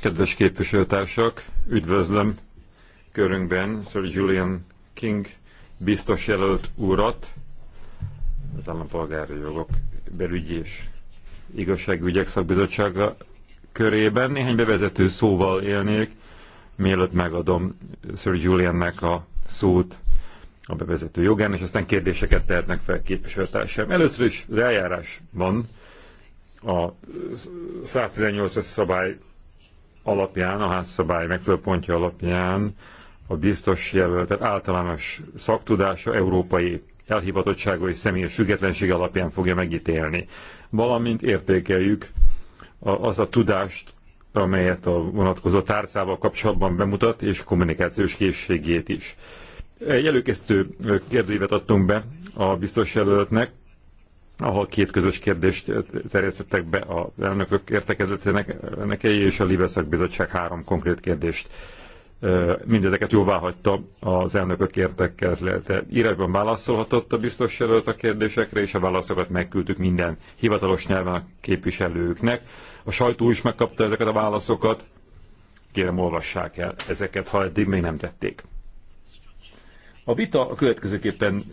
Kedves képviselőtársak, üdvözlöm körünkben Sir Julian King biztos jelölt úrat, az Állampolgári Jogok Belügyi és Igazságügyek Szakbizottsága körében. Néhány bevezető szóval élnék, mielőtt megadom Sir Juliannek a szót a bevezető jogán, és aztán kérdéseket tehetnek fel képviselőtársaim. Először is az eljárás van, a 118-as szabály alapján, a házszabály megfelelő pontja alapján a biztos jelöltet általános szaktudása, európai elhivatottsága és személyes függetlenség alapján fogja megítélni. Valamint értékeljük az a tudást, amelyet a vonatkozó tárcával kapcsolatban bemutat, és kommunikációs készségét is. Egy előkészítő kérdőívet adtunk be a biztos jelöltnek, Aha, két közös kérdést terjesztettek be a elnökök értekezetének nekei és a Libeszak Bizottság három konkrét kérdést. Mindezeket jóvá hagyta az elnökök értekezlete. Írásban válaszolhatott a biztos jelölt a kérdésekre, és a válaszokat megküldtük minden hivatalos nyelven a képviselőknek. A sajtó is megkapta ezeket a válaszokat. Kérem, olvassák el ezeket, ha eddig még nem tették. A vita a következőképpen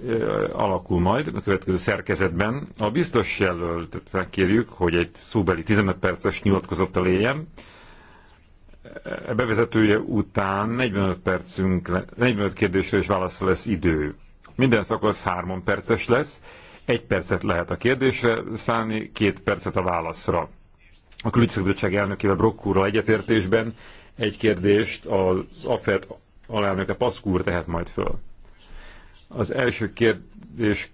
alakul majd, a következő szerkezetben. A biztos jelöltet felkérjük, hogy egy szóbeli 15 perces nyilatkozattal éljen. E, e, bevezetője után 45, percünk, 45 kérdésre és válaszra lesz idő. Minden szakasz 3 perces lesz, egy percet lehet a kérdésre szállni, két percet a válaszra. A külügyszakbizottság elnökével Brokkúrral egyetértésben egy kérdést az AFET alelnöke Paszkúr tehet majd föl. Az első kérdés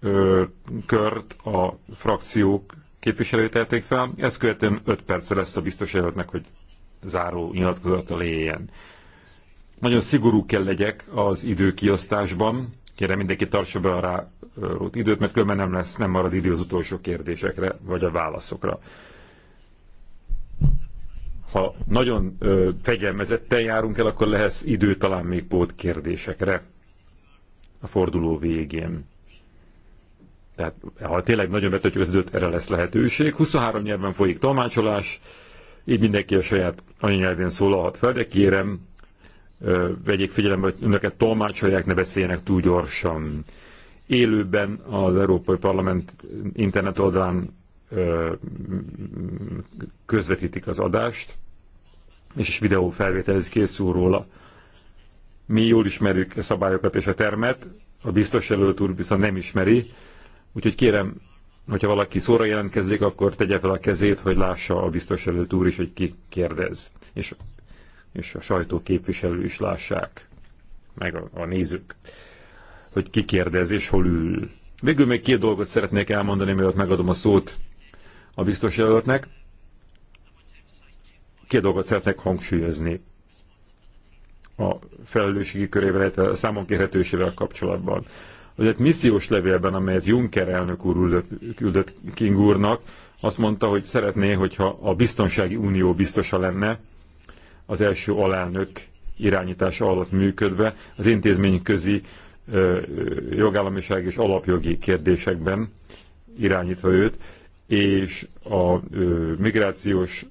ö, kört a frakciók képviselői tették fel, ezt követően 5 perce lesz a biztos jelöltnek, hogy záró nyilatkozata léjen. Nagyon szigorú kell legyek az időkiosztásban, kérem mindenki tartsa be a rá időt, mert különben nem lesz, nem marad idő az utolsó kérdésekre, vagy a válaszokra. Ha nagyon ö, fegyelmezetten járunk el, akkor lesz idő talán még pót kérdésekre a forduló végén. Tehát ha tényleg nagyon betöltjük az időt, erre lesz lehetőség. 23 nyelven folyik tolmácsolás, így mindenki a saját anyanyelvén szólalhat fel, de kérem, vegyék figyelembe, hogy önöket tolmácsolják, ne beszéljenek túl gyorsan. Élőben az Európai Parlament internet oldalán közvetítik az adást, és videó felvétel készül róla. Mi jól ismerjük a szabályokat és a termet, a biztos jelölt úr viszont nem ismeri, úgyhogy kérem, hogyha valaki szóra jelentkezik, akkor tegye fel a kezét, hogy lássa a biztos jelölt úr is, hogy ki kérdez, és, és a sajtó képviselő is lássák, meg a, a nézők, hogy ki kérdez és hol ül. Végül még két dolgot szeretnék elmondani, mielőtt megadom a szót a biztos jelöltnek. Két dolgot szeretnék hangsúlyozni a felelősségi körével, a számon kérhetősével kapcsolatban. Az egy missziós levélben, amelyet Juncker elnök úr küldött King úrnak, azt mondta, hogy szeretné, hogyha a biztonsági unió biztosa lenne, az első alelnök irányítása alatt működve, az intézmény közi jogállamiság és alapjogi kérdésekben irányítva őt, és a migrációs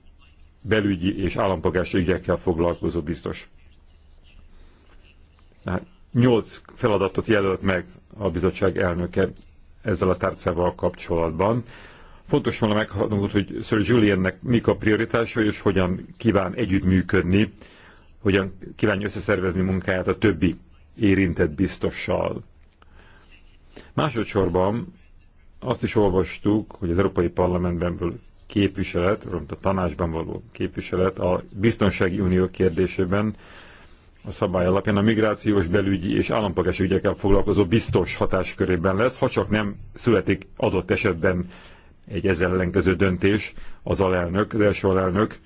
belügyi és ügyekkel foglalkozó biztos. Hát, nyolc feladatot jelölt meg a bizottság elnöke ezzel a tárcával kapcsolatban. Fontos volna meghatnunk, hogy Sir Juliennek mik a prioritása, és hogyan kíván együttműködni, hogyan kívánja összeszervezni munkáját a többi érintett biztossal. Másodszorban azt is olvastuk, hogy az Európai Parlamentben való képviselet, a tanácsban való képviselet a biztonsági unió kérdésében a szabály alapján a migrációs, belügyi és állampolgási ügyekkel foglalkozó biztos hatáskörében lesz, ha csak nem születik adott esetben egy ezzel ellenkező döntés az alelnök, az első alelnök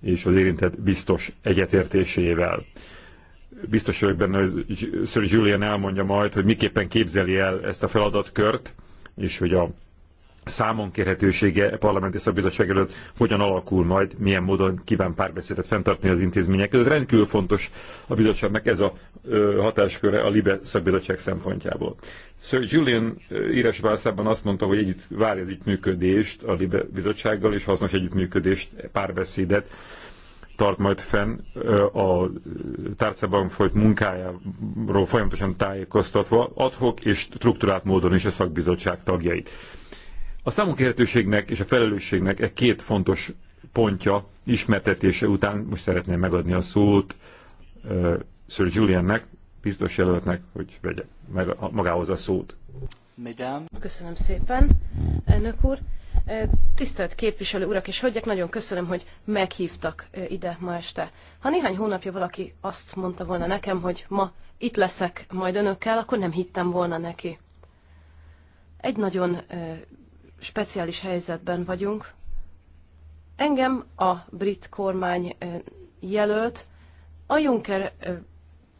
és az érintett biztos egyetértésével. Biztos vagyok benne, hogy Sir Julian elmondja majd, hogy miképpen képzeli el ezt a feladatkört, és hogy a számon kérhetősége a parlamenti szabizottság előtt hogyan alakul majd, milyen módon kíván párbeszédet fenntartani az intézmények között. Rendkívül fontos a bizottságnak ez a hatásköre a Libe szabizottság szempontjából. Sir Julian írás válaszában azt mondta, hogy együtt várja az együttműködést a Libe bizottsággal, és hasznos együttműködést, párbeszédet tart majd fenn a tárcában folyt munkájáról folyamatosan tájékoztatva, adhok és struktúrált módon is a szakbizottság tagjait. A számunkérhetőségnek és a felelősségnek e két fontos pontja ismertetése után most szeretném megadni a szót uh, Sir Juliannek, biztos jelöltnek, hogy vegye meg a, magához a szót. Köszönöm szépen, elnök úr. Tisztelt képviselő urak és hölgyek, nagyon köszönöm, hogy meghívtak ide ma este. Ha néhány hónapja valaki azt mondta volna nekem, hogy ma itt leszek majd önökkel, akkor nem hittem volna neki. Egy nagyon speciális helyzetben vagyunk. Engem a brit kormány jelölt, a Juncker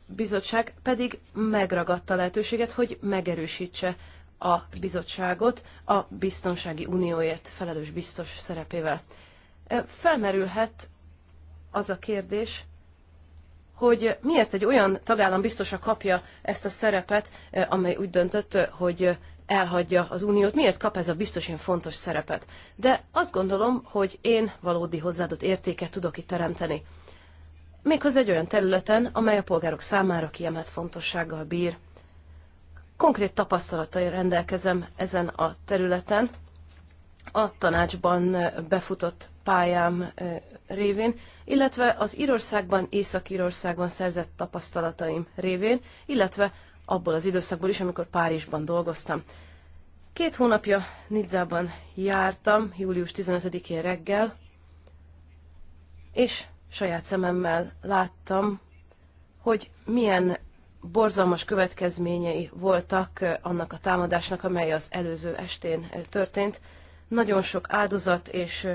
bizottság pedig megragadta lehetőséget, hogy megerősítse a bizottságot a biztonsági unióért felelős biztos szerepével. Felmerülhet az a kérdés, hogy miért egy olyan tagállam biztosa kapja ezt a szerepet, amely úgy döntött, hogy elhagyja az uniót, miért kap ez a biztos ilyen fontos szerepet. De azt gondolom, hogy én valódi hozzáadott értéket tudok itt teremteni. Méghozzá egy olyan területen, amely a polgárok számára kiemelt fontossággal bír. Konkrét tapasztalatai rendelkezem ezen a területen, a tanácsban befutott pályám révén, illetve az Írországban, Észak-Írországban szerzett tapasztalataim révén, illetve abból az időszakból is, amikor Párizsban dolgoztam. Két hónapja Nidzában jártam, július 15-én reggel, és saját szememmel láttam, hogy milyen borzalmas következményei voltak annak a támadásnak, amely az előző estén történt. Nagyon sok áldozat és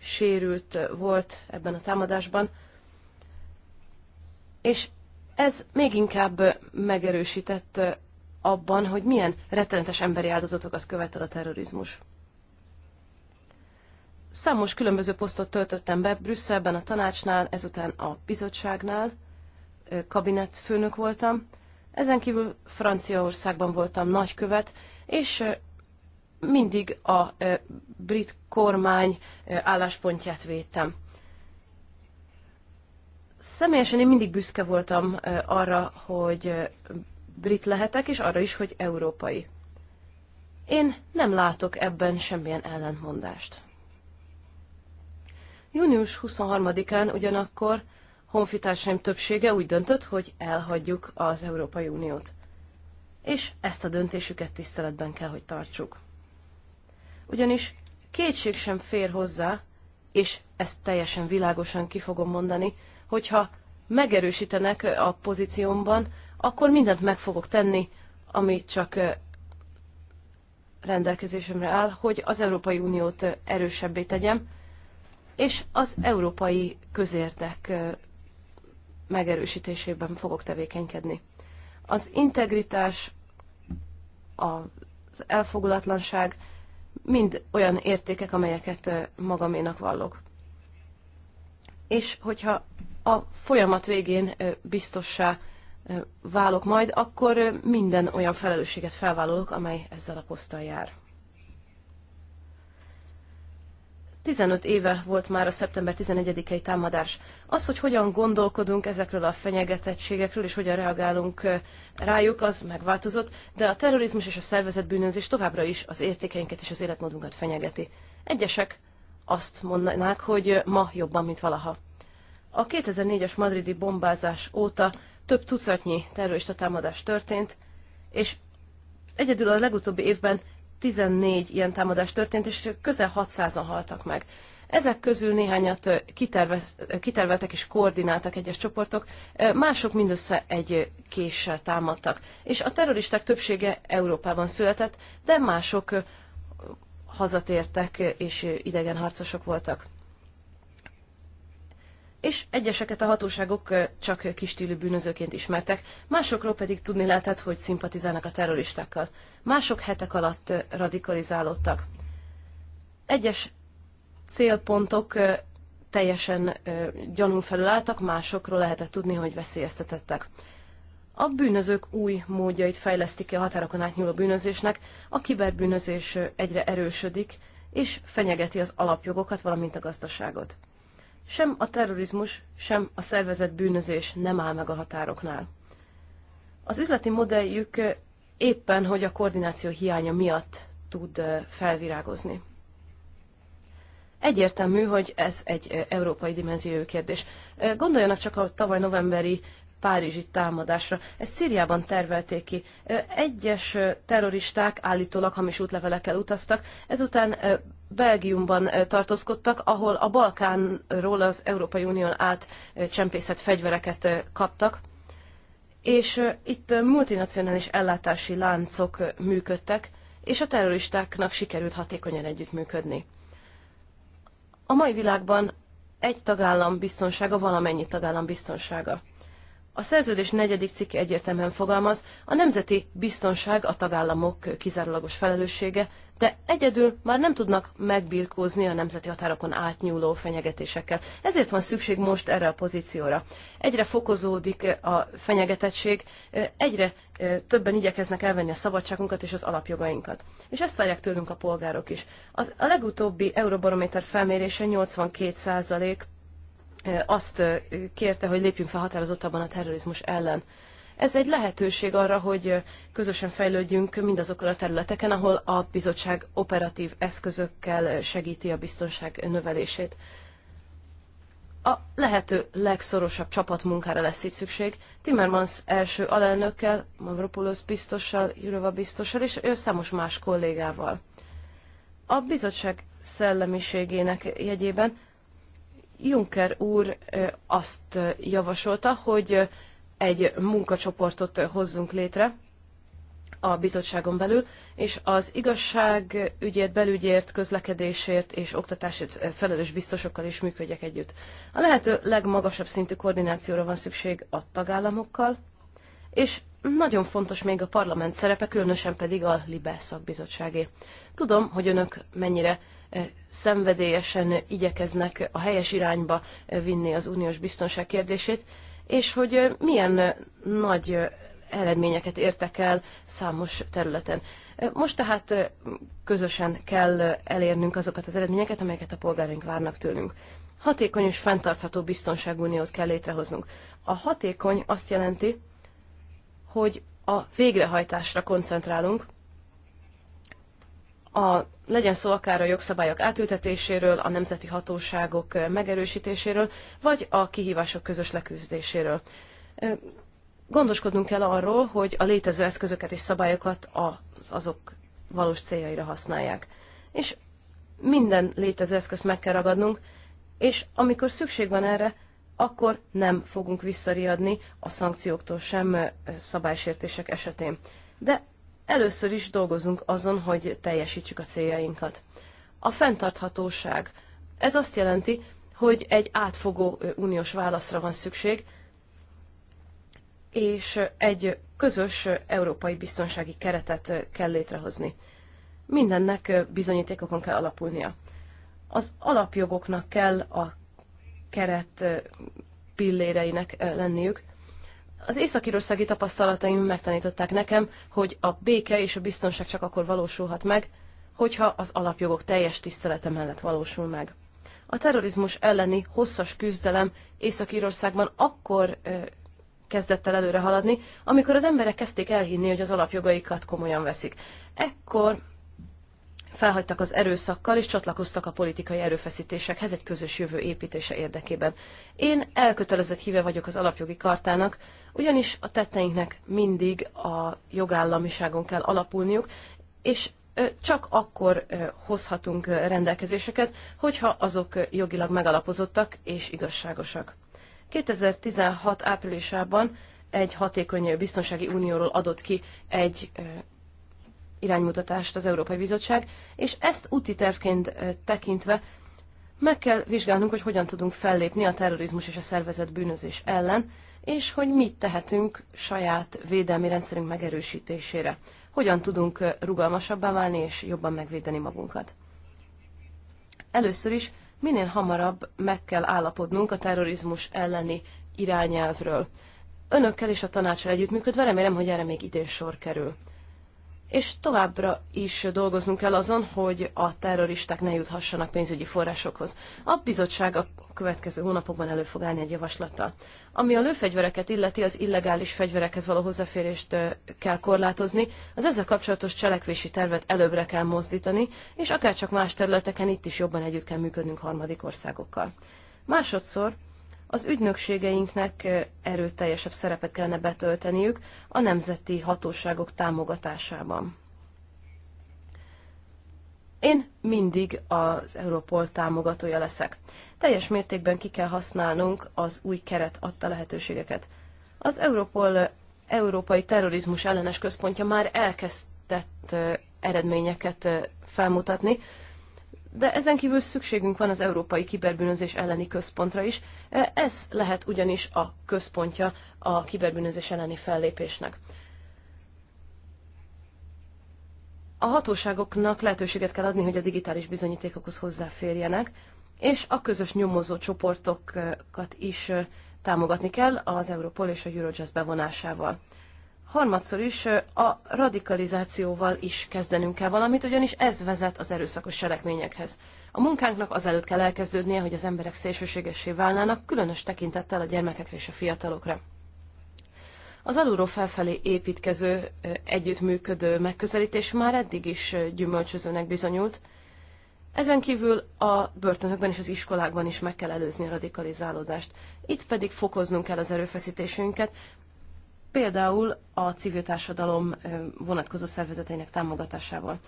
sérült volt ebben a támadásban, és ez még inkább megerősített abban, hogy milyen rettenetes emberi áldozatokat követel a terrorizmus. Számos különböző posztot töltöttem be Brüsszelben, a tanácsnál, ezután a bizottságnál, főnök voltam, ezen kívül Franciaországban voltam nagykövet, és mindig a brit kormány álláspontját védtem. Személyesen én mindig büszke voltam arra, hogy brit lehetek, és arra is, hogy európai. Én nem látok ebben semmilyen ellentmondást. Június 23-án ugyanakkor honfitársaim többsége úgy döntött, hogy elhagyjuk az Európai Uniót. És ezt a döntésüket tiszteletben kell, hogy tartsuk. Ugyanis kétség sem fér hozzá, és ezt teljesen világosan ki fogom mondani, hogyha megerősítenek a pozíciómban, akkor mindent meg fogok tenni, ami csak rendelkezésemre áll, hogy az Európai Uniót erősebbé tegyem, és az európai közértek megerősítésében fogok tevékenykedni. Az integritás, az elfogulatlanság mind olyan értékek, amelyeket magaménak vallok. És hogyha a folyamat végén biztossá válok majd, akkor minden olyan felelősséget felvállalok, amely ezzel a poszttal jár. 15 éve volt már a szeptember 11-i támadás. Az, hogy hogyan gondolkodunk ezekről a fenyegetettségekről, és hogyan reagálunk rájuk, az megváltozott, de a terrorizmus és a szervezetbűnözés bűnözés továbbra is az értékeinket és az életmódunkat fenyegeti. Egyesek azt mondanák, hogy ma jobban, mint valaha. A 2004-es madridi bombázás óta több tucatnyi terrorista támadás történt, és egyedül a legutóbbi évben 14 ilyen támadás történt, és közel 600-an haltak meg. Ezek közül néhányat kitervez, kiterveltek és koordináltak egyes csoportok, mások mindössze egy késsel támadtak. És a terroristák többsége Európában született, de mások hazatértek és idegenharcosok voltak és egyeseket a hatóságok csak kistílű bűnözőként ismertek, másokról pedig tudni lehetett, hogy szimpatizálnak a terroristákkal. Mások hetek alatt radikalizálódtak. Egyes célpontok teljesen gyanún felülálltak, másokról lehetett tudni, hogy veszélyeztetettek. A bűnözők új módjait fejlesztik ki a határokon átnyúló bűnözésnek, a kiberbűnözés egyre erősödik, és fenyegeti az alapjogokat, valamint a gazdaságot. Sem a terrorizmus, sem a szervezett bűnözés nem áll meg a határoknál. Az üzleti modelljük éppen, hogy a koordináció hiánya miatt tud felvirágozni. Egyértelmű, hogy ez egy európai dimenziójú kérdés. Gondoljanak csak a tavaly novemberi párizsi támadásra. Ezt Szíriában tervelték ki. Egyes terroristák állítólag hamis útlevelekkel utaztak, ezután Belgiumban tartózkodtak, ahol a Balkánról az Európai Unión át csempészett fegyvereket kaptak, és itt multinacionális ellátási láncok működtek, és a terroristáknak sikerült hatékonyan együttműködni. A mai világban egy tagállam biztonsága valamennyi tagállam biztonsága. A szerződés negyedik cikke egyértelműen fogalmaz, a nemzeti biztonság a tagállamok kizárólagos felelőssége, de egyedül már nem tudnak megbirkózni a nemzeti határokon átnyúló fenyegetésekkel. Ezért van szükség most erre a pozícióra. Egyre fokozódik a fenyegetettség, egyre többen igyekeznek elvenni a szabadságunkat és az alapjogainkat. És ezt várják tőlünk a polgárok is. Az, a legutóbbi euróbarométer felmérése 82 azt kérte, hogy lépjünk fel határozottabban a terrorizmus ellen. Ez egy lehetőség arra, hogy közösen fejlődjünk mindazokon a területeken, ahol a bizottság operatív eszközökkel segíti a biztonság növelését. A lehető legszorosabb csapatmunkára lesz itt szükség. Timmermans első alelnökkel, Mavropoulos biztossal, Jurova biztossal és ő számos más kollégával. A bizottság szellemiségének jegyében Juncker úr azt javasolta, hogy egy munkacsoportot hozzunk létre a bizottságon belül, és az igazságügyért, belügyért, közlekedésért és oktatásért felelős biztosokkal is működjek együtt. A lehető legmagasabb szintű koordinációra van szükség a tagállamokkal, és nagyon fontos még a parlament szerepe, különösen pedig a LIBE szakbizottságé. Tudom, hogy önök mennyire szenvedélyesen igyekeznek a helyes irányba vinni az uniós biztonság kérdését, és hogy milyen nagy eredményeket értek el számos területen. Most tehát közösen kell elérnünk azokat az eredményeket, amelyeket a polgáraink várnak tőlünk. Hatékony és fenntartható biztonságuniót kell létrehoznunk. A hatékony azt jelenti, hogy a végrehajtásra koncentrálunk, a, legyen szó akár a jogszabályok átültetéséről, a nemzeti hatóságok megerősítéséről, vagy a kihívások közös leküzdéséről. Gondoskodnunk kell arról, hogy a létező eszközöket és szabályokat az azok valós céljaira használják. És minden létező eszközt meg kell ragadnunk, és amikor szükség van erre, akkor nem fogunk visszariadni a szankcióktól sem szabálysértések esetén. De először is dolgozunk azon, hogy teljesítsük a céljainkat. A fenntarthatóság. Ez azt jelenti, hogy egy átfogó uniós válaszra van szükség, és egy közös európai biztonsági keretet kell létrehozni. Mindennek bizonyítékokon kell alapulnia. Az alapjogoknak kell a keret pilléreinek lenniük, az északírországi tapasztalataim megtanították nekem, hogy a béke és a biztonság csak akkor valósulhat meg, hogyha az alapjogok teljes tisztelete mellett valósul meg. A terrorizmus elleni hosszas küzdelem Észak-Írországban akkor ö, kezdett el előre haladni, amikor az emberek kezdték elhinni, hogy az alapjogaikat komolyan veszik. Ekkor felhagytak az erőszakkal, és csatlakoztak a politikai erőfeszítésekhez egy közös jövő építése érdekében. Én elkötelezett híve vagyok az alapjogi kartának, ugyanis a tetteinknek mindig a jogállamiságon kell alapulniuk, és csak akkor hozhatunk rendelkezéseket, hogyha azok jogilag megalapozottak és igazságosak. 2016 áprilisában egy hatékony biztonsági unióról adott ki egy iránymutatást az Európai Bizottság, és ezt úti tervként tekintve meg kell vizsgálnunk, hogy hogyan tudunk fellépni a terrorizmus és a szervezet bűnözés ellen, és hogy mit tehetünk saját védelmi rendszerünk megerősítésére. Hogyan tudunk rugalmasabbá válni és jobban megvédeni magunkat. Először is minél hamarabb meg kell állapodnunk a terrorizmus elleni irányelvről. Önökkel és a tanácsra együttműködve remélem, hogy erre még idén sor kerül és továbbra is dolgoznunk kell azon, hogy a terroristák ne juthassanak pénzügyi forrásokhoz. A bizottság a következő hónapokban elő fog állni egy javaslata. Ami a lőfegyvereket illeti, az illegális fegyverekhez való hozzáférést kell korlátozni, az ezzel kapcsolatos cselekvési tervet előbbre kell mozdítani, és akárcsak más területeken itt is jobban együtt kell működnünk harmadik országokkal. Másodszor, az ügynökségeinknek erőteljesebb szerepet kellene betölteniük a nemzeti hatóságok támogatásában. Én mindig az Europol támogatója leszek. Teljes mértékben ki kell használnunk az új keret adta lehetőségeket. Az Europol Európai Terrorizmus ellenes központja már elkezdett eredményeket felmutatni, de ezen kívül szükségünk van az Európai Kiberbűnözés elleni központra is. E, ez lehet ugyanis a központja a kiberbűnözés elleni fellépésnek. A hatóságoknak lehetőséget kell adni, hogy a digitális bizonyítékokhoz hozzáférjenek, és a közös nyomozó csoportokat is e, támogatni kell az Europol és a Eurojust bevonásával harmadszor is a radikalizációval is kezdenünk kell valamit, ugyanis ez vezet az erőszakos cselekményekhez. A munkánknak azelőtt kell elkezdődnie, hogy az emberek szélsőségessé válnának, különös tekintettel a gyermekekre és a fiatalokra. Az alulról felfelé építkező, együttműködő megközelítés már eddig is gyümölcsözőnek bizonyult. Ezen kívül a börtönökben és az iskolákban is meg kell előzni a radikalizálódást. Itt pedig fokoznunk kell az erőfeszítésünket, például a civil társadalom vonatkozó szervezeteinek támogatásával.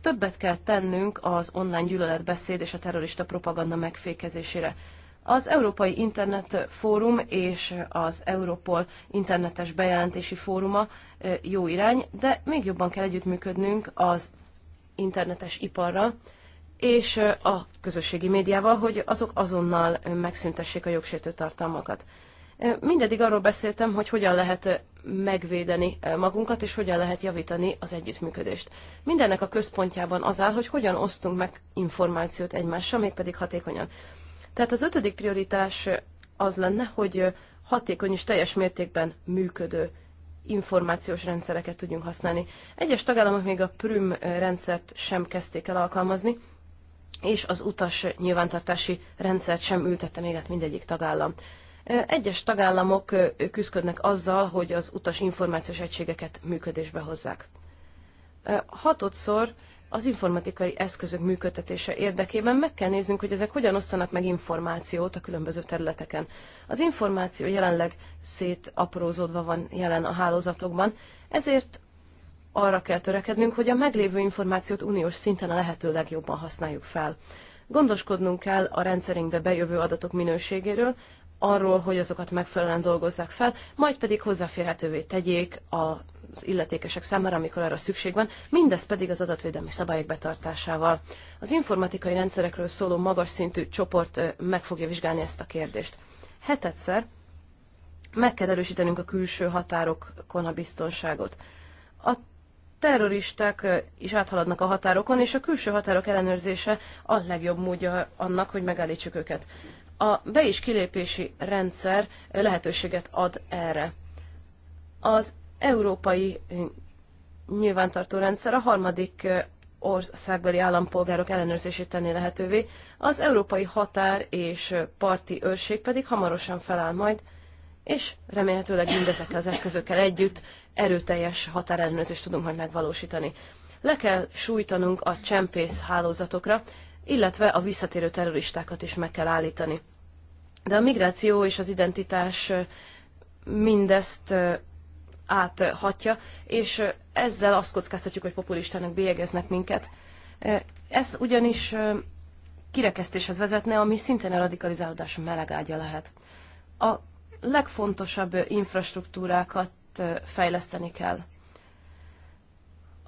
Többet kell tennünk az online gyűlöletbeszéd és a terrorista propaganda megfékezésére. Az Európai Internet Fórum és az Europol internetes bejelentési fóruma jó irány, de még jobban kell együttműködnünk az internetes iparra és a közösségi médiával, hogy azok azonnal megszüntessék a jogsértő tartalmakat. Mindedig arról beszéltem, hogy hogyan lehet megvédeni magunkat, és hogyan lehet javítani az együttműködést. Mindennek a központjában az áll, hogy hogyan osztunk meg információt egymással, mégpedig hatékonyan. Tehát az ötödik prioritás az lenne, hogy hatékony és teljes mértékben működő információs rendszereket tudjunk használni. Egyes tagállamok még a Prüm rendszert sem kezdték el alkalmazni, és az utas nyilvántartási rendszert sem ültette még át mindegyik tagállam. Egyes tagállamok küzdködnek azzal, hogy az utas információs egységeket működésbe hozzák. Hatodszor az informatikai eszközök működtetése érdekében meg kell néznünk, hogy ezek hogyan osztanak meg információt a különböző területeken. Az információ jelenleg szétaprózódva van jelen a hálózatokban, ezért arra kell törekednünk, hogy a meglévő információt uniós szinten a lehető legjobban használjuk fel. Gondoskodnunk kell a rendszerünkbe bejövő adatok minőségéről, arról, hogy azokat megfelelően dolgozzák fel, majd pedig hozzáférhetővé tegyék az illetékesek számára, amikor arra szükség van, mindez pedig az adatvédelmi szabályok betartásával. Az informatikai rendszerekről szóló magas szintű csoport meg fogja vizsgálni ezt a kérdést. Hetedszer hát meg kell erősítenünk a külső határokon a biztonságot. A terroristák is áthaladnak a határokon, és a külső határok ellenőrzése a legjobb módja annak, hogy megállítsuk őket. A be- és kilépési rendszer lehetőséget ad erre. Az európai eh, nyilvántartó rendszer a harmadik eh, országbeli állampolgárok ellenőrzését tenni lehetővé, az európai határ és eh, parti őrség pedig hamarosan feláll majd, és remélhetőleg mindezekkel az eszközökkel együtt erőteljes határellenőrzést tudunk majd megvalósítani. Le kell sújtanunk a csempész hálózatokra, illetve a visszatérő terroristákat is meg kell állítani. De a migráció és az identitás mindezt áthatja, és ezzel azt kockáztatjuk, hogy populistának bélyegeznek minket. Ez ugyanis kirekesztéshez vezetne, ami szintén a radikalizálódás melegágya lehet. A legfontosabb infrastruktúrákat fejleszteni kell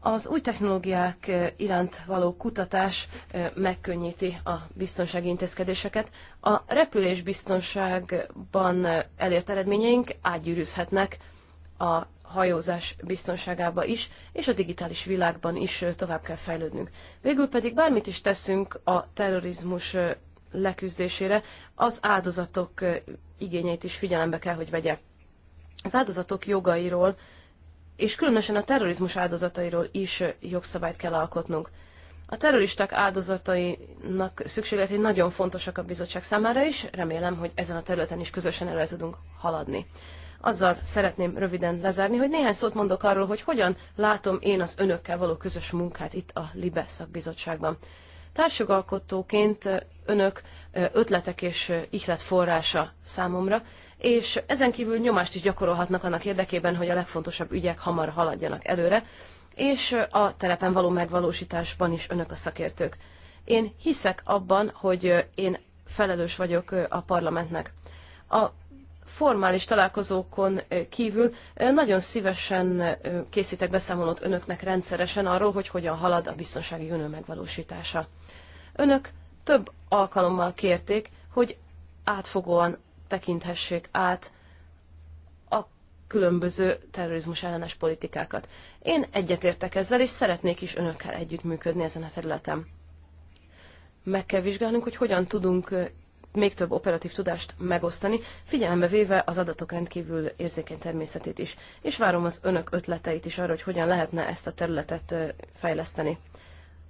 az új technológiák eh, iránt való kutatás eh, megkönnyíti a biztonsági intézkedéseket. A repülés biztonságban eh, elért eredményeink átgyűrűzhetnek a hajózás biztonságába is, és a digitális világban is tovább kell fejlődnünk. Végül pedig bármit is teszünk a terrorizmus leküzdésére, az áldozatok igényeit is figyelembe kell, hogy vegye. Az áldozatok jogairól és különösen a terrorizmus áldozatairól is jogszabályt kell alkotnunk. A terroristák áldozatainak szükségletei nagyon fontosak a bizottság számára is, remélem, hogy ezen a területen is közösen előre tudunk haladni. Azzal szeretném röviden lezárni, hogy néhány szót mondok arról, hogy hogyan látom én az önökkel való közös munkát itt a LIBE szakbizottságban. Társjogalkotóként önök ötletek és ihlet forrása számomra, és ezen kívül nyomást is gyakorolhatnak annak érdekében, hogy a legfontosabb ügyek hamar haladjanak előre, és a telepen való megvalósításban is önök a szakértők. Én hiszek abban, hogy én felelős vagyok a parlamentnek. A formális találkozókon kívül nagyon szívesen készítek beszámolót önöknek rendszeresen arról, hogy hogyan halad a biztonsági önő megvalósítása. Önök több alkalommal kérték, hogy átfogóan tekinthessék át a különböző terrorizmus ellenes politikákat. Én egyetértek ezzel, és szeretnék is önökkel együttműködni ezen a területen. Meg kell vizsgálnunk, hogy hogyan tudunk még több operatív tudást megosztani, figyelembe véve az adatok rendkívül érzékeny természetét is. És várom az önök ötleteit is arra, hogy hogyan lehetne ezt a területet fejleszteni.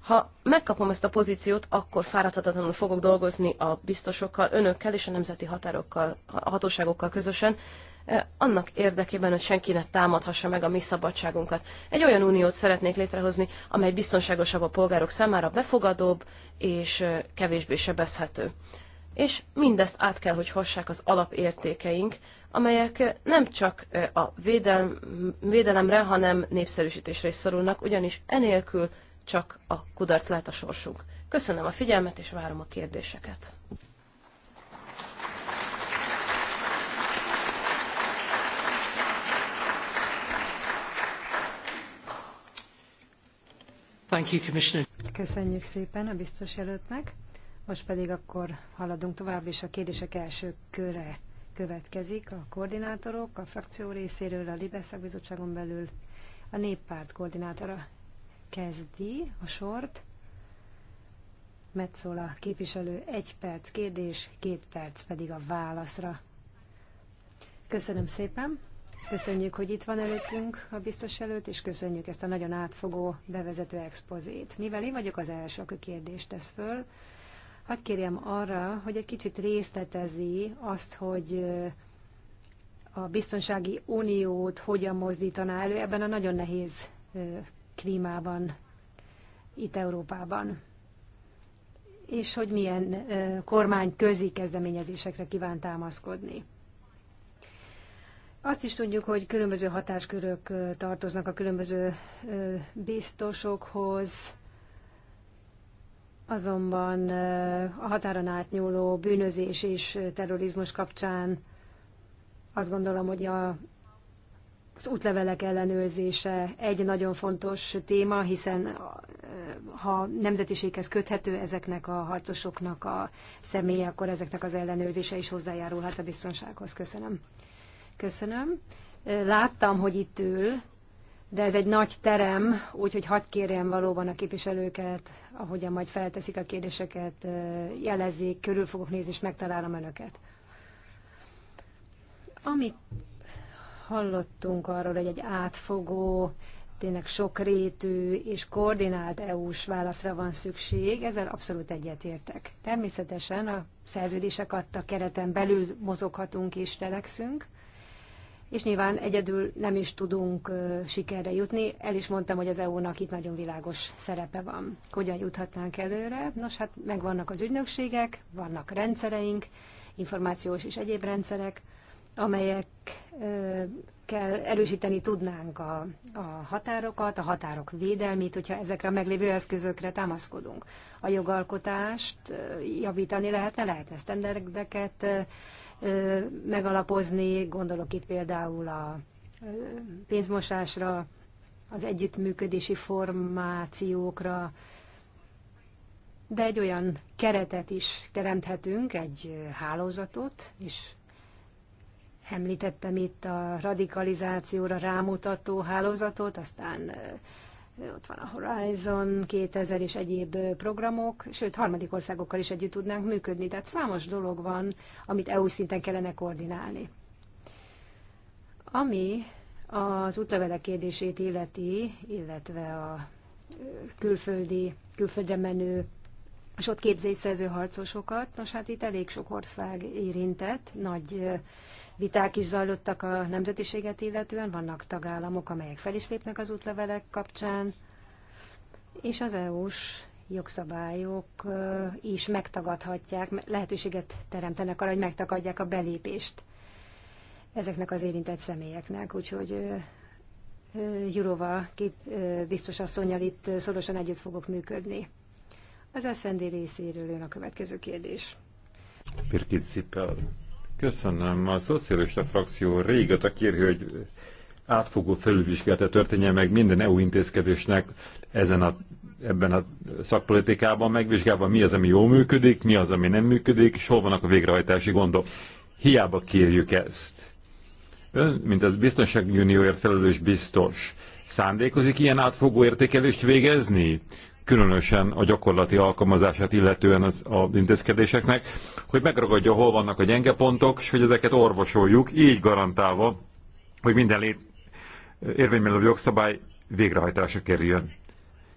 Ha megkapom ezt a pozíciót, akkor fáradhatatlanul fogok dolgozni a biztosokkal, önökkel és a nemzeti határokkal, a hatóságokkal közösen, eh, annak érdekében, hogy senki ne támadhassa meg a mi szabadságunkat. Egy olyan uniót szeretnék létrehozni, amely biztonságosabb a polgárok számára, befogadóbb és eh, kevésbé sebezhető. És mindezt át kell, hogy hossák az alapértékeink, amelyek eh, nem csak a védelem, védelemre, hanem népszerűsítésre is szorulnak, ugyanis enélkül csak a kudarc lehet a sorsunk. Köszönöm a figyelmet, és várom a kérdéseket. Thank you, Commissioner. Köszönjük szépen a biztos előttnek. Most pedig akkor haladunk tovább, és a kérdések első köre következik. A koordinátorok, a frakció részéről, a Libeszak bizottságon belül a néppárt koordinátora kezdi a sort. Metzola képviselő egy perc kérdés, két perc pedig a válaszra. Köszönöm szépen. Köszönjük, hogy itt van előttünk a biztos előtt, és köszönjük ezt a nagyon átfogó bevezető expozét. Mivel én vagyok az első, aki kérdést tesz föl, hadd kérjem arra, hogy egy kicsit részletezi azt, hogy a biztonsági uniót hogyan mozdítaná elő ebben a nagyon nehéz klímában itt Európában, és hogy milyen kormány közi kezdeményezésekre kíván támaszkodni. Azt is tudjuk, hogy különböző hatáskörök tartoznak a különböző biztosokhoz, azonban a határon átnyúló bűnözés és terrorizmus kapcsán azt gondolom, hogy a az útlevelek ellenőrzése egy nagyon fontos téma, hiszen ha nemzetiséghez köthető ezeknek a harcosoknak a személye, akkor ezeknek az ellenőrzése is hozzájárulhat a biztonsághoz. Köszönöm. Köszönöm. Láttam, hogy itt ül, de ez egy nagy terem, úgyhogy hadd kérjem valóban a képviselőket, ahogyan majd felteszik a kérdéseket, jelezzék, körül fogok nézni, és megtalálom önöket. Amit Hallottunk arról, hogy egy átfogó, tényleg sokrétű és koordinált EU-s válaszra van szükség, ezzel abszolút egyetértek. Természetesen a szerződések adta kereten belül mozoghatunk és telekszünk, és nyilván egyedül nem is tudunk sikerre jutni. El is mondtam, hogy az EU-nak itt nagyon világos szerepe van. Hogyan juthatnánk előre? Nos, hát megvannak az ügynökségek, vannak rendszereink, információs és egyéb rendszerek, amelyekkel erősíteni tudnánk a, a határokat, a határok védelmét, hogyha ezekre a meglévő eszközökre támaszkodunk. A jogalkotást javítani lehetne, lehetne sztenderdeket megalapozni, gondolok itt például a pénzmosásra, az együttműködési formációkra, de egy olyan keretet is teremthetünk, egy hálózatot, és Említettem itt a radikalizációra rámutató hálózatot, aztán ott van a Horizon 2000 és egyéb programok, sőt, harmadik országokkal is együtt tudnánk működni. Tehát számos dolog van, amit EU szinten kellene koordinálni. Ami az útlevelek kérdését illeti, illetve a külföldi, külföldre menő és ott képzésszerző harcosokat. Nos, hát itt elég sok ország érintett, nagy viták is zajlottak a nemzetiséget illetően, vannak tagállamok, amelyek fel is lépnek az útlevelek kapcsán, és az EU-s jogszabályok is megtagadhatják, lehetőséget teremtenek arra, hogy megtagadják a belépést ezeknek az érintett személyeknek. Úgyhogy Jurova biztos asszonyal itt szorosan együtt fogok működni. Az SZND részéről jön a következő kérdés. Birgit Zippel Köszönöm. A szocialista frakció régóta kér hogy átfogó felülvizsgálata történjen meg minden EU intézkedésnek ezen a, ebben a szakpolitikában, megvizsgálva mi az, ami jól működik, mi az, ami nem működik, és hol vannak a végrehajtási gondok. Hiába kérjük ezt. Ön, mint az biztonsági unióért felelős biztos, szándékozik ilyen átfogó értékelést végezni? különösen a gyakorlati alkalmazását illetően az, az intézkedéseknek, hogy megragadja, hol vannak a gyenge pontok, és hogy ezeket orvosoljuk, így garantálva, hogy minden lét érvényben jogszabály végrehajtásra kerüljön.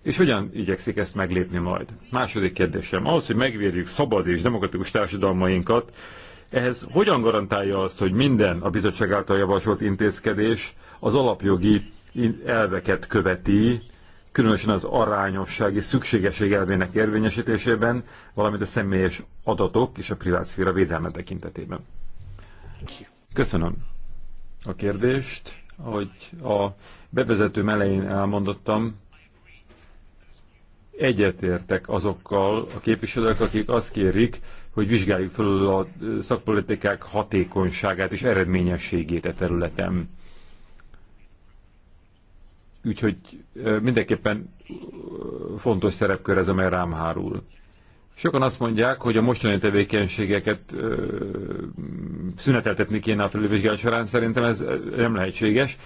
És hogyan igyekszik ezt meglépni majd? Második kérdésem. Ahhoz, hogy megvédjük szabad és demokratikus társadalmainkat, ehhez hogyan garantálja azt, hogy minden a bizottság által javasolt intézkedés az alapjogi elveket követi, különösen az arányosság és szükségesség elvének érvényesítésében, valamint a személyes adatok és a privátszféra védelme tekintetében. Köszönöm a kérdést, hogy a bevezető elején elmondottam, egyetértek azokkal a képviselők, akik azt kérik, hogy vizsgáljuk fel a szakpolitikák hatékonyságát és eredményességét a területen Úgyhogy mindenképpen fontos szerepkör ez, amely rám hárul. Sokan azt mondják, hogy a mostani tevékenységeket ö, szüneteltetni kéne a felülvizsgálat során, szerintem ez nem lehetséges.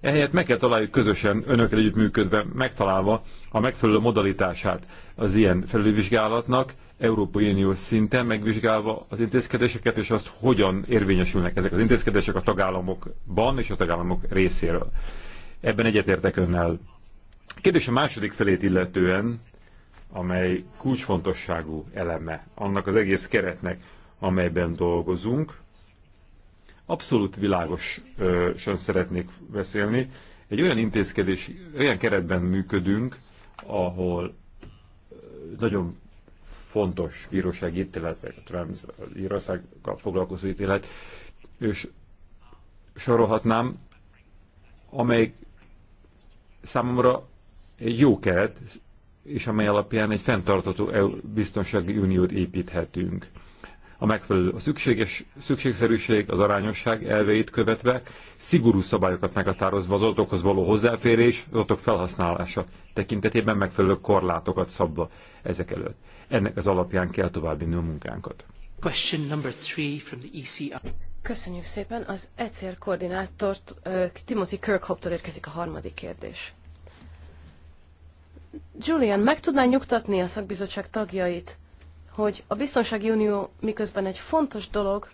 Ehelyett meg kell találjuk közösen, önökkel együttműködve, megtalálva a megfelelő modalitását az ilyen felülvizsgálatnak, Európai Unió szinten megvizsgálva az intézkedéseket, és azt, hogyan érvényesülnek ezek az intézkedések a tagállamokban és a tagállamok részéről. Ebben egyetértek önnel. Kérdés a második felét illetően, amely kulcsfontosságú eleme annak az egész keretnek, amelyben dolgozunk. Abszolút világosan szeretnék beszélni. Egy olyan intézkedés, olyan keretben működünk, ahol nagyon fontos bírósági ítéletek, Írországgal foglalkozó ítélet, és sorolhatnám, amely számomra egy jó keret, és amely alapján egy fenntartató biztonsági uniót építhetünk. A megfelelő a szükséges, szükségszerűség, az arányosság elveit követve, szigorú szabályokat meghatározva az adatokhoz való hozzáférés, az adatok felhasználása tekintetében megfelelő korlátokat szabva ezek előtt. Ennek az alapján kell továbbvinni a munkánkat. Question number three from the ECR. Köszönjük szépen. Az ECR koordinátor, Timothy Kirkhope-tól érkezik a harmadik kérdés. Julian, meg tudná nyugtatni a szakbizottság tagjait, hogy a Biztonsági Unió miközben egy fontos dolog,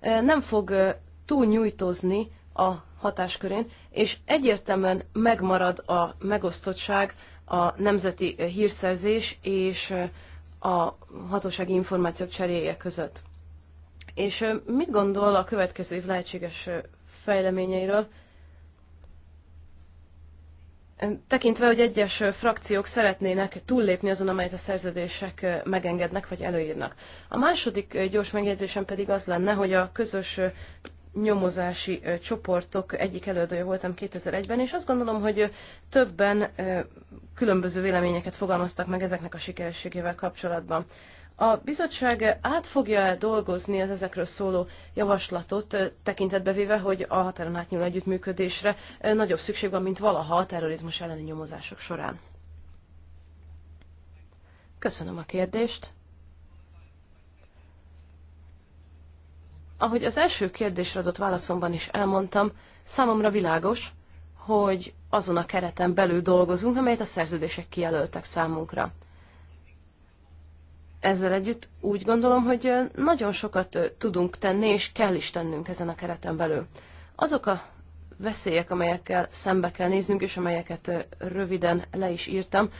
nem fog túlnyújtózni a hatáskörén, és egyértelműen megmarad a megosztottság, a nemzeti hírszerzés és a hatósági információk cseréje között. És mit gondol a következő év lehetséges fejleményeiről? Tekintve, hogy egyes frakciók szeretnének túllépni azon, amelyet a szerződések megengednek vagy előírnak. A második gyors megjegyzésem pedig az lenne, hogy a közös nyomozási csoportok egyik előadója voltam 2001-ben, és azt gondolom, hogy többen különböző véleményeket fogalmaztak meg ezeknek a sikerességével kapcsolatban. A bizottság át fogja dolgozni az ezekről szóló javaslatot, tekintetbe véve, hogy a határon átnyúló együttműködésre nagyobb szükség van, mint valaha a terrorizmus elleni nyomozások során. Köszönöm a kérdést. Ahogy az első kérdésre adott válaszomban is elmondtam, számomra világos, hogy azon a kereten belül dolgozunk, amelyet a szerződések kijelöltek számunkra ezzel együtt úgy gondolom, hogy nagyon sokat tudunk tenni, és kell is tennünk ezen a kereten belül. Azok a veszélyek, amelyekkel szembe kell néznünk, és amelyeket röviden le is írtam,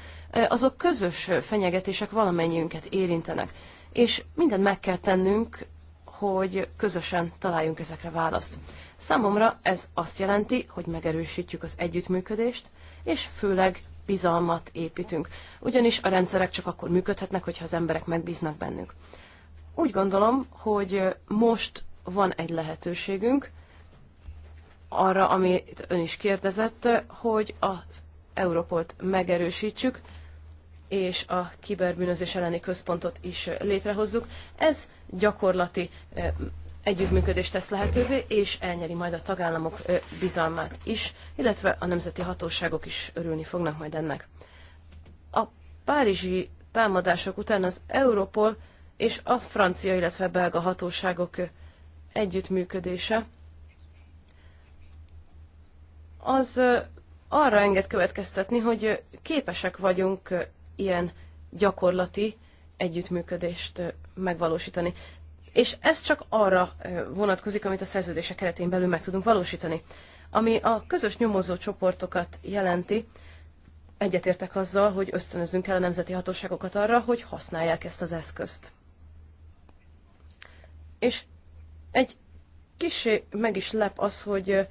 azok közös fenyegetések valamennyiünket érintenek. És mindent meg kell tennünk, hogy közösen találjunk ezekre választ. Számomra ez azt jelenti, hogy megerősítjük az együttműködést, és főleg bizalmat építünk. Ugyanis a rendszerek csak akkor működhetnek, hogyha az emberek megbíznak bennük. Úgy gondolom, hogy most van egy lehetőségünk arra, amit ön is kérdezett, hogy az Európolt megerősítsük, és a kiberbűnözés elleni központot is létrehozzuk. Ez gyakorlati eh, együttműködést tesz lehetővé, és elnyeri majd a tagállamok eh, bizalmát is, illetve a nemzeti hatóságok is örülni fognak majd ennek. A párizsi támadások után az Europol és a francia, illetve belga hatóságok együttműködése az arra enged következtetni, hogy képesek vagyunk ilyen gyakorlati együttműködést megvalósítani. És ez csak arra vonatkozik, amit a szerződések keretén belül meg tudunk valósítani. Ami a közös nyomozó csoportokat jelenti, egyetértek azzal, hogy ösztönözünk el a nemzeti hatóságokat arra, hogy használják ezt az eszközt. És egy kicsi meg is lep az, hogy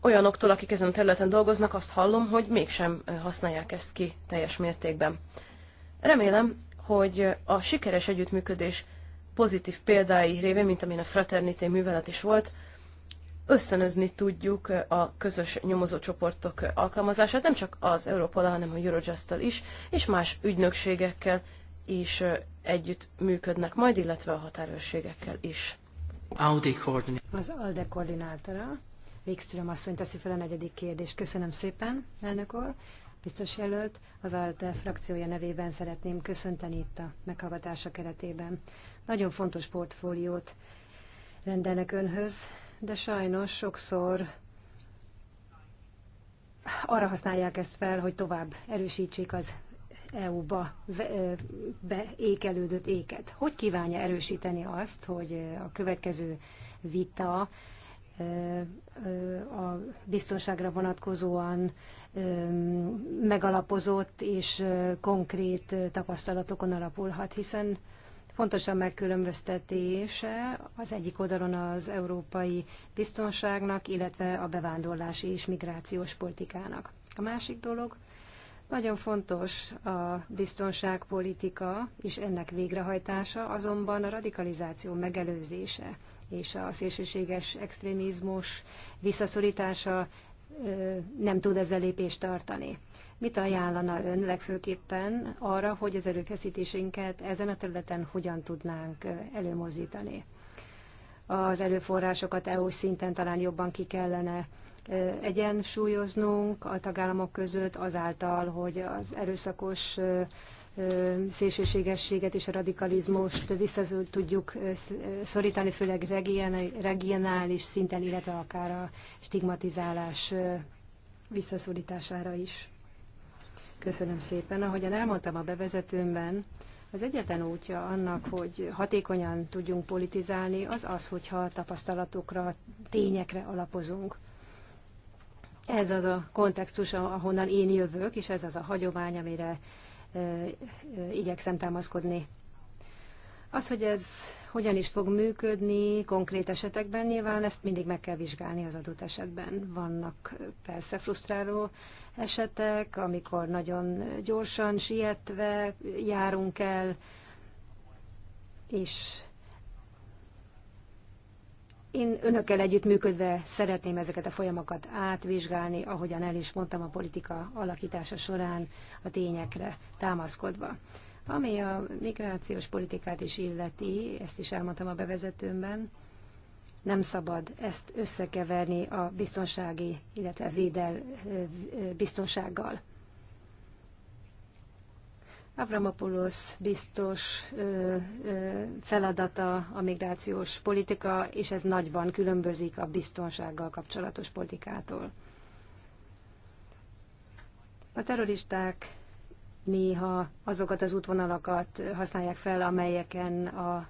olyanoktól, akik ezen a területen dolgoznak, azt hallom, hogy mégsem használják ezt ki teljes mértékben. Remélem, hogy a sikeres együttműködés pozitív példái révén, mint amilyen a Fraternité művelet is volt, ösztönözni tudjuk a közös nyomozócsoportok alkalmazását, nem csak az europol hanem a eurojust is, és más ügynökségekkel is együtt működnek majd, illetve a határőrségekkel is. Audi Az ALDE koordinátora. Végström asszony teszi fel a negyedik kérdést. Köszönöm szépen, elnök úr. Biztos jelölt, az ALDE frakciója nevében szeretném köszönteni itt a meghallgatása keretében. Nagyon fontos portfóliót rendelnek önhöz, de sajnos sokszor arra használják ezt fel, hogy tovább erősítsék az EU-ba beékelődött éket. Hogy kívánja erősíteni azt, hogy a következő vita a biztonságra vonatkozóan megalapozott és konkrét tapasztalatokon alapulhat, hiszen Fontos a megkülönböztetése az egyik oldalon az európai biztonságnak, illetve a bevándorlási és migrációs politikának. A másik dolog, nagyon fontos a biztonságpolitika és ennek végrehajtása, azonban a radikalizáció megelőzése és a szélsőséges extrémizmus visszaszorítása nem tud ezzel lépést tartani. Mit ajánlana ön legfőképpen arra, hogy az erőfeszítésünket ezen a területen hogyan tudnánk előmozdítani? Az erőforrásokat EU szinten talán jobban ki kellene egyensúlyoznunk a tagállamok között azáltal, hogy az erőszakos szélsőségességet és a radikalizmust vissza tudjuk szorítani, főleg regionális szinten, illetve akár a stigmatizálás visszaszorítására is. Köszönöm szépen. Ahogyan elmondtam a bevezetőmben, az egyetlen útja annak, hogy hatékonyan tudjunk politizálni, az az, hogyha tapasztalatokra, tényekre alapozunk. Ez az a kontextus, ahonnan én jövök, és ez az a hagyomány, amire igyekszem támaszkodni. Az, hogy ez hogyan is fog működni konkrét esetekben, nyilván ezt mindig meg kell vizsgálni az adott esetben. Vannak persze frusztráló esetek, amikor nagyon gyorsan, sietve járunk el, és én önökkel együttműködve szeretném ezeket a folyamokat átvizsgálni, ahogyan el is mondtam a politika alakítása során a tényekre támaszkodva. Ami a migrációs politikát is illeti, ezt is elmondtam a bevezetőmben, nem szabad ezt összekeverni a biztonsági, illetve védel biztonsággal. Avramopoulos biztos ö, ö, feladata a migrációs politika, és ez nagyban különbözik a biztonsággal kapcsolatos politikától. A terroristák néha azokat az útvonalakat használják fel, amelyeken a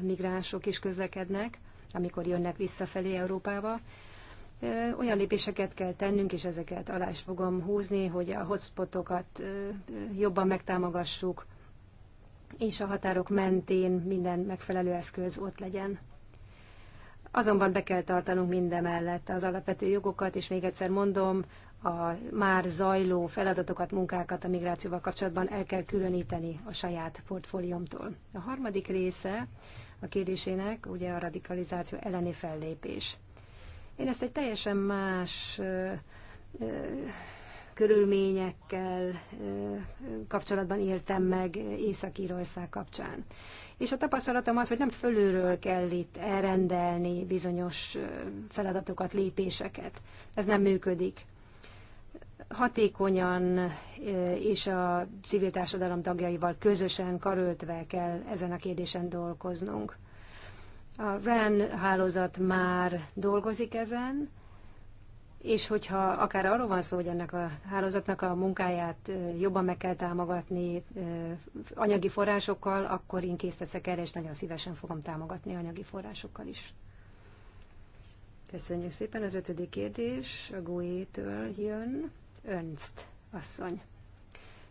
migránsok is közlekednek, amikor jönnek visszafelé Európába, olyan lépéseket kell tennünk, és ezeket alá is fogom húzni, hogy a hotspotokat jobban megtámogassuk, és a határok mentén minden megfelelő eszköz ott legyen. Azonban be kell tartanunk minden mellett az alapvető jogokat, és még egyszer mondom, a már zajló feladatokat, munkákat a migrációval kapcsolatban el kell különíteni a saját portfóliómtól. A harmadik része a kérdésének ugye a radikalizáció elleni fellépés. Én ezt egy teljesen más körülményekkel kapcsolatban éltem meg Észak-Írország kapcsán. És a tapasztalatom az, hogy nem fölülről kell itt elrendelni bizonyos feladatokat, lépéseket. Ez nem működik. Hatékonyan és a civil társadalom tagjaival közösen karöltve kell ezen a kérdésen dolgoznunk. A REN hálózat már dolgozik ezen, és hogyha akár arról van szó, hogy ennek a hálózatnak a munkáját jobban meg kell támogatni anyagi forrásokkal, akkor én kész leszek erre, és nagyon szívesen fogom támogatni anyagi forrásokkal is. Köszönjük szépen. Az ötödik kérdés a GUE-től jön. Önst asszony.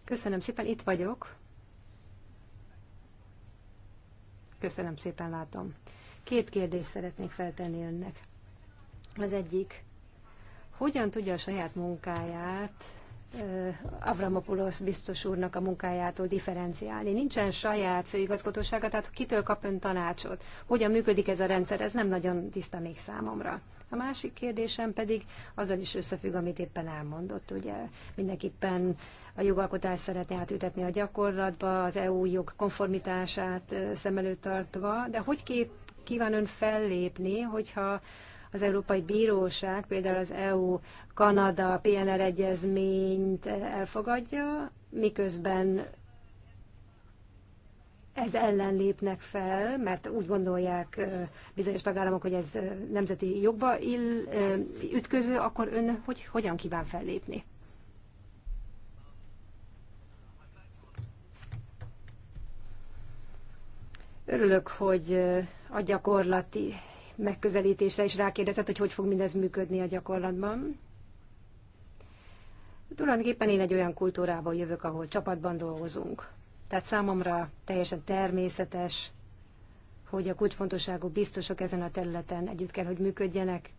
Köszönöm szépen, itt vagyok. Köszönöm szépen, látom. Két kérdést szeretnék feltenni önnek. Az egyik, hogyan tudja a saját munkáját Avramopoulos biztos úrnak a munkájától differenciálni. Nincsen saját főigazgatósága, tehát kitől kap ön tanácsot? Hogyan működik ez a rendszer? Ez nem nagyon tiszta még számomra. A másik kérdésem pedig azzal is összefügg, amit éppen elmondott. Ugye mindenképpen a jogalkotás szeretné átütetni a gyakorlatba, az EU jog konformitását szem előtt tartva, de hogy kép kíván ön fellépni, hogyha az Európai Bíróság például az EU-Kanada PNR egyezményt elfogadja, miközben ez ellen lépnek fel, mert úgy gondolják bizonyos tagállamok, hogy ez nemzeti jogba ill, ütköző, akkor ön hogy, hogyan kíván fellépni? Örülök, hogy a gyakorlati megközelítésre is rákérdezett, hogy hogy fog mindez működni a gyakorlatban. Tulajdonképpen én egy olyan kultúrából jövök, ahol csapatban dolgozunk. Tehát számomra teljesen természetes, hogy a kulcsfontosságú biztosok ezen a területen együtt kell, hogy működjenek,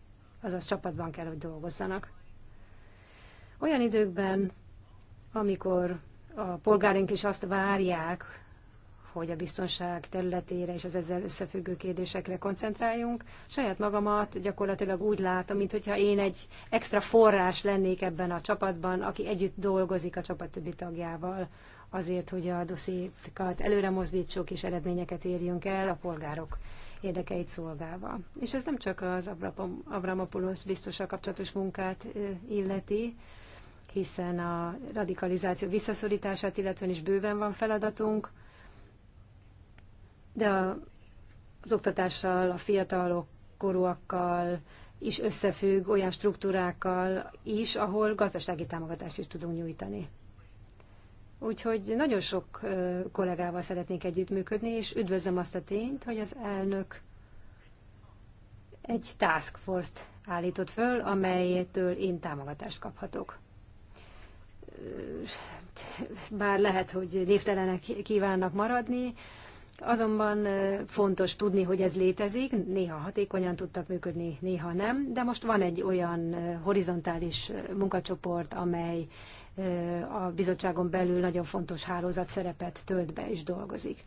azaz csapatban kell, hogy dolgozzanak. Olyan időkben, amikor a polgárink is azt várják, hogy a biztonság területére és az ezzel összefüggő kérdésekre koncentráljunk. Saját magamat gyakorlatilag úgy látom, mintha én egy extra forrás lennék ebben a csapatban, aki együtt dolgozik a csapat többi tagjával azért, hogy a dossziékat előre mozdítsuk és eredményeket érjünk el a polgárok érdekeit szolgálva. És ez nem csak az Abramopoulos biztosan kapcsolatos munkát illeti, hiszen a radikalizáció visszaszorítását illetően is bőven van feladatunk, de a, az oktatással, a fiatalok korúakkal is összefügg olyan struktúrákkal is, ahol gazdasági támogatást is tudunk nyújtani. Úgyhogy nagyon sok kollégával szeretnék együttműködni, és üdvözlöm azt a tényt, hogy az elnök egy task force-t állított föl, amelyétől én támogatást kaphatok. Bár lehet, hogy névtelenek kívánnak maradni, Azonban fontos tudni, hogy ez létezik, néha hatékonyan tudtak működni, néha nem, de most van egy olyan horizontális munkacsoport, amely a bizottságon belül nagyon fontos hálózat szerepet tölt be és dolgozik.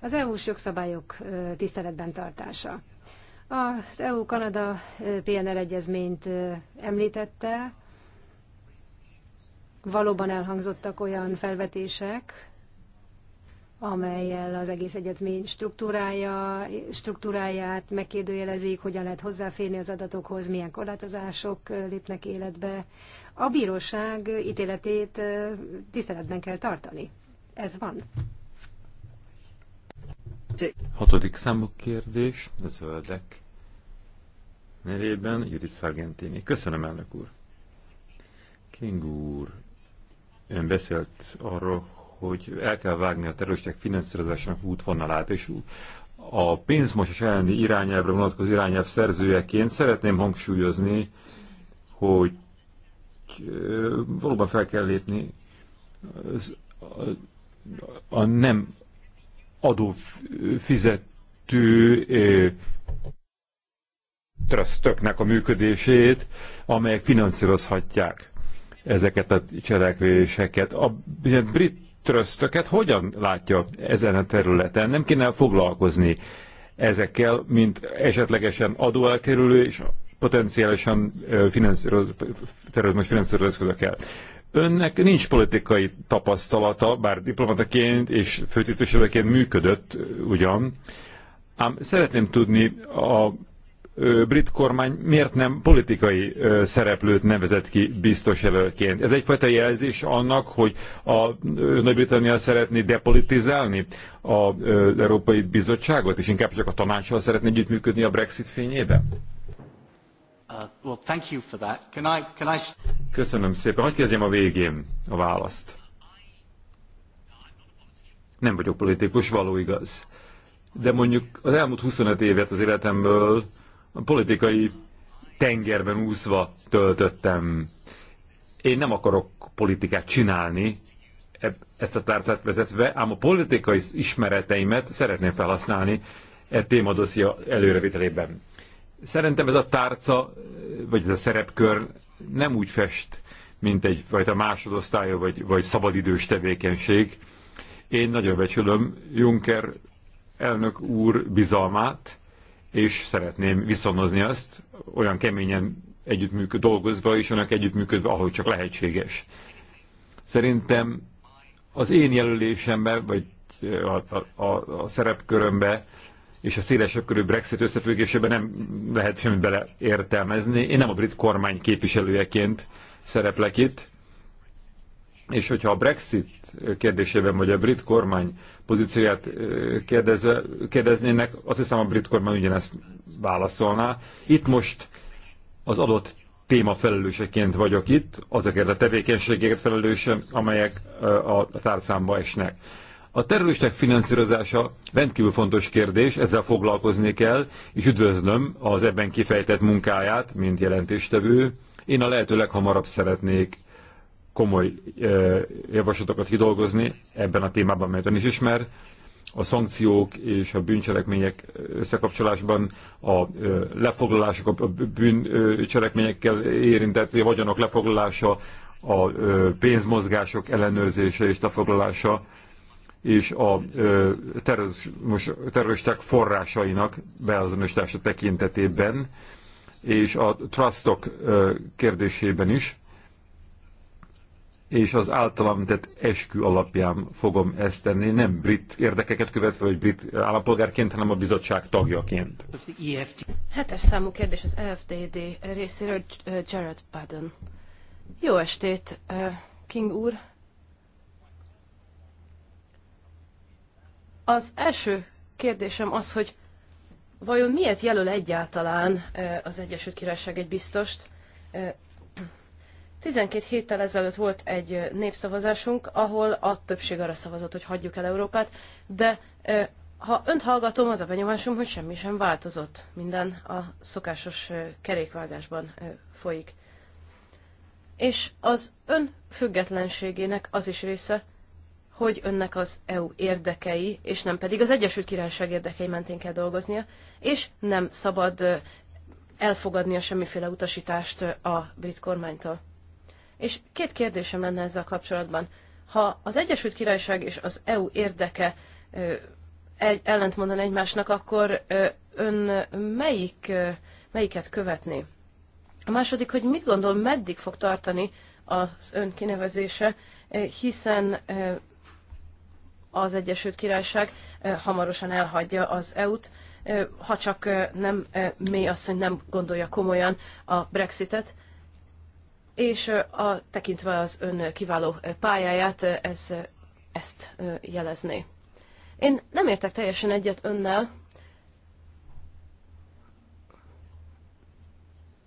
Az EU-s jogszabályok tiszteletben tartása. Az EU-Kanada PNR egyezményt említette, valóban elhangzottak olyan felvetések, amelyel az egész egyetmény struktúrája, struktúráját megkérdőjelezik, hogyan lehet hozzáférni az adatokhoz, milyen korlátozások lépnek életbe. A bíróság ítéletét tiszteletben kell tartani. Ez van. Hatodik számú kérdés, a zöldek nevében Judith Sargentini. Köszönöm, elnök úr. King úr, ön beszélt arról, hogy el kell vágni a terroristák finanszírozásának útvonalát, és a pénzmosás elleni irányelvre vonatkozó irányelv szerzőjeként szeretném hangsúlyozni, hogy valóban fel kell lépni az, a, a nem adófizető trösztöknek a működését, amelyek finanszírozhatják ezeket a cselekvéseket. A brit trösztöket hogyan látja ezen a területen? Nem kéne foglalkozni ezekkel, mint esetlegesen adóelkerülő és potenciálisan finanszíroz, terrorizmus finanszírozó eszközökkel. Önnek nincs politikai tapasztalata, bár diplomataként és főtisztviselőként működött ugyan, ám szeretném tudni a brit kormány miért nem politikai szereplőt nevezett ki biztos jelölként? Ez egyfajta jelzés annak, hogy a Nagy-Britannia szeretné depolitizálni az Európai Bizottságot, és inkább csak a tanácssal szeretné együttműködni a Brexit fényében? Köszönöm szépen. Hogy kezdjem a végén a választ? Nem vagyok politikus, való igaz. De mondjuk az elmúlt 25 évet az életemből a politikai tengerben úszva töltöttem. Én nem akarok politikát csinálni, ezt a tárcát vezetve, ám a politikai ismereteimet szeretném felhasználni e témadoszia előrevitelében. Szerintem ez a tárca, vagy ez a szerepkör nem úgy fest, mint egy fajta másodosztályú vagy, vagy szabadidős tevékenység. Én nagyon becsülöm Juncker elnök úr bizalmát, és szeretném viszonozni azt olyan keményen együttműködve, dolgozva és annak együttműködve, ahogy csak lehetséges. Szerintem az én jelölésembe, vagy a, a, a, a szerepkörömbe és a szélesebb körű Brexit összefüggésében nem lehet semmit bele értelmezni. Én nem a brit kormány képviselőjeként szereplek itt, és hogyha a Brexit kérdésében, vagy a brit kormány pozícióját kérdeze, kérdeznének, azt hiszem a brit kormány ugyanezt válaszolná. Itt most az adott téma felelőseként vagyok itt, azokért a tevékenységeket felelősen, amelyek a tárcámba esnek. A terroristák finanszírozása rendkívül fontos kérdés, ezzel foglalkozni kell, és üdvözlöm az ebben kifejtett munkáját, mint jelentéstevő. Én a lehető leghamarabb szeretnék komoly javaslatokat kidolgozni ebben a témában, mert ön is ismer, a szankciók és a bűncselekmények összekapcsolásban, a lefoglalások, a bűncselekményekkel érintett a vagyonok lefoglalása, a pénzmozgások ellenőrzése és lefoglalása, és a terroristák forrásainak beazonosítása tekintetében, és a trustok kérdésében is és az általam tett eskü alapján fogom ezt tenni, nem brit érdekeket követve, vagy brit állampolgárként, hanem a bizottság tagjaként. Hetes számú kérdés az EFDD részéről Jared Padden. Jó estét, King úr! Az első kérdésem az, hogy vajon miért jelöl egyáltalán az Egyesült Királyság egy biztost? 12 héttel ezelőtt volt egy népszavazásunk, ahol a többség arra szavazott, hogy hagyjuk el Európát, de ha önt hallgatom, az a benyomásom, hogy semmi sem változott. Minden a szokásos kerékvágásban folyik. És az ön függetlenségének az is része, hogy önnek az EU érdekei, és nem pedig az Egyesült Királyság érdekei mentén kell dolgoznia, és nem szabad elfogadnia semmiféle utasítást a brit kormánytól. És két kérdésem lenne ezzel kapcsolatban. Ha az Egyesült Királyság és az EU érdeke egy, ellentmondan egymásnak, akkor ön melyik, melyiket követné? A második, hogy mit gondol, meddig fog tartani az ön kinevezése, hiszen az Egyesült Királyság hamarosan elhagyja az EU-t, ha csak nem mély asszony nem gondolja komolyan a Brexitet, és a, tekintve az ön kiváló pályáját, ez ezt jelezné. Én nem értek teljesen egyet önnel,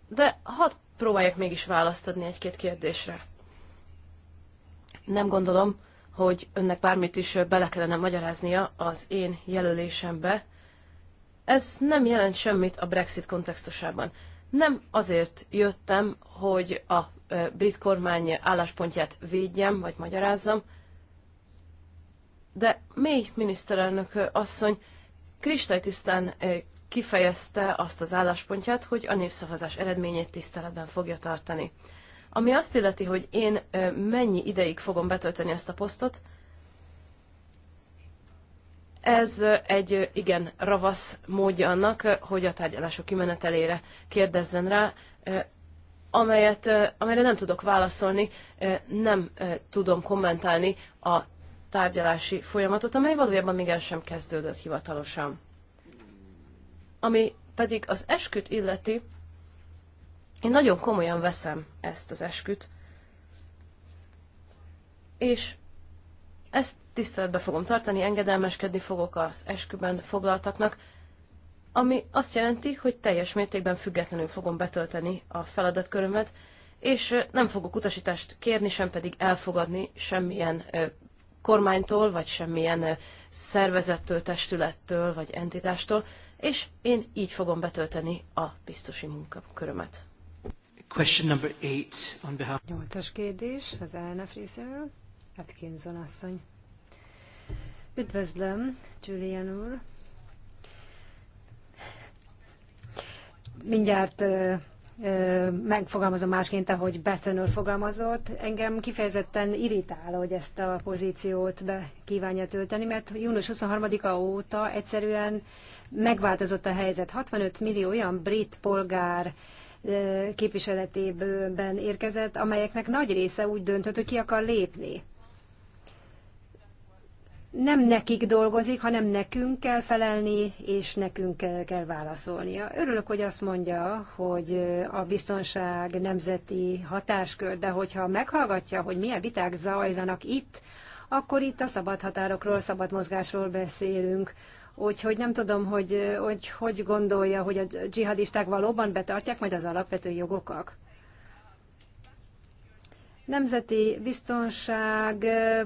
de hadd próbáljak mégis választ adni egy-két kérdésre. Nem gondolom, hogy önnek bármit is bele kellene magyaráznia az én jelölésembe. Ez nem jelent semmit a Brexit kontextusában. Nem azért jöttem, hogy a brit kormány álláspontját védjem, vagy magyarázzam, de mély miniszterelnök asszony kristálytisztán kifejezte azt az álláspontját, hogy a népszavazás eredményét tiszteletben fogja tartani. Ami azt illeti, hogy én mennyi ideig fogom betölteni ezt a posztot, ez egy igen ravasz módja annak, hogy a tárgyalások kimenetelére kérdezzen rá, amelyet, amelyre nem tudok válaszolni, nem tudom kommentálni a tárgyalási folyamatot, amely valójában még el sem kezdődött hivatalosan. Ami pedig az esküt illeti, én nagyon komolyan veszem ezt az esküt, és ezt tiszteletbe fogom tartani, engedelmeskedni fogok az esküben foglaltaknak, ami azt jelenti, hogy teljes mértékben függetlenül fogom betölteni a feladatkörömet, és nem fogok utasítást kérni, sem pedig elfogadni semmilyen kormánytól, vagy semmilyen szervezettől, testülettől, vagy entitástól, és én így fogom betölteni a biztosi munkakörömet. Question number eight on behalf... Nyolcas kérdés az ELNF részéről. Atkinson asszony. Üdvözlöm, Julian úr. Mindjárt megfogalmazom másként, ahogy Batten úr fogalmazott. Engem kifejezetten irritál, hogy ezt a pozíciót be kívánja tölteni, mert június 23-a óta egyszerűen megváltozott a helyzet. 65 millió olyan brit polgár képviseletében érkezett, amelyeknek nagy része úgy döntött, hogy ki akar lépni nem nekik dolgozik, hanem nekünk kell felelni, és nekünk kell válaszolnia. Örülök, hogy azt mondja, hogy a biztonság nemzeti hatáskör, de hogyha meghallgatja, hogy milyen viták zajlanak itt, akkor itt a szabad határokról, szabad mozgásról beszélünk. Úgyhogy nem tudom, hogy hogy, hogy gondolja, hogy a dzsihadisták valóban betartják majd az alapvető jogokat. Nemzeti biztonság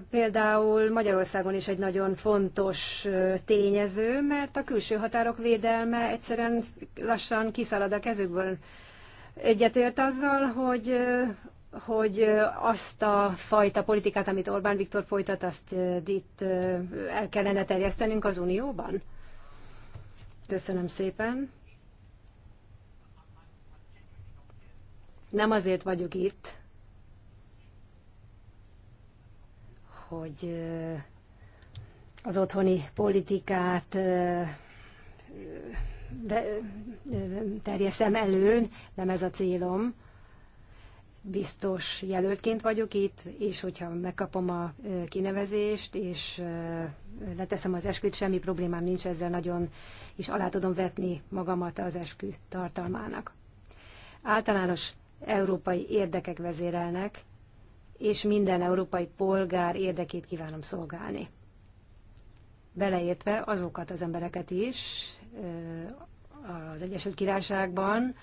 például Magyarországon is egy nagyon fontos tényező, mert a külső határok védelme egyszerűen lassan kiszalad a kezükből. Egyetért azzal, hogy hogy azt a fajta politikát, amit Orbán Viktor folytat, azt itt el kellene terjesztenünk az Unióban? Köszönöm szépen. Nem azért vagyok itt, hogy az otthoni politikát terjeszem elő, nem ez a célom. Biztos jelöltként vagyok itt, és hogyha megkapom a kinevezést, és leteszem az esküt, semmi problémám nincs ezzel nagyon, és alá tudom vetni magamat az eskü tartalmának. Általános európai érdekek vezérelnek, és minden európai polgár érdekét kívánom szolgálni. Beleértve azokat az embereket is az Egyesült Királyságban,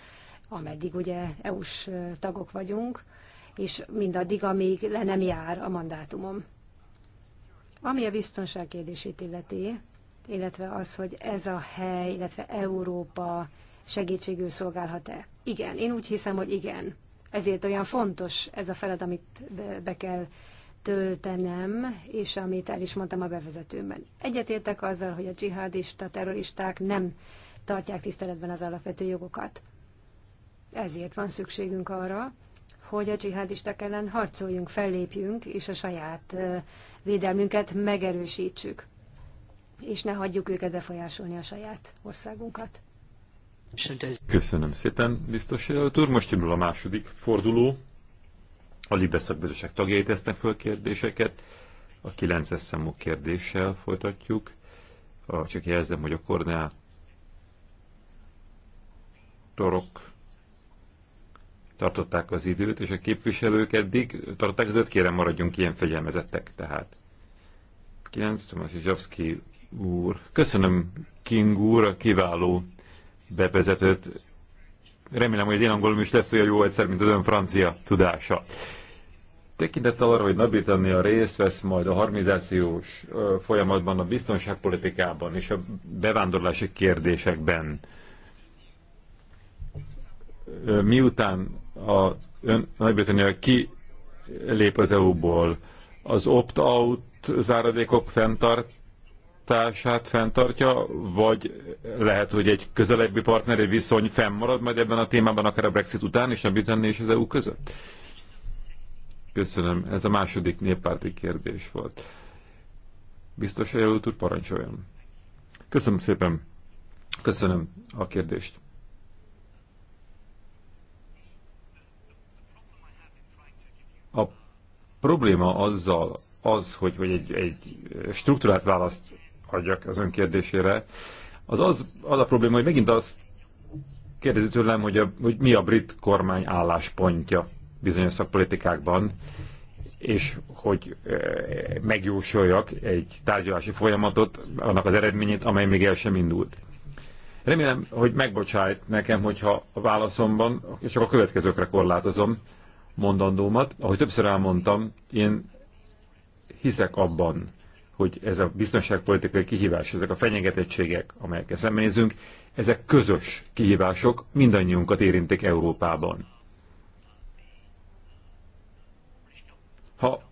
ameddig ugye EU-s tagok vagyunk, és mindaddig, amíg le nem jár a mandátumom. Ami a biztonság kérdését illeti, illetve az, hogy ez a hely, illetve Európa segítségül szolgálhat-e? Igen, én úgy hiszem, hogy igen. Ezért olyan fontos ez a feladat, amit be kell töltenem, és amit el is mondtam a bevezetőmben. Egyetértek azzal, hogy a dzsihadista terroristák nem tartják tiszteletben az alapvető jogokat. Ezért van szükségünk arra, hogy a dzsihadisták ellen harcoljunk, fellépjünk, és a saját védelmünket megerősítsük, és ne hagyjuk őket befolyásolni a saját országunkat. Köszönöm szépen, biztos jelölt úr. Most indul a második forduló. A Libeszakbizottság tagjai tesznek föl kérdéseket. A 9 eszemú kérdéssel folytatjuk. A, csak jelzem, hogy a torok tartották az időt, és a képviselők eddig tartották az időt, kérem maradjunk ilyen fegyelmezettek tehát. 9. Tomás Zsavszki úr. Köszönöm King úr a kiváló bevezetőt. Remélem, hogy én angolom is lesz olyan jó egyszer, mint az ön francia tudása. Tekintettel arra, hogy Nagy-Britannia részt vesz majd a harmonizációs folyamatban, a biztonságpolitikában és a bevándorlási kérdésekben, miután a Nagy-Britannia kilép az EU-ból, az opt-out záradékok fenntart hatását fenntartja, vagy lehet, hogy egy közelebbi partneri viszony fennmarad majd ebben a témában, akár a Brexit után, és a Britannia és az EU között? Köszönöm. Ez a második néppárti kérdés volt. Biztos előtt úr, parancsoljon. Köszönöm szépen. Köszönöm a kérdést. A probléma azzal az, hogy, hogy egy, egy struktúrát választ adjak az ön kérdésére. Az az, az a probléma, hogy megint azt kérdezi tőlem, hogy, a, hogy mi a brit kormány álláspontja bizonyos szakpolitikákban, és hogy e, megjósoljak egy tárgyalási folyamatot, annak az eredményét, amely még el sem indult. Remélem, hogy megbocsájt nekem, hogyha a válaszomban csak a következőkre korlátozom mondandómat. Ahogy többször elmondtam, én hiszek abban, hogy ez a biztonságpolitikai kihívás, ezek a fenyegetettségek, amelyekkel szembenézünk, ezek közös kihívások, mindannyiunkat érintik Európában. Ha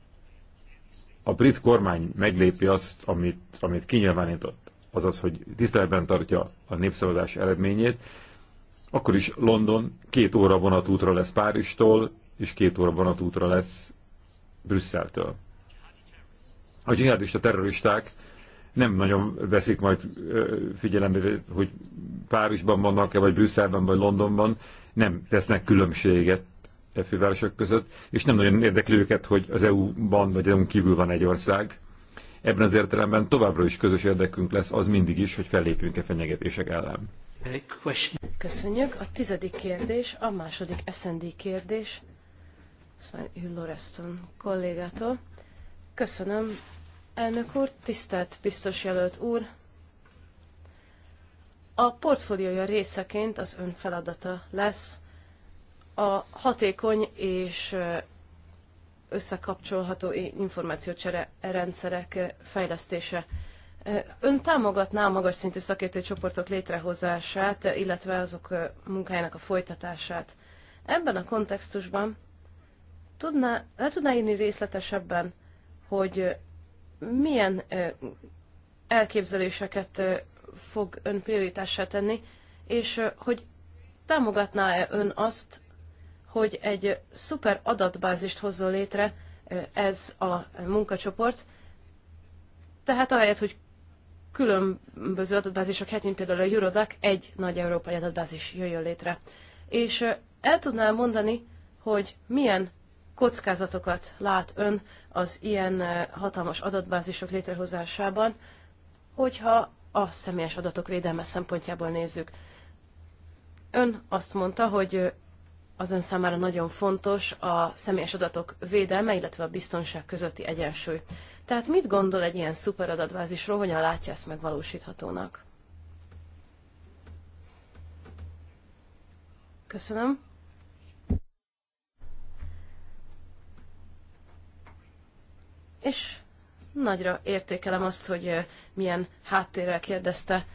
a brit kormány meglépi azt, amit, amit kinyilvánított, azaz, hogy tiszteletben tartja a népszavazás eredményét, akkor is London két óra vonatútra lesz Párizstól, és két óra vonatútra lesz Brüsszeltől a dzsihadista terroristák nem nagyon veszik majd figyelembe, hogy Párizsban vannak-e, vagy Brüsszelben, vagy Londonban, nem tesznek különbséget e fővárosok között, és nem nagyon érdekli őket, hogy az EU-ban vagy EU-n kívül van egy ország. Ebben az értelemben továbbra is közös érdekünk lesz az mindig is, hogy fellépjünk-e fenyegetések ellen. Köszönjük. A tizedik kérdés, a második SND kérdés, Sven Loreston kollégától. Köszönöm, Elnök úr, tisztelt biztos jelölt úr! A portfóliója részeként az ön feladata lesz a hatékony és összekapcsolható információcsere rendszerek fejlesztése. Ön támogatná a magas szintű szakértői csoportok létrehozását, illetve azok munkájának a folytatását. Ebben a kontextusban tudná, le tudná írni részletesebben, hogy milyen elképzeléseket fog ön prioritássá tenni, és hogy támogatná-e ön azt, hogy egy szuper adatbázist hozzon létre ez a munkacsoport, tehát ahelyett, hogy különböző adatbázisok, hát mint például a Eurodac, egy nagy európai adatbázis jöjjön létre. És el tudnám mondani, hogy milyen kockázatokat lát ön az ilyen eh, hatalmas adatbázisok létrehozásában, hogyha a személyes adatok védelme szempontjából nézzük. Ön azt mondta, hogy eh, az ön számára nagyon fontos a személyes adatok védelme, illetve a biztonság közötti egyensúly. Tehát mit gondol egy ilyen szuperadatbázisról, hogyan látja ezt megvalósíthatónak? Köszönöm. és nagyra értékelem azt, hogy milyen háttérrel kérdezte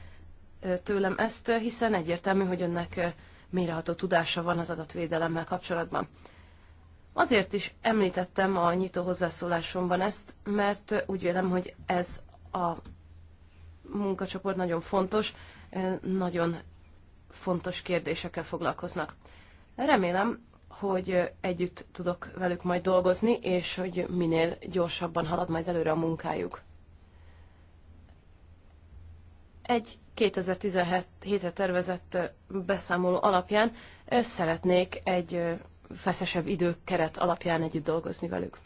tőlem ezt, hiszen egyértelmű, hogy önnek mélyreható tudása van az adatvédelemmel kapcsolatban. Azért is említettem a nyitó hozzászólásomban ezt, mert úgy vélem, hogy ez a munkacsoport nagyon fontos, nagyon fontos kérdésekkel foglalkoznak. Remélem, hogy együtt tudok velük majd dolgozni, és hogy minél gyorsabban halad majd előre a munkájuk. Egy 2017-re tervezett beszámoló alapján szeretnék egy feszesebb időkeret alapján együtt dolgozni velük.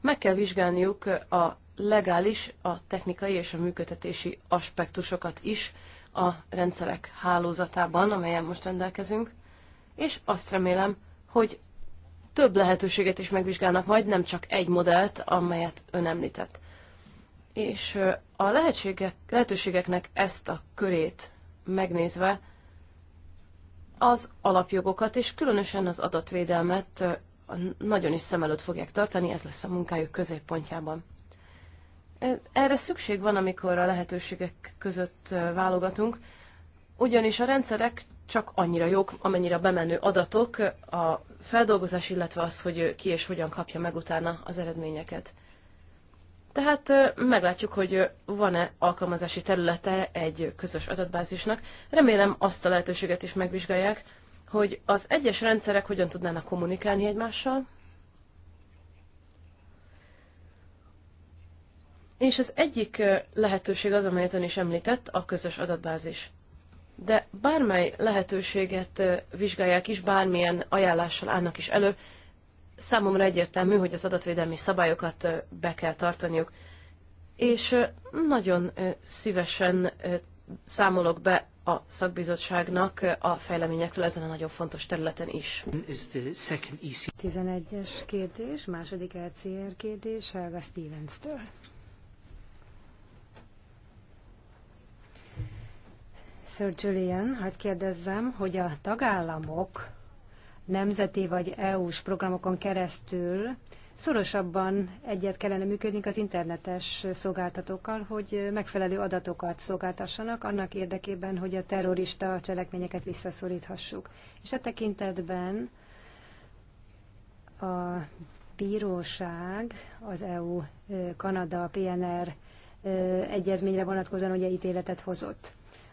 Meg kell vizsgálniuk a legális, a technikai és a működtetési aspektusokat is a rendszerek hálózatában, amelyen most rendelkezünk, és azt remélem, hogy több lehetőséget is megvizsgálnak majd, nem csak egy modellt, amelyet ön említett. És a lehetségek, lehetőségeknek ezt a körét megnézve az alapjogokat, és különösen az adatvédelmet nagyon is szem előtt fogják tartani, ez lesz a munkájuk középpontjában. Erre szükség van, amikor a lehetőségek között válogatunk, ugyanis a rendszerek csak annyira jók, amennyire a bemenő adatok, a feldolgozás, illetve az, hogy ki és hogyan kapja meg utána az eredményeket. Tehát meglátjuk, hogy van-e alkalmazási területe egy közös adatbázisnak. Remélem azt a lehetőséget is megvizsgálják, hogy az egyes rendszerek hogyan tudnának kommunikálni egymással, és az egyik lehetőség az, amelyet ön is említett, a közös adatbázis de bármely lehetőséget vizsgálják is, bármilyen ajánlással állnak is elő, számomra egyértelmű, hogy az adatvédelmi szabályokat be kell tartaniuk. És nagyon szívesen számolok be a szakbizottságnak a fejleményekről ezen a nagyon fontos területen is. 11-es e kérdés, második LCR e kérdés, Helga Stevens-től. Sir Julian, hát kérdezzem, hogy a tagállamok nemzeti vagy EU-s programokon keresztül szorosabban egyet kellene működnünk az internetes szolgáltatókkal, hogy megfelelő adatokat szolgáltassanak annak érdekében, hogy a terrorista cselekményeket visszaszoríthassuk. És e tekintetben a bíróság az EU-Kanada PNR egyezményre vonatkozóan ugye ítéletet hozott.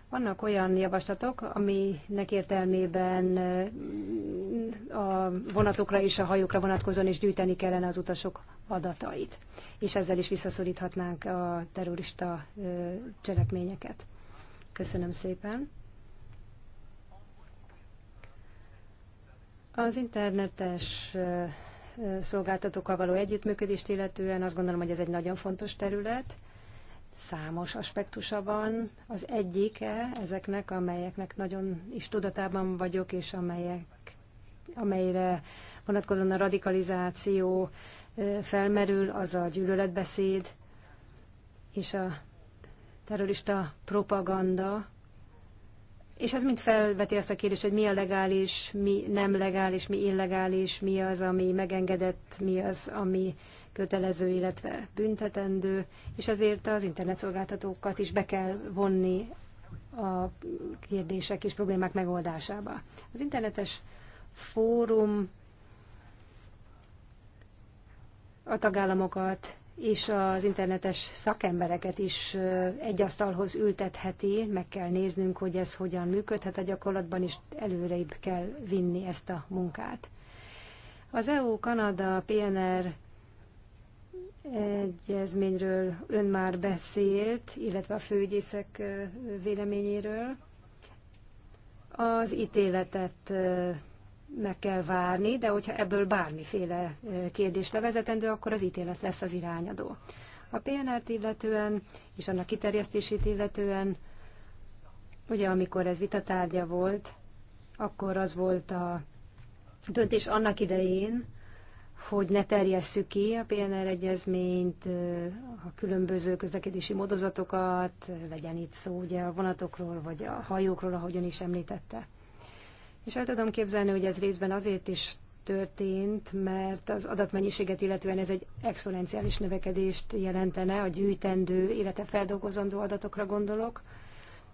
Vannak olyan javaslatok, aminek értelmében eh, a vonatokra és a hajókra vonatkozóan is gyűjteni kellene az utasok adatait, és ezzel is visszaszoríthatnánk a terrorista eh, cselekményeket. Köszönöm szépen. Az internetes eh, szolgáltatókkal való együttműködést illetően azt gondolom, hogy ez egy nagyon fontos terület Számos aspektusa van. Az egyike ezeknek, amelyeknek nagyon is tudatában vagyok, és amelyek, amelyre vonatkozóan a radikalizáció felmerül, az a gyűlöletbeszéd és a terrorista propaganda, és ez mind felveti azt a kérdést, hogy mi a legális, mi nem legális, mi illegális, mi az, ami megengedett, mi az, ami kötelező, illetve büntetendő, és ezért az internetszolgáltatókat is be kell vonni a kérdések és problémák megoldásába. Az internetes fórum a tagállamokat és az internetes szakembereket is egy asztalhoz ültetheti, meg kell néznünk, hogy ez hogyan működhet a gyakorlatban, és előrébb kell vinni ezt a munkát. Az EU-Kanada PNR egyezményről ön már beszélt, illetve a főügyészek véleményéről. Az ítéletet meg kell várni, de hogyha ebből bármiféle kérdés levezetendő, akkor az ítélet lesz az irányadó. A PNR-t illetően és annak kiterjesztését illetően, ugye amikor ez vitatárgya volt, akkor az volt a döntés annak idején, hogy ne terjesszük ki a PNR egyezményt, a különböző közlekedési módozatokat, legyen itt szó ugye a vonatokról, vagy a hajókról, ahogyan is említette. És el tudom képzelni, hogy ez részben azért is történt, mert az adatmennyiséget illetően ez egy exponenciális növekedést jelentene, a gyűjtendő, illetve feldolgozandó adatokra gondolok,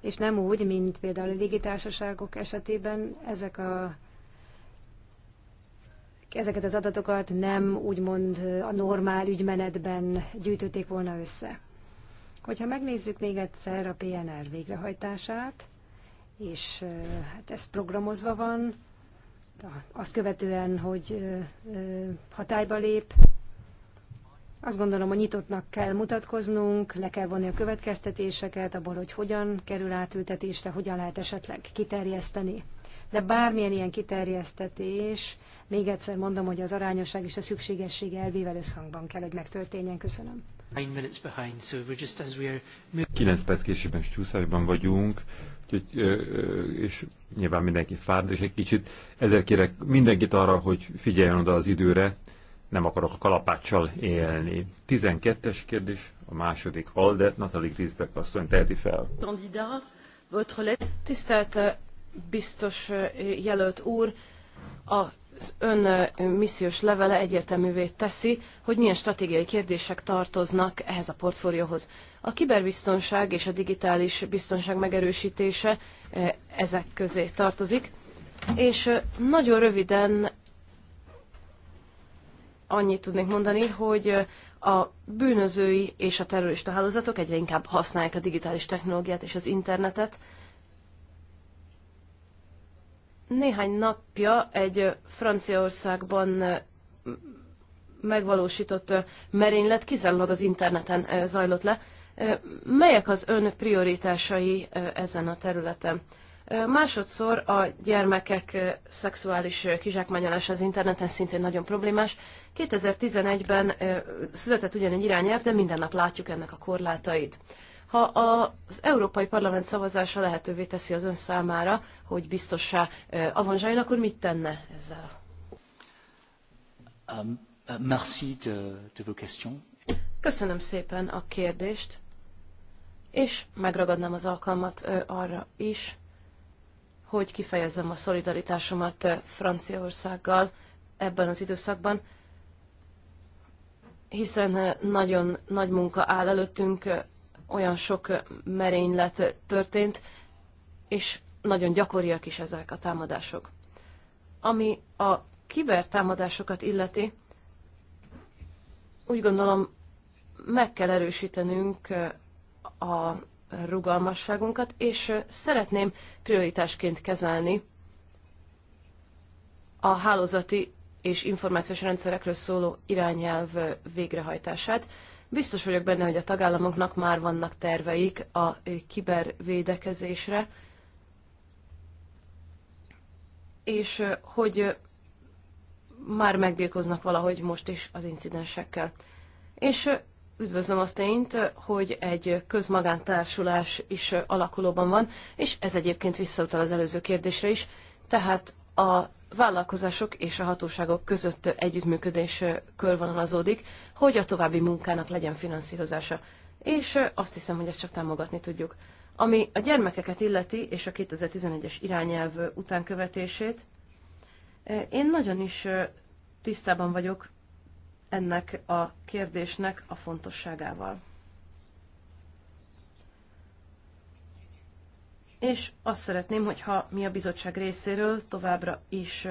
és nem úgy, mint például a légitársaságok esetében ezek a ezeket az adatokat nem úgymond a normál ügymenetben gyűjtötték volna össze. Hogyha megnézzük még egyszer a PNR végrehajtását, és hát ez programozva van, azt követően, hogy hatályba lép, azt gondolom, hogy nyitottnak kell mutatkoznunk, le kell vonni a következtetéseket abból, hogy hogyan kerül átültetésre, hogyan lehet esetleg kiterjeszteni de bármilyen ilyen kiterjesztetés, még egyszer mondom, hogy az arányosság és a szükségesség elvével összhangban kell, hogy megtörténjen. Köszönöm. 9 perc későbben csúszásban vagyunk, úgyhogy, és nyilván mindenki fád, és egy kicsit ezért kérek mindenkit arra, hogy figyeljen oda az időre, nem akarok a kalapáccsal élni. 12-es kérdés, a második Aldet, Natalie Grisbeck asszony teheti fel. Tisztelt biztos jelölt úr, az ön missziós levele egyértelművé teszi, hogy milyen stratégiai kérdések tartoznak ehhez a portfólióhoz. A kiberbiztonság és a digitális biztonság megerősítése ezek közé tartozik, és nagyon röviden annyit tudnék mondani, hogy a bűnözői és a terrorista hálózatok egyre inkább használják a digitális technológiát és az internetet, néhány napja egy Franciaországban megvalósított merénylet kizárólag az interneten zajlott le. Melyek az ön prioritásai ezen a területen? Másodszor a gyermekek szexuális kizsákmányolása az interneten szintén nagyon problémás. 2011-ben született ugyan egy irányelv, de minden nap látjuk ennek a korlátait ha az Európai Parlament szavazása lehetővé teszi az ön számára, hogy biztossá avanzsáljon, akkor mit tenne ezzel? Um, uh, merci de, de vos questions. Köszönöm szépen a kérdést, és megragadnám az alkalmat arra is, hogy kifejezzem a szolidaritásomat Franciaországgal ebben az időszakban, hiszen nagyon nagy munka áll előttünk, olyan sok merénylet történt, és nagyon gyakoriak is ezek a támadások. Ami a kibertámadásokat illeti, úgy gondolom, meg kell erősítenünk a rugalmasságunkat, és szeretném prioritásként kezelni a hálózati és információs rendszerekről szóló irányelv végrehajtását, Biztos vagyok benne, hogy a tagállamoknak már vannak terveik a kibervédekezésre, és hogy már megbírkoznak valahogy most is az incidensekkel. És üdvözlöm azt tényt, hogy egy közmagántársulás is alakulóban van, és ez egyébként visszautal az előző kérdésre is, tehát a vállalkozások és a hatóságok között együttműködés körvonalazódik, hogy a további munkának legyen finanszírozása. És azt hiszem, hogy ezt csak támogatni tudjuk. Ami a gyermekeket illeti, és a 2011-es irányelv utánkövetését, én nagyon is tisztában vagyok ennek a kérdésnek a fontosságával. és azt szeretném, hogyha mi a bizottság részéről továbbra is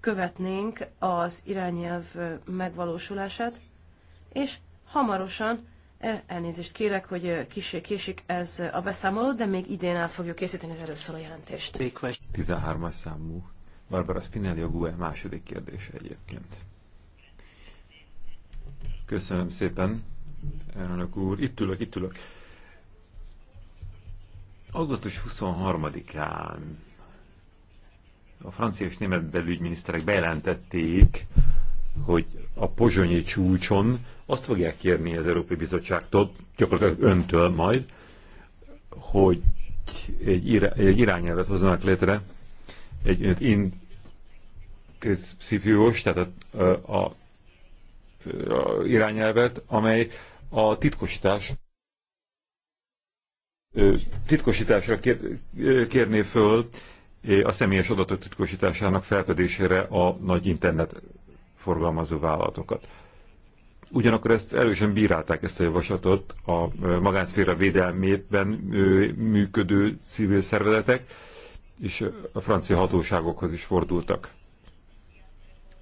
követnénk az irányelv megvalósulását, és hamarosan elnézést kérek, hogy kisé késik ez a beszámoló, de még idén el fogjuk készíteni az először a jelentést. 13-as számú Barbara Spinelli a GUE második kérdése egyébként. Köszönöm szépen, elnök úr. Itt ülök, itt ülök. Augusztus 23-án a francia és német belügyminiszterek bejelentették, hogy a pozsonyi csúcson azt fogják kérni az Európai Bizottságtól, gyakorlatilag öntől majd, hogy egy, irá, egy irányelvet hozzanak létre, egy inkrecipiós, tehát a, a, a irányelvet, amely a titkosítás titkosításra kér, kérné föl a személyes adatok titkosításának felfedésére a nagy internet forgalmazó vállalatokat. Ugyanakkor ezt erősen bírálták ezt a javaslatot a magánszféra védelmében működő civil szervezetek, és a francia hatóságokhoz is fordultak.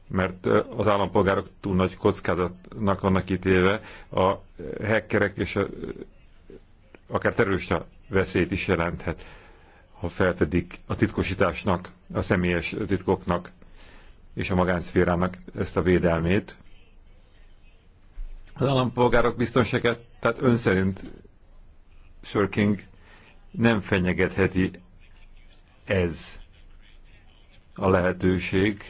Mert az állampolgárok túl nagy kockázatnak vannak ítélve, a hackerek és a akár terrorista veszélyt is jelenthet, ha felfedik a titkosításnak, a személyes titkoknak és a magánszférának ezt a védelmét. Az állampolgárok biztonságát, tehát ön szerint Sörking King nem fenyegetheti ez a lehetőség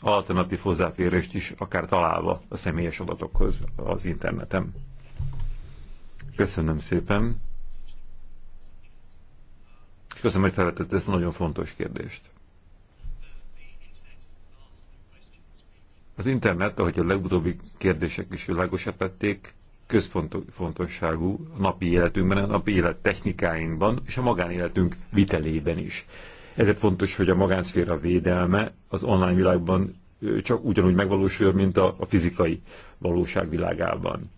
alternatív hozzáférést is akár találva a személyes adatokhoz az interneten. Köszönöm szépen. És köszönöm, hogy felvetett ezt a nagyon fontos kérdést. Az internet, ahogy a legutóbbi kérdések is világosra tették, központfontosságú a napi életünkben, a napi élet technikáinkban és a magánéletünk vitelében is. Ezért fontos, hogy a magánszféra védelme az online világban csak ugyanúgy megvalósul, mint a fizikai valóság világában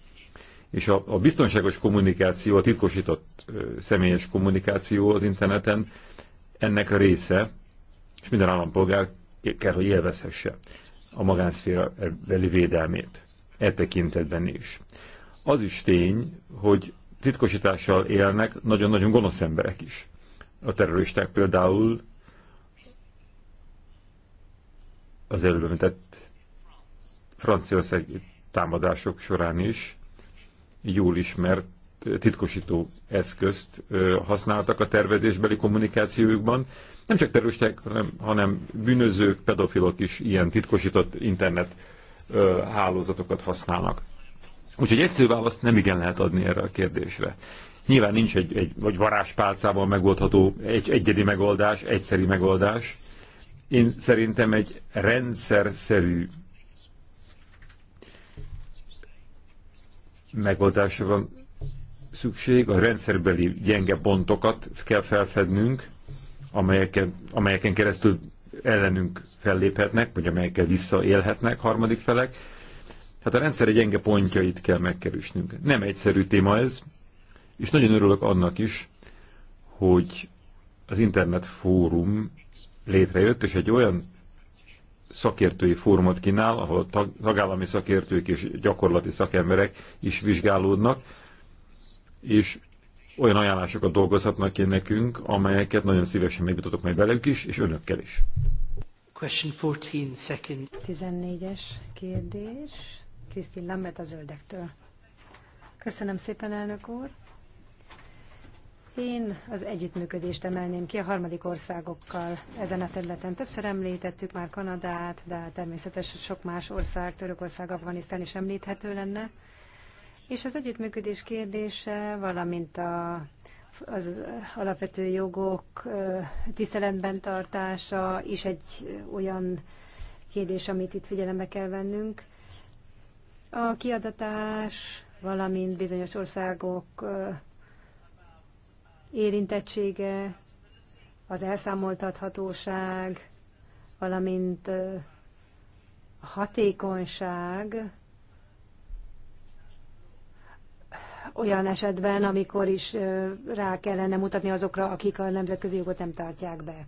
és a, a biztonságos kommunikáció, a titkosított személyes kommunikáció az interneten ennek a része, és minden állampolgár kell, hogy élvezhesse a magánszféra beli védelmét. E tekintetben is. Az is tény, hogy titkosítással élnek nagyon-nagyon gonosz emberek is. A terroristák például az előbb említett Franciaország támadások során is jól ismert titkosító eszközt használtak a tervezésbeli kommunikációjukban. Nem csak terroristák, hanem, hanem bűnözők, pedofilok is ilyen titkosított internet hálózatokat használnak. Úgyhogy egyszerű választ nem igen lehet adni erre a kérdésre. Nyilván nincs egy, egy vagy varázspálcával megoldható egy egyedi megoldás, egyszerű megoldás. Én szerintem egy rendszer szerű megoldásra van szükség, a rendszerbeli gyenge pontokat kell felfednünk, amelyeken, amelyeken keresztül ellenünk felléphetnek, vagy amelyekkel visszaélhetnek harmadik felek. Hát a rendszer gyenge pontjait kell megkerülnünk. Nem egyszerű téma ez, és nagyon örülök annak is, hogy az internet fórum létrejött, és egy olyan szakértői fórumot kínál, ahol tag, tagállami szakértők és gyakorlati szakemberek is vizsgálódnak, és olyan ajánlásokat dolgozhatnak ki nekünk, amelyeket nagyon szívesen megmutatok majd velük is, és önökkel is. Question 14, second. 14-es kérdés. Krisztin Lambert a zöldektől. Köszönöm szépen, elnök úr. Én az együttműködést emelném ki a harmadik országokkal ezen a területen. Többször említettük már Kanadát, de természetesen sok más ország, Törökország, Afganisztán is említhető lenne. És az együttműködés kérdése, valamint a, az alapvető jogok tiszteletben tartása is egy olyan kérdés, amit itt figyelembe kell vennünk. A kiadatás, valamint bizonyos országok érintettsége, az elszámoltathatóság, valamint a hatékonyság olyan esetben, amikor is rá kellene mutatni azokra, akik a nemzetközi jogot nem tartják be.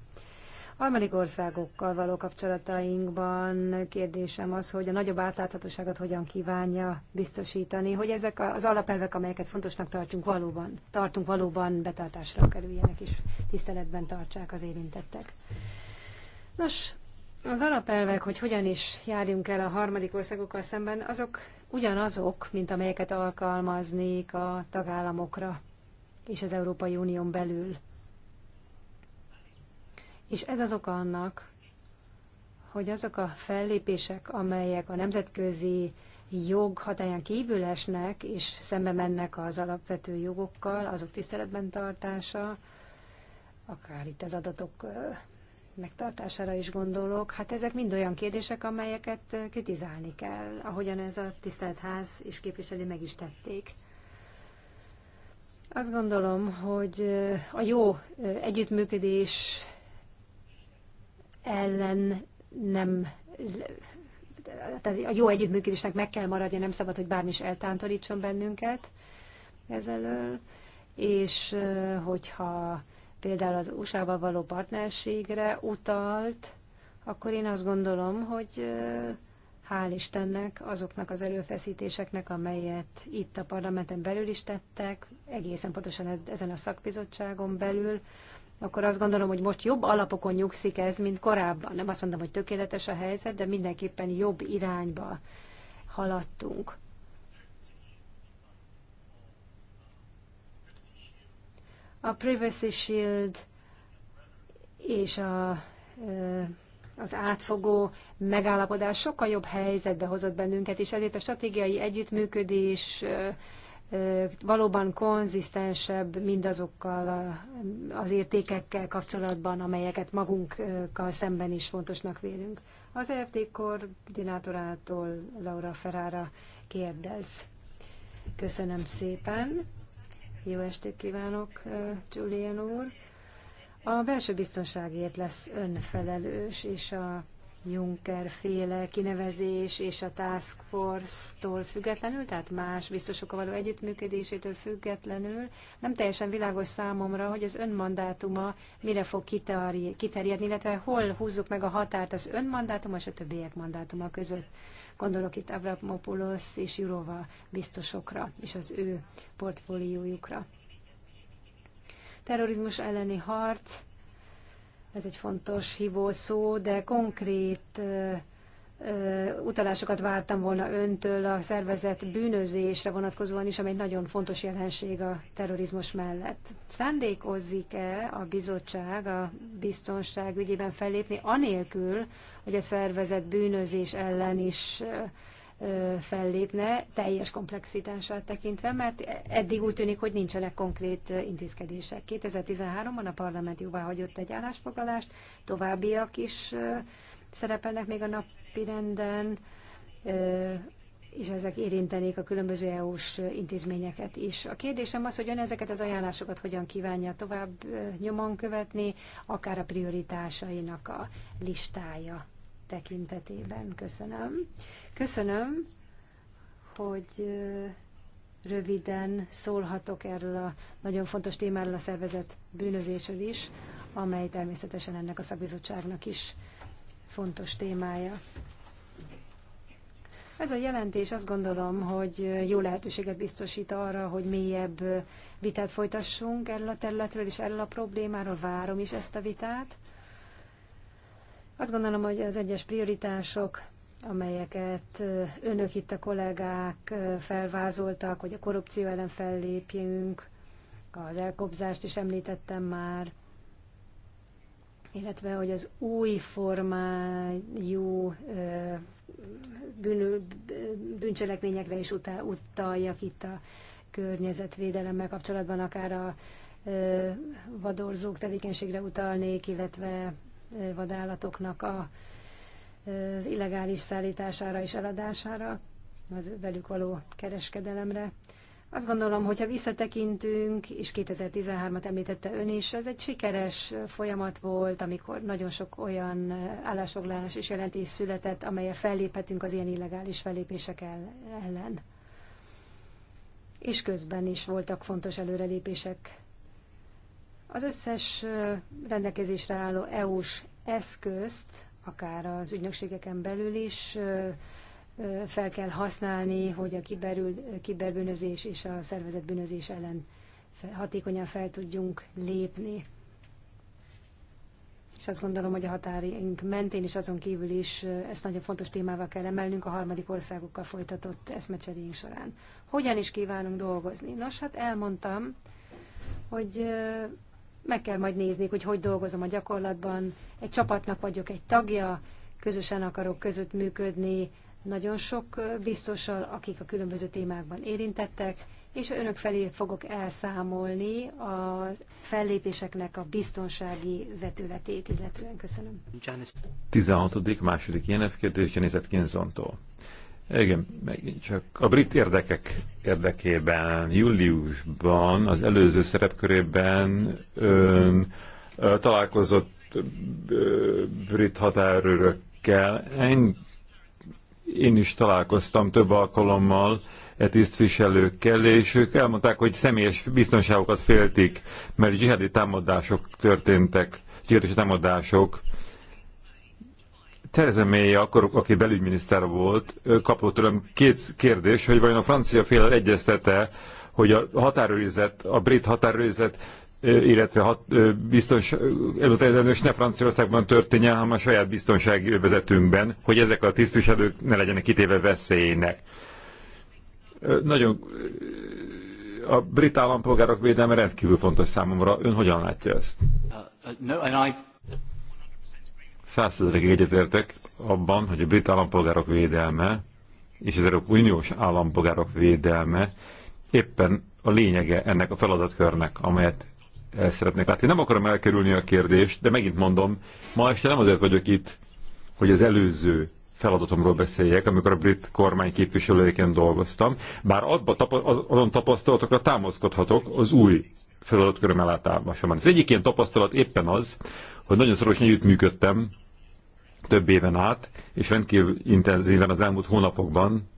Harmadik országokkal való kapcsolatainkban kérdésem az, hogy a nagyobb átláthatóságot hogyan kívánja biztosítani, hogy ezek az alapelvek, amelyeket fontosnak tartjuk valóban, tartunk valóban betartásra kerüljenek és tiszteletben tartsák az érintettek. Nos, az alapelvek, hogy hogyan is járjunk el a harmadik országokkal szemben, azok ugyanazok, mint amelyeket alkalmaznék a tagállamokra és az Európai Unión belül és ez az oka annak, hogy azok a fellépések, amelyek a nemzetközi jog hatáján kívül esnek, és szembe mennek az alapvető jogokkal, azok tiszteletben tartása, akár itt az adatok megtartására is gondolok, hát ezek mind olyan kérdések, amelyeket kritizálni kell, ahogyan ez a tisztelt ház és képviselő meg is tették. Azt gondolom, hogy a jó együttműködés ellen nem tehát a jó együttműködésnek meg kell maradni, nem szabad, hogy bármi is eltántorítson bennünket ezelől, és hogyha például az USA-val való partnerségre utalt, akkor én azt gondolom, hogy hál' Istennek azoknak az előfeszítéseknek, amelyet itt a parlamenten belül is tettek, egészen pontosan ezen a szakbizottságon belül, akkor azt gondolom, hogy most jobb alapokon nyugszik ez, mint korábban. Nem azt mondom, hogy tökéletes a helyzet, de mindenképpen jobb irányba haladtunk. A Privacy Shield és a, az átfogó megállapodás sokkal jobb helyzetbe hozott bennünket, és ezért a stratégiai együttműködés valóban konzisztensebb mindazokkal az értékekkel kapcsolatban, amelyeket magunkkal szemben is fontosnak vélünk. Az EFT koordinátorától Laura Ferrara kérdez. Köszönöm szépen. Jó estét kívánok, Julian úr. A belső biztonságért lesz önfelelős, és a Juncker féle kinevezés és a Task Force-tól függetlenül, tehát más biztosokkal való együttműködésétől függetlenül, nem teljesen világos számomra, hogy az önmandátuma mire fog kiterjedni, illetve hol húzzuk meg a határt az önmandátuma és a többiek mandátuma között. Gondolok itt Avramopoulos és Jurova biztosokra és az ő portfóliójukra. Terrorizmus elleni harc, ez egy fontos hívószó, de konkrét utalásokat vártam volna öntől a szervezet bűnözésre vonatkozóan is, ami egy nagyon fontos jelenség a terrorizmus mellett. Szándékozzik-e a bizottság a biztonság ügyében fellépni, anélkül, hogy a szervezet bűnözés ellen is fellépne, teljes komplexitással tekintve, mert eddig úgy tűnik, hogy nincsenek konkrét intézkedések. 2013-ban a parlament jóvá hagyott egy állásfoglalást, továbbiak is szerepelnek még a napi renden, és ezek érintenék a különböző EU-s intézményeket is. A kérdésem az, hogy ön ezeket az ajánlásokat hogyan kívánja tovább nyomon követni, akár a prioritásainak a listája tekintetében. Köszönöm. Köszönöm, hogy röviden szólhatok erről a nagyon fontos témáról, a szervezet bűnözésről is, amely természetesen ennek a szakbizottságnak is fontos témája. Ez a jelentés azt gondolom, hogy jó lehetőséget biztosít arra, hogy mélyebb vitát folytassunk erről a területről és erről a problémáról. Várom is ezt a vitát. Azt gondolom, hogy az egyes prioritások, amelyeket önök itt a kollégák felvázoltak, hogy a korrupció ellen fellépjünk, az elkobzást is említettem már, illetve hogy az új formájú bűn, bűncselekményekre is utaljak itt a környezetvédelemmel kapcsolatban, akár a vadorzók tevékenységre utalnék, illetve vadállatoknak a, az illegális szállítására és eladására, az velük való kereskedelemre. Azt gondolom, hogyha visszatekintünk, és 2013-at említette ön is, az egy sikeres folyamat volt, amikor nagyon sok olyan állásfoglalás és jelentés született, amelyel felléphetünk az ilyen illegális fellépések ellen. És közben is voltak fontos előrelépések az összes rendelkezésre álló EU-s eszközt, akár az ügynökségeken belül is fel kell használni, hogy a kiberül, kiberbűnözés és a szervezetbűnözés ellen hatékonyan fel tudjunk lépni. És azt gondolom, hogy a határaink mentén és azon kívül is ezt nagyon fontos témával kell emelnünk a harmadik országokkal folytatott eszmecseréink során. Hogyan is kívánunk dolgozni? Nos, hát elmondtam, hogy meg kell majd nézni, hogy hogy dolgozom a gyakorlatban. Egy csapatnak vagyok egy tagja, közösen akarok között működni, nagyon sok biztossal, akik a különböző témákban érintettek, és önök felé fogok elszámolni a fellépéseknek a biztonsági vetületét, illetően köszönöm. 16. második INF kérdés Janice Kinzontól. Igen, megint csak a brit érdekek érdekében júliusban, az előző szerepkörében ön találkozott brit határőrökkel. Én, én is találkoztam több alkalommal e tisztviselőkkel, és ők elmondták, hogy személyes biztonságokat féltik, mert zsihadi támadások történtek, zsihadi támadások Tereza May, akkor, aki belügyminiszter volt, kapott tőlem két kérdés, hogy vajon a francia fél egyeztete, hogy a határőrizet, a brit határőrizet, illetve hat, biztons, előtelős ne Franciaországban történjen, hanem a saját biztonsági övezetünkben, hogy ezek a tisztviselők ne legyenek kitéve veszélynek. Nagyon a brit állampolgárok védelme rendkívül fontos számomra. Ön hogyan látja ezt? Uh, uh, no, százszerzelek egyetértek abban, hogy a brit állampolgárok védelme és az Európai Uniós állampolgárok védelme éppen a lényege ennek a feladatkörnek, amelyet el szeretnék látni. Nem akarom elkerülni a kérdést, de megint mondom, ma este nem azért vagyok itt, hogy az előző feladatomról beszéljek, amikor a brit kormány képviselőjeként dolgoztam, bár abba tapa, azon tapasztalatokra támaszkodhatok az új feladatköröm ellátásában. Az egyik ilyen tapasztalat éppen az, hogy nagyon szorosan együttműködtem több éven át, és rendkívül intenzíven az elmúlt hónapokban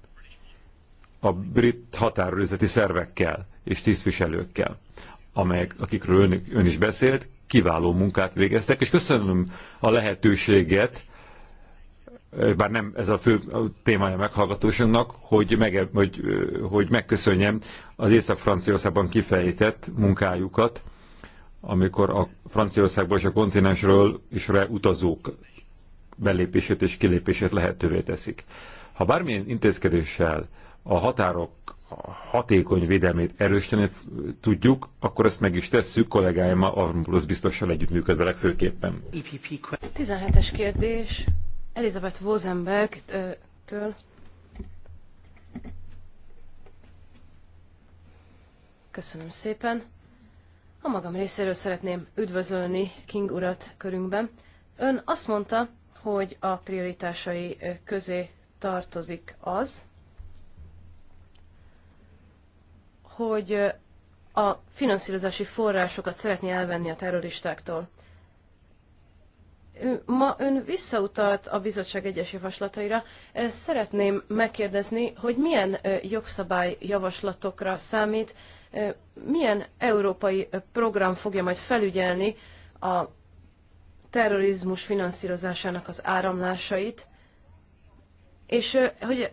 a brit határőrizeti szervekkel és tisztviselőkkel, amelyek, akikről ön, ön is beszélt, kiváló munkát végeztek, és köszönöm a lehetőséget, bár nem ez a fő témája meghallgatósunknak, hogy, meg, hogy, hogy megköszönjem az Észak-Franciaországban kifejtett munkájukat, amikor a Franciaországból és a kontinensről is utazók belépését és kilépését lehetővé teszik. Ha bármilyen intézkedéssel a határok hatékony védelmét erősíteni tudjuk, akkor ezt meg is tesszük kollégáimmal, Avramopoulos biztossal együttműködve legfőképpen. 17-es kérdés Elizabeth Wozenberg-től. Köszönöm szépen. A magam részéről szeretném üdvözölni King urat körünkben. Ön azt mondta, hogy a prioritásai közé tartozik az, hogy a finanszírozási forrásokat szeretné elvenni a terroristáktól. Ma ön visszautalt a bizottság egyes javaslataira. Szeretném megkérdezni, hogy milyen jogszabály javaslatokra számít, milyen európai program fogja majd felügyelni a terrorizmus finanszírozásának az áramlásait, és hogy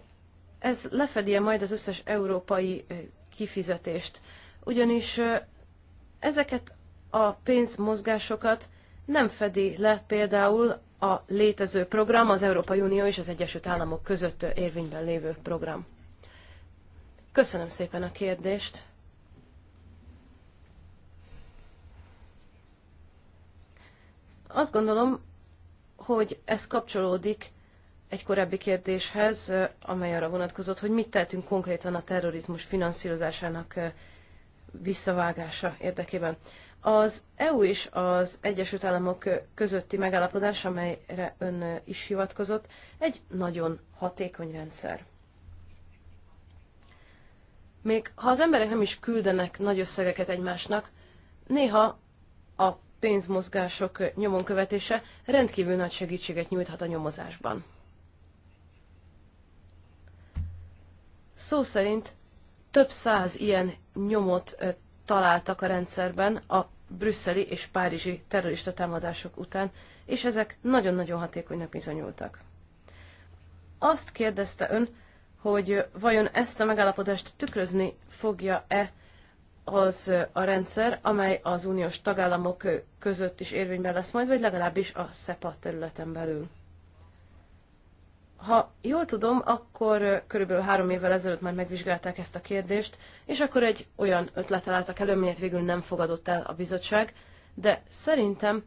ez lefedje majd az összes európai kifizetést. Ugyanis ezeket a pénzmozgásokat nem fedi le például a létező program, az Európai Unió és az Egyesült Államok között érvényben lévő program. Köszönöm szépen a kérdést! Azt gondolom, hogy ez kapcsolódik egy korábbi kérdéshez, amely arra vonatkozott, hogy mit tehetünk konkrétan a terrorizmus finanszírozásának visszavágása érdekében. Az EU és az Egyesült Államok közötti megállapodás, amelyre ön is hivatkozott, egy nagyon hatékony rendszer. Még ha az emberek nem is küldenek nagy összegeket egymásnak, néha a pénzmozgások nyomon követése rendkívül nagy segítséget nyújthat a nyomozásban. Szó szerint több száz ilyen nyomot találtak a rendszerben a brüsszeli és párizsi terrorista támadások után, és ezek nagyon-nagyon hatékonynak bizonyultak. Azt kérdezte ön, hogy vajon ezt a megállapodást tükrözni fogja-e az a rendszer, amely az uniós tagállamok között is érvényben lesz majd, vagy legalábbis a SEPA területen belül. Ha jól tudom, akkor körülbelül három évvel ezelőtt már megvizsgálták ezt a kérdést, és akkor egy olyan ötlet találtak, elő, amelyet végül nem fogadott el a bizottság, de szerintem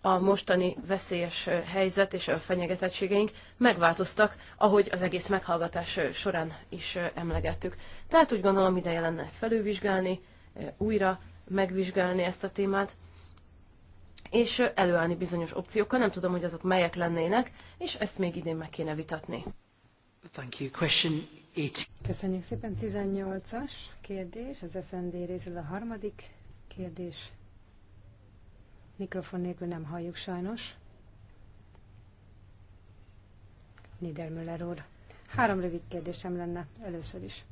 a mostani veszélyes helyzet és a fenyegetettségeink megváltoztak, ahogy az egész meghallgatás során is emlegettük. Tehát úgy gondolom ideje lenne ezt felülvizsgálni, Eh, újra megvizsgálni ezt a témát, és eh, előállni bizonyos opciókkal, nem tudom, hogy azok melyek lennének, és ezt még idén meg kéne vitatni. Thank you. Question 8. Köszönjük szépen. 18-as kérdés, az SND részül a harmadik kérdés. Mikrofon nélkül nem halljuk sajnos. Niedermüller úr. Három rövid kérdésem lenne először is.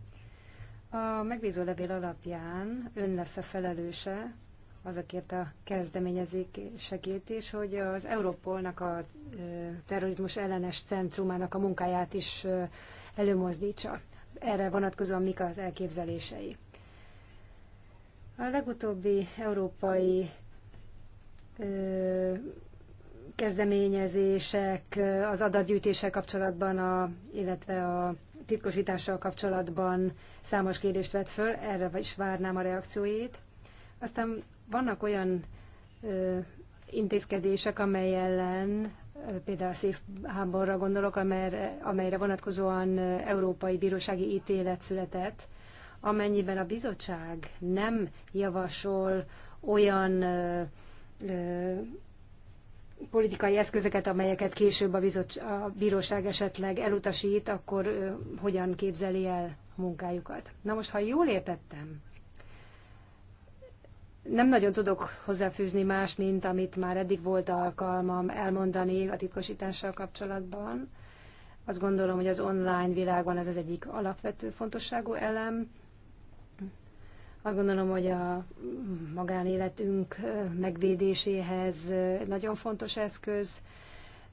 A megbízó levél alapján ön lesz a felelőse azokért a kezdeményezésekért is, hogy az Európolnak a terrorizmus ellenes centrumának a munkáját is előmozdítsa. Erre vonatkozóan mik az elképzelései? A legutóbbi európai ö, kezdeményezések az adatgyűjtések kapcsolatban, a, illetve a titkosítással kapcsolatban számos kérdést vett föl, erre is várnám a reakcióit. Aztán vannak olyan ö, intézkedések, amely ellen, például a Safe gondolok, amelyre, amelyre vonatkozóan európai bírósági ítélet született, amennyiben a bizottság nem javasol olyan ö, ö, politikai eszközöket, amelyeket később a, bizot, a bíróság esetleg elutasít, akkor ö, hogyan képzeli el munkájukat. Na most, ha jól értettem, nem nagyon tudok hozzáfűzni más, mint amit már eddig volt alkalmam elmondani a titkosítással kapcsolatban. Azt gondolom, hogy az online világban ez az egyik alapvető fontosságú elem. Azt gondolom, hogy a magánéletünk megvédéséhez nagyon fontos eszköz.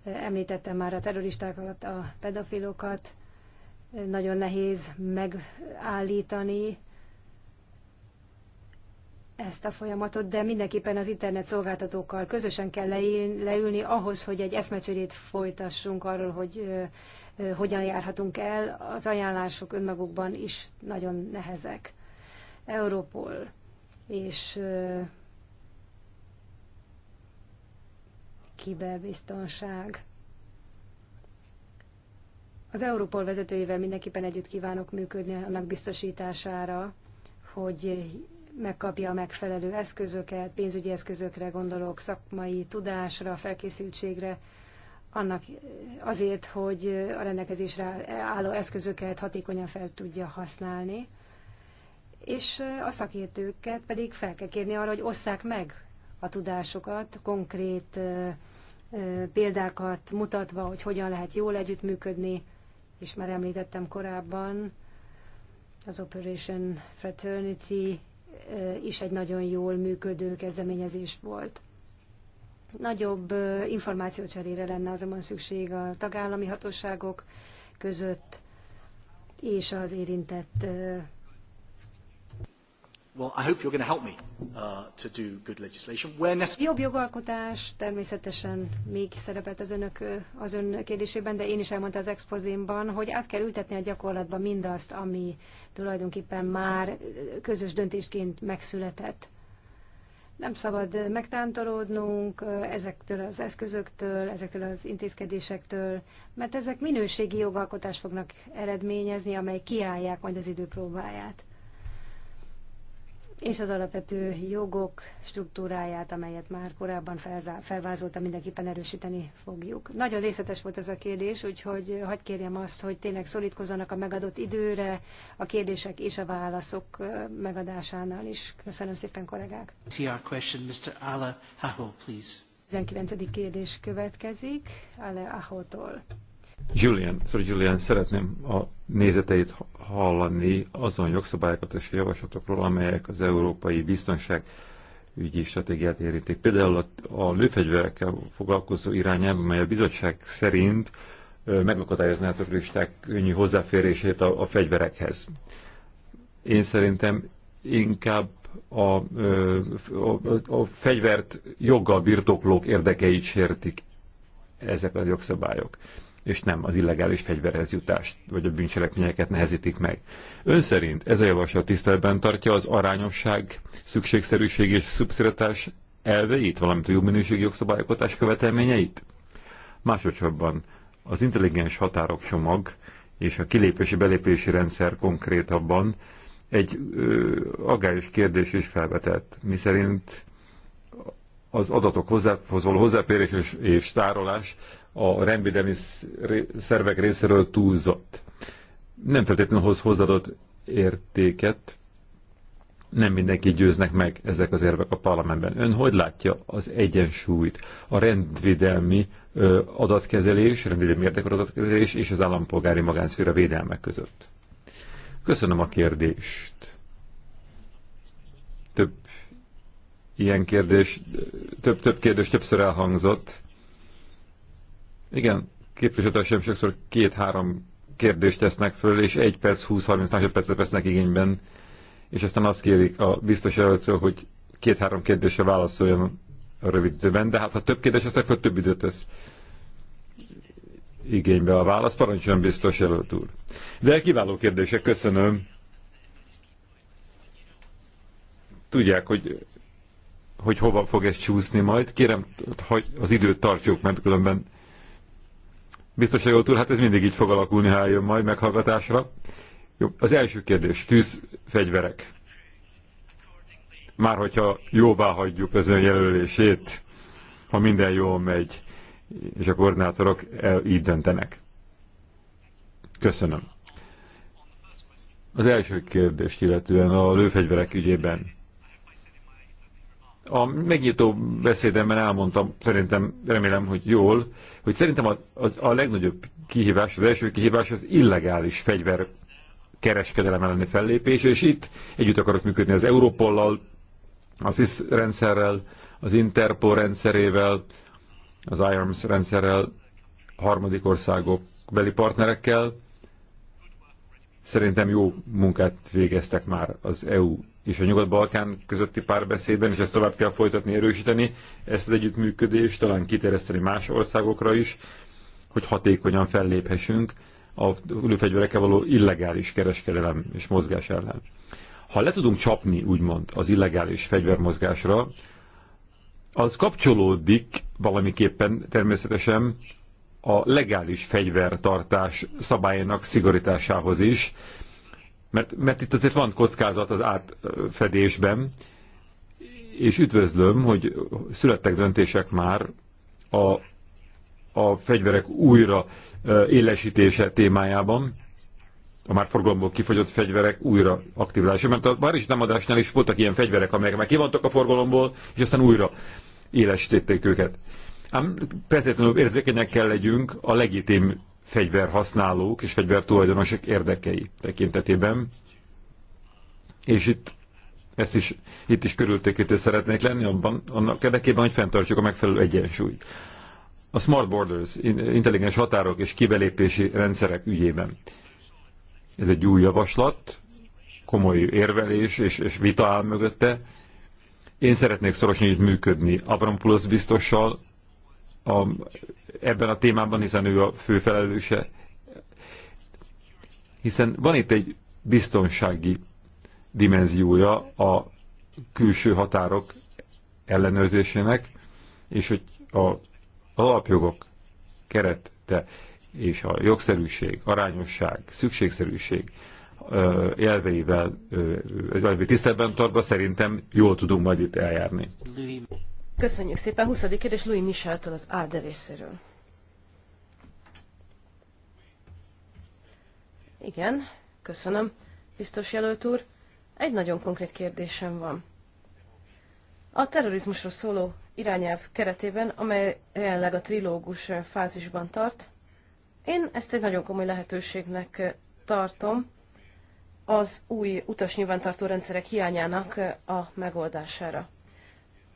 Említettem már a terroristákat, a pedofilokat. Nagyon nehéz megállítani ezt a folyamatot, de mindenképpen az internet szolgáltatókkal közösen kell leülni ahhoz, hogy egy eszmecserét folytassunk arról, hogy hogyan járhatunk el. Az ajánlások önmagukban is nagyon nehezek. Europol és kiberbiztonság. Az Európol vezetőjével mindenképpen együtt kívánok működni annak biztosítására, hogy megkapja a megfelelő eszközöket, pénzügyi eszközökre gondolok, szakmai tudásra, felkészültségre, annak azért, hogy a rendelkezésre álló eszközöket hatékonyan fel tudja használni és a szakértőket pedig fel kell kérni arra, hogy osszák meg a tudásokat, konkrét példákat mutatva, hogy hogyan lehet jól együttműködni, és már említettem korábban, az Operation Fraternity is egy nagyon jól működő kezdeményezés volt. Nagyobb információcserére lenne azonban szükség a tagállami hatóságok között és az érintett Well, I hope you're going to help me uh, to do good legislation. Where Jobb jogalkotás természetesen még szerepelt az, önök, az ön kérdésében, de én is elmondta az expozémban, hogy át kell ültetni a gyakorlatba mindazt, ami tulajdonképpen már közös döntésként megszületett. Nem szabad megtántorodnunk ezektől az eszközöktől, ezektől az intézkedésektől, mert ezek minőségi jogalkotást fognak eredményezni, amely kiállják majd az próbáját és az alapvető jogok struktúráját, amelyet már korábban felvázoltam, mindenképpen erősíteni fogjuk. Nagyon részletes volt ez a kérdés, úgyhogy hagyd kérjem azt, hogy tényleg szorítkozzanak a megadott időre a kérdések és a válaszok megadásánál is. Köszönöm szépen, kollégák! question, Mr. please. 19. kérdés következik, Ale Ahotól. Julian, szóval Julian, szeretném a nézeteit hallani azon jogszabályokat és javaslatokról, amelyek az európai biztonság ügyi stratégiát érintik. Például a, a lőfegyverekkel foglalkozó irányában, mely a bizottság szerint megakadályozná a turisták könnyű hozzáférését a, a fegyverekhez. Én szerintem inkább a, a, a, a fegyvert joggal birtoklók érdekeit sértik ezek a jogszabályok és nem az illegális fegyverhez jutást, vagy a bűncselekményeket nehezítik meg. Ön szerint ez a javaslat tiszteletben tartja az arányosság, szükségszerűség és szubszidatás elveit, valamint a jó minőségi jogszabályokatás követelményeit? Másodszorban az intelligens határok csomag és a kilépési-belépési rendszer konkrétabban egy agályos kérdés is felvetett, miszerint az adatok hozzá, hozzáférés és, és tárolás a rendvédelmi szervek részéről túlzott. Nem feltétlenül hoz hozzáadott értéket, nem mindenki győznek meg ezek az érvek a parlamentben. Ön hogy látja az egyensúlyt a rendvédelmi adatkezelés, rendvédelmi érdekor adatkezelés és az állampolgári magánszféra védelmek között? Köszönöm a kérdést. Több ilyen kérdés, több, több kérdés többször elhangzott. Igen, sem sokszor két-három kérdést tesznek föl, és egy perc, 20-30 másodpercet vesznek igényben, és aztán azt kérik a biztos előttől, hogy két-három kérdésre válaszoljon a rövid időben, de hát ha több kérdés, az akkor több időt tesz igénybe a válasz, parancsoljon biztos előtt úr. De kiváló kérdések, köszönöm. Tudják, hogy, hogy hova fog ez csúszni majd. Kérem, hogy az időt tartjuk, mert különben Biztos, hogy hát ez mindig így fog alakulni, ha jön majd meghallgatásra. Jó, az első kérdés, tűzfegyverek. Már hogyha jóvá hagyjuk az ön jelölését, ha minden jól megy, és a koordinátorok el, így döntenek. Köszönöm. Az első kérdést illetően a lőfegyverek ügyében a megnyitó beszédemben elmondtam, szerintem, remélem, hogy jól, hogy szerintem az, az, a legnagyobb kihívás, az első kihívás az illegális fegyver kereskedelem elleni fellépés, és itt együtt akarok működni az Európollal, az ISZ rendszerrel, az Interpol rendszerével, az IARMS rendszerrel, harmadik országok beli partnerekkel. Szerintem jó munkát végeztek már az EU és a Nyugat-Balkán közötti párbeszédben, és ezt tovább kell folytatni, erősíteni, ezt az együttműködést, talán kiterjeszteni más országokra is, hogy hatékonyan felléphessünk a ülőfegyverekkel való illegális kereskedelem és mozgás ellen. Ha le tudunk csapni, úgymond, az illegális fegyvermozgásra, az kapcsolódik valamiképpen természetesen a legális fegyvertartás szabályának szigorításához is, mert, mert itt azért van kockázat az átfedésben, és üdvözlöm, hogy születtek döntések már a, a fegyverek újra élesítése témájában, a már forgalomból kifogyott fegyverek újra aktiválása, mert a Párizsi támadásnál is voltak ilyen fegyverek, amelyek már kivontak a forgalomból, és aztán újra élesítették őket. Ám feltétlenül érzékenyek kell legyünk a legitim fegyverhasználók és fegyvertulajdonosok érdekei tekintetében. És itt ezt is, itt is körültékítő szeretnék lenni, abban, annak érdekében, hogy fenntartsuk a megfelelő egyensúlyt. A Smart Borders, intelligens határok és kibelépési rendszerek ügyében. Ez egy új javaslat, komoly érvelés és, és vita áll mögötte. Én szeretnék szorosan így működni Avramopoulos biztossal, a ebben a témában, hiszen ő a fő felelőse. Hiszen van itt egy biztonsági dimenziója a külső határok ellenőrzésének, és hogy a alapjogok kerette és a jogszerűség, arányosság, szükségszerűség elveivel, elvei tiszteletben tartva szerintem jól tudunk majd itt eljárni. Köszönjük szépen. 20. kérdés Louis Michel-től az AD Igen, köszönöm, biztos jelölt úr. Egy nagyon konkrét kérdésem van. A terrorizmusról szóló irányelv keretében, amely jelenleg a trilógus fázisban tart, én ezt egy nagyon komoly lehetőségnek tartom az új utasnyilvántartó rendszerek hiányának a megoldására.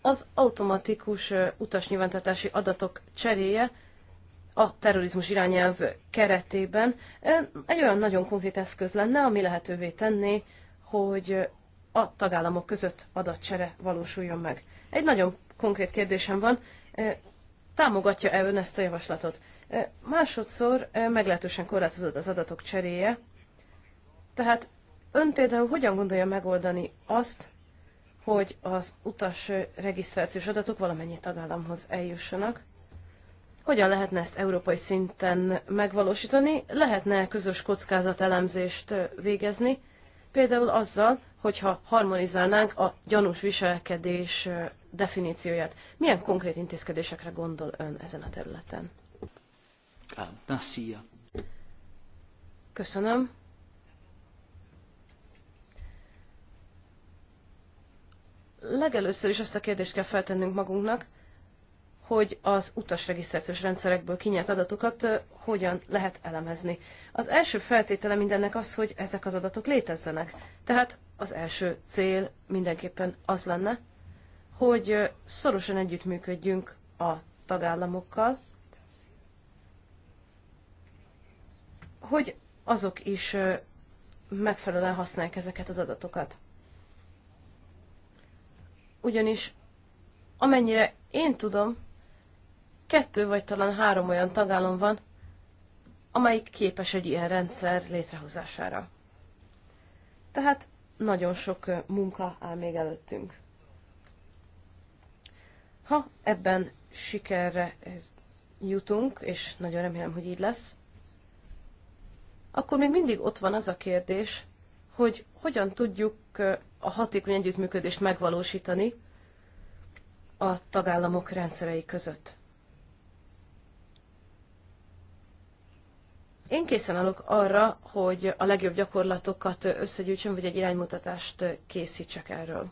Az automatikus utasnyilvántartási adatok cseréje a terrorizmus irányelv keretében egy olyan nagyon konkrét eszköz lenne, ami lehetővé tenné, hogy a tagállamok között adatcsere valósuljon meg. Egy nagyon konkrét kérdésem van, támogatja-e ön ezt a javaslatot? Másodszor meglehetősen korlátozott az adatok cseréje, tehát ön például hogyan gondolja megoldani azt, hogy az utas regisztrációs adatok valamennyi tagállamhoz eljussanak, hogyan lehetne ezt európai szinten megvalósítani? Lehetne közös kockázatelemzést végezni, például azzal, hogyha harmonizálnánk a gyanús viselkedés definícióját. Milyen konkrét intézkedésekre gondol ön ezen a területen? Ah, Köszönöm. Legelőször is azt a kérdést kell feltennünk magunknak, hogy az utasregisztrációs rendszerekből kinyert adatokat hogyan lehet elemezni. Az első feltétele mindennek az, hogy ezek az adatok létezzenek. Tehát az első cél mindenképpen az lenne, hogy szorosan együttműködjünk a tagállamokkal, hogy azok is megfelelően használják ezeket az adatokat. Ugyanis amennyire én tudom, kettő vagy talán három olyan tagállam van, amelyik képes egy ilyen rendszer létrehozására. Tehát nagyon sok munka áll még előttünk. Ha ebben sikerre jutunk, és nagyon remélem, hogy így lesz, akkor még mindig ott van az a kérdés, hogy hogyan tudjuk a hatékony együttműködést megvalósítani a tagállamok rendszerei között. Én készen állok arra, hogy a legjobb gyakorlatokat összegyűjtsöm, vagy egy iránymutatást készítsek erről.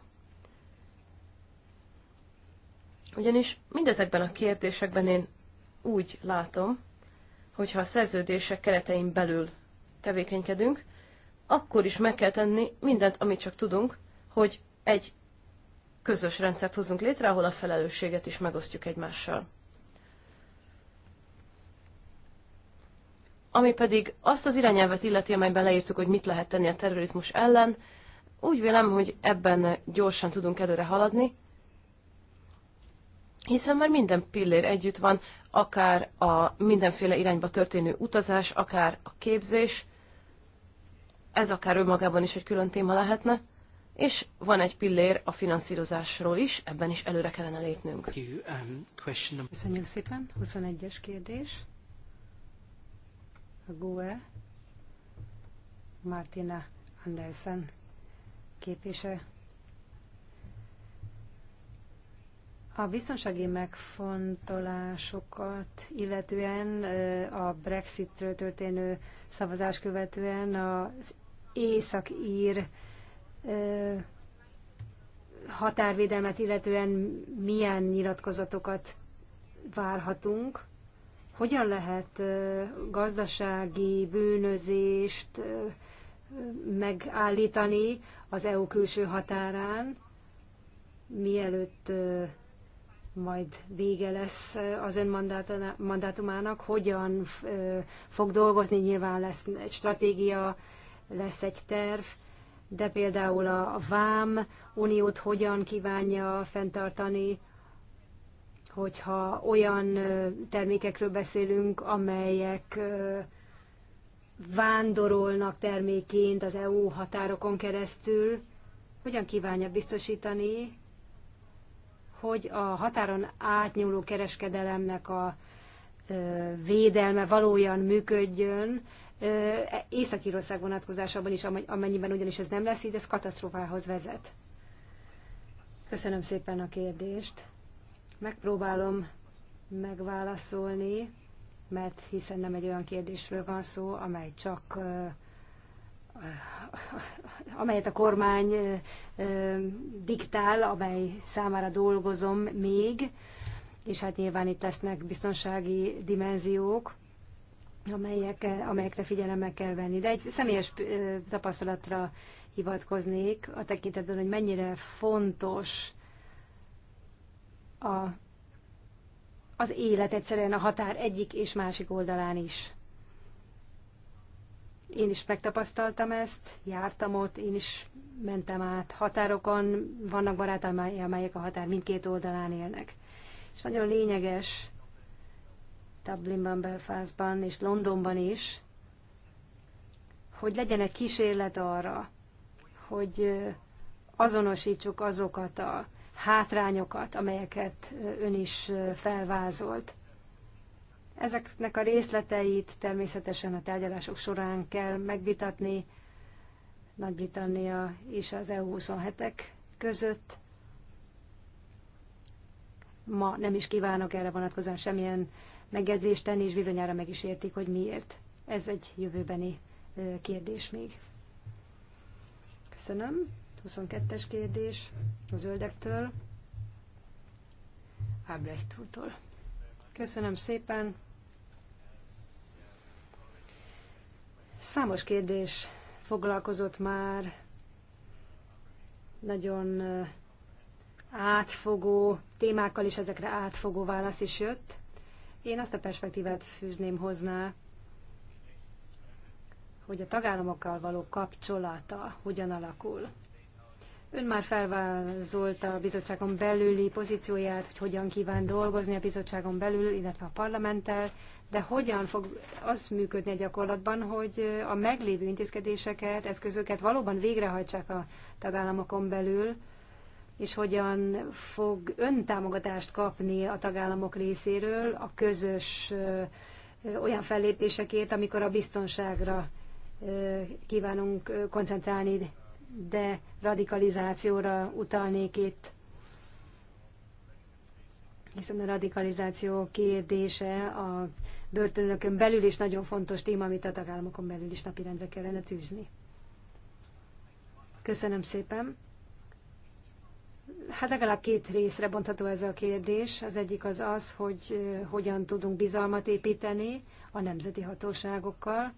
Ugyanis mindezekben a kérdésekben én úgy látom, hogy ha a szerződések keretein belül tevékenykedünk, akkor is meg kell tenni mindent, amit csak tudunk, hogy egy közös rendszert hozunk létre, ahol a felelősséget is megosztjuk egymással. Ami pedig azt az irányelvet illeti, amelyben leírtuk, hogy mit lehet tenni a terrorizmus ellen, úgy vélem, hogy ebben gyorsan tudunk előre haladni, hiszen már minden pillér együtt van, akár a mindenféle irányba történő utazás, akár a képzés, ez akár önmagában is egy külön téma lehetne, és van egy pillér a finanszírozásról is, ebben is előre kellene lépnünk. Um, Köszönjük szépen. 21-es kérdés. GUE, Martina Andersen képése. A biztonsági megfontolásokat, illetően a Brexitről történő szavazás követően az észak-ír határvédelmet, illetően milyen nyilatkozatokat várhatunk. Hogyan lehet gazdasági bűnözést megállítani az EU külső határán, mielőtt majd vége lesz az ön mandátumának, hogyan fog dolgozni, nyilván lesz egy stratégia, lesz egy terv, de például a vám uniót hogyan kívánja fenntartani, hogyha olyan termékekről beszélünk, amelyek vándorolnak terméként az EU határokon keresztül, hogyan kívánja biztosítani, hogy a határon átnyúló kereskedelemnek a védelme valójában működjön, Észak-Írország vonatkozásában is, amennyiben ugyanis ez nem lesz így, ez katasztrófához vezet. Köszönöm szépen a kérdést megpróbálom megválaszolni, mert hiszen nem egy olyan kérdésről van szó, amely csak amelyet a kormány diktál, amely számára dolgozom még, és hát nyilván itt lesznek biztonsági dimenziók, amelyek, amelyekre figyelembe kell venni. De egy személyes tapasztalatra hivatkoznék a tekintetben, hogy mennyire fontos a, az élet egyszerűen a határ egyik és másik oldalán is. Én is megtapasztaltam ezt, jártam ott, én is mentem át határokon, vannak barátaim, amelyek a határ mindkét oldalán élnek. És nagyon lényeges Dublinban, Belfastban és Londonban is, hogy legyen egy kísérlet arra, hogy azonosítsuk azokat a hátrányokat, amelyeket ön is felvázolt. Ezeknek a részleteit természetesen a tárgyalások során kell megvitatni Nagy-Britannia és az EU27-ek között. Ma nem is kívánok erre vonatkozóan semmilyen megjegyzést tenni, és bizonyára meg is értik, hogy miért. Ez egy jövőbeni kérdés még. Köszönöm. 22-es kérdés a zöldektől, Ábrecht úrtól. Köszönöm szépen. Számos kérdés foglalkozott már nagyon átfogó témákkal is ezekre átfogó válasz is jött. Én azt a perspektívát fűzném hozná, hogy a tagállamokkal való kapcsolata hogyan alakul. Ön már felvázolta a bizottságon belüli pozícióját, hogy hogyan kíván dolgozni a bizottságon belül, illetve a parlamenttel, de hogyan fog az működni a gyakorlatban, hogy a meglévő intézkedéseket, eszközöket valóban végrehajtsák a tagállamokon belül, és hogyan fog öntámogatást kapni a tagállamok részéről a közös olyan fellépésekért, amikor a biztonságra kívánunk koncentrálni de radikalizációra utalnék itt, hiszen a radikalizáció kérdése a börtönökön belül is nagyon fontos téma, amit a tagállamokon belül is napirendre kellene tűzni. Köszönöm szépen. Hát legalább két részre bontható ez a kérdés. Az egyik az az, hogy eh, hogyan tudunk bizalmat építeni a nemzeti hatóságokkal,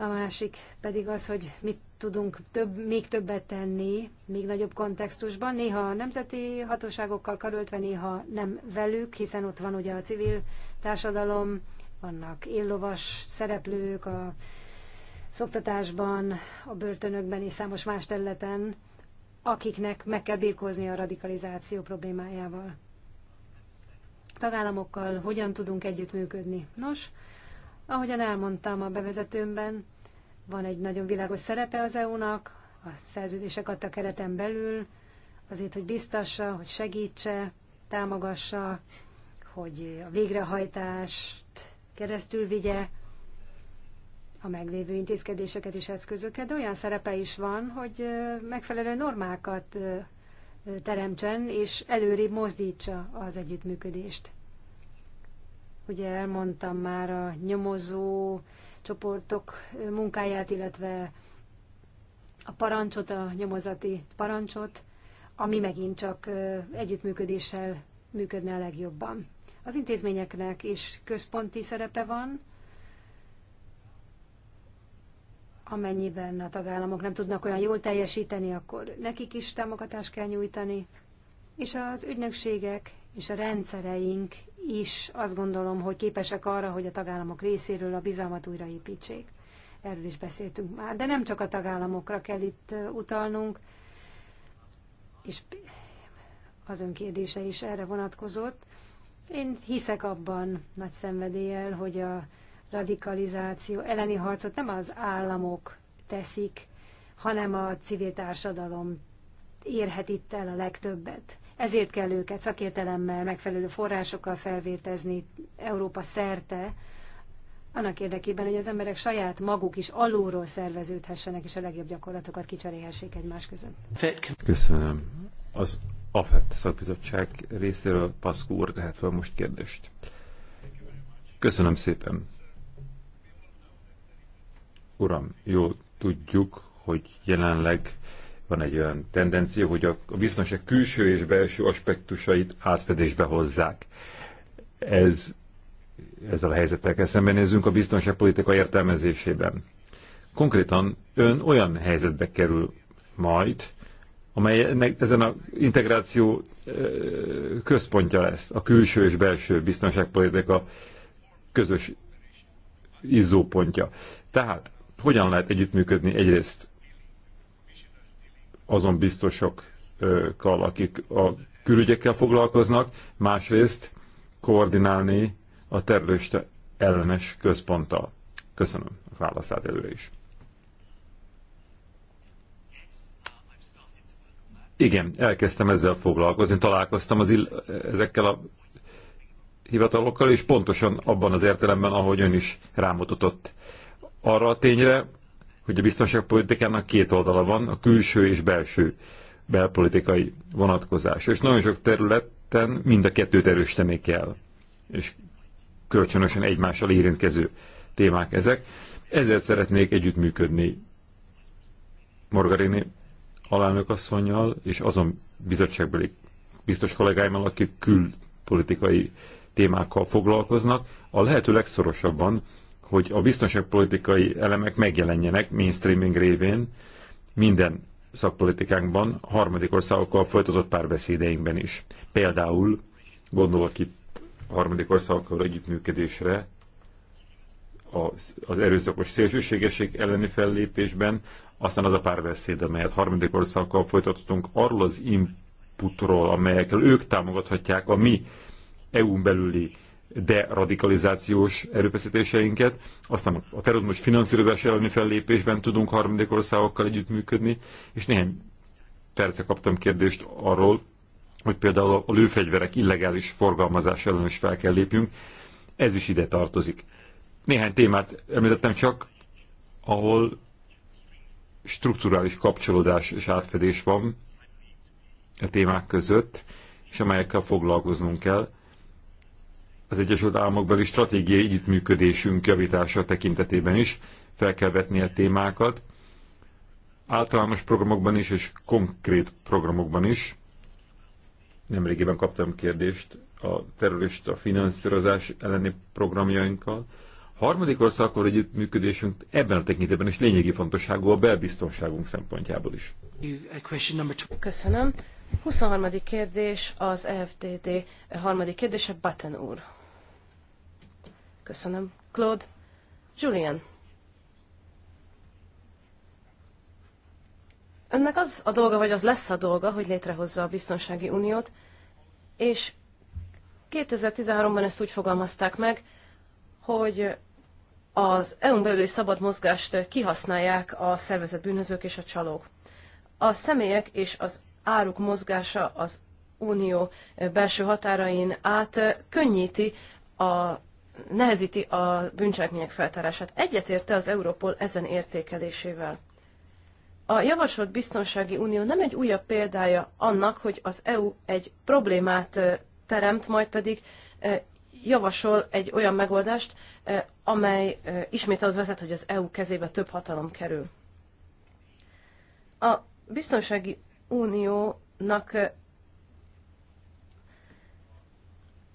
a másik pedig az, hogy mit tudunk több, még többet tenni, még nagyobb kontextusban, néha a nemzeti hatóságokkal karöltve, néha nem velük, hiszen ott van ugye a civil társadalom, vannak éllovas szereplők a szoktatásban, a börtönökben és számos más területen, akiknek meg kell birkózni a radikalizáció problémájával. Tagállamokkal hogyan tudunk együttműködni? Nos, Ahogyan elmondtam a bevezetőmben, van egy nagyon világos szerepe az EU-nak, a szerződések adta kereten belül, azért, hogy biztassa, hogy segítse, támogassa, hogy a végrehajtást keresztül vigye, a meglévő intézkedéseket és eszközöket, de olyan szerepe is van, hogy megfelelő normákat teremtsen és előrébb mozdítsa az együttműködést. Ugye elmondtam már a nyomozó csoportok munkáját, illetve a parancsot, a nyomozati parancsot, ami megint csak együttműködéssel működne a legjobban. Az intézményeknek is központi szerepe van, amennyiben a tagállamok nem tudnak olyan jól teljesíteni, akkor nekik is támogatást kell nyújtani, és az ügynökségek és a rendszereink is azt gondolom, hogy képesek arra, hogy a tagállamok részéről a bizalmat újraépítsék. Erről is beszéltünk már, de nem csak a tagállamokra kell itt utalnunk, és az ön kérdése is erre vonatkozott. Én hiszek abban nagy szenvedéllyel, hogy a radikalizáció elleni harcot nem az államok teszik, hanem a civil társadalom érhet itt el a legtöbbet. Ezért kell őket szakértelemmel, megfelelő forrásokkal felvértezni Európa szerte, annak érdekében, hogy az emberek saját maguk is alulról szerveződhessenek, és a legjobb gyakorlatokat kicserélhessék egymás között. Köszönöm. Az AFET szakbizottság részéről Paszkú úr tehet fel most kérdést. Köszönöm szépen. Uram, jó tudjuk, hogy jelenleg van egy olyan tendencia, hogy a biztonság külső és belső aspektusait átfedésbe hozzák. Ez, ezzel a helyzettel kell szembenézzünk a biztonságpolitika értelmezésében. Konkrétan ön olyan helyzetbe kerül majd, amely ezen a integráció központja lesz, a külső és belső biztonságpolitika közös izzópontja. Tehát hogyan lehet együttműködni egyrészt azon biztosokkal, akik a külügyekkel foglalkoznak, másrészt koordinálni a terrorista ellenes központtal. Köszönöm a válaszát előre is. Igen, elkezdtem ezzel foglalkozni, találkoztam az ill- ezekkel a hivatalokkal, és pontosan abban az értelemben, ahogy ön is rámutatott arra a tényre, hogy a biztonságpolitikának két oldala van, a külső és belső belpolitikai vonatkozás. És nagyon sok területen mind a kettőt erősíteni kell, és kölcsönösen egymással érintkező témák ezek. Ezért szeretnék együttműködni Margarini alelnökasszonynal és azon bizottságbeli biztos kollégáimmal, akik külpolitikai témákkal foglalkoznak, a lehető legszorosabban hogy a biztonságpolitikai elemek megjelenjenek mainstreaming révén minden szakpolitikánkban, harmadik országokkal folytatott párbeszédeinkben is. Például gondolok itt harmadik országokkal együttműködésre, az, az erőszakos szélsőségesség elleni fellépésben, aztán az a párbeszéd, amelyet harmadik országokkal folytatottunk, arról az inputról, amelyekkel ők támogathatják a mi EU-n belüli deradikalizációs erőfeszítéseinket, aztán a terrorizmus finanszírozás elleni fellépésben tudunk harmadik országokkal együttműködni, és néhány perce kaptam kérdést arról, hogy például a lőfegyverek illegális forgalmazás ellen is fel kell lépjünk, ez is ide tartozik. Néhány témát említettem csak, ahol strukturális kapcsolódás és átfedés van a témák között, és amelyekkel foglalkoznunk kell az Egyesült Államokbeli stratégiai együttműködésünk javítása tekintetében is fel kell vetni a témákat, általános programokban is és konkrét programokban is. Nemrégiben kaptam kérdést a terrorista finanszírozás elleni programjainkkal. A harmadik országkor együttműködésünk ebben a tekintetben is lényegi fontosságú a belbiztonságunk szempontjából is. Köszönöm. 23. kérdés az FDD harmadik kérdése, Button úr. Köszönöm, Claude. Julian. Önnek az a dolga, vagy az lesz a dolga, hogy létrehozza a Biztonsági Uniót, és 2013-ban ezt úgy fogalmazták meg, hogy az EU-n belüli szabad mozgást kihasználják a szervezett bűnözők és a csalók. A személyek és az áruk mozgása az unió belső határain át könnyíti a nehezíti a bűncselekmények feltárását. Egyetérte az Európol ezen értékelésével. A javasolt biztonsági unió nem egy újabb példája annak, hogy az EU egy problémát teremt, majd pedig javasol egy olyan megoldást, amely ismét az vezet, hogy az EU kezébe több hatalom kerül. A biztonsági uniónak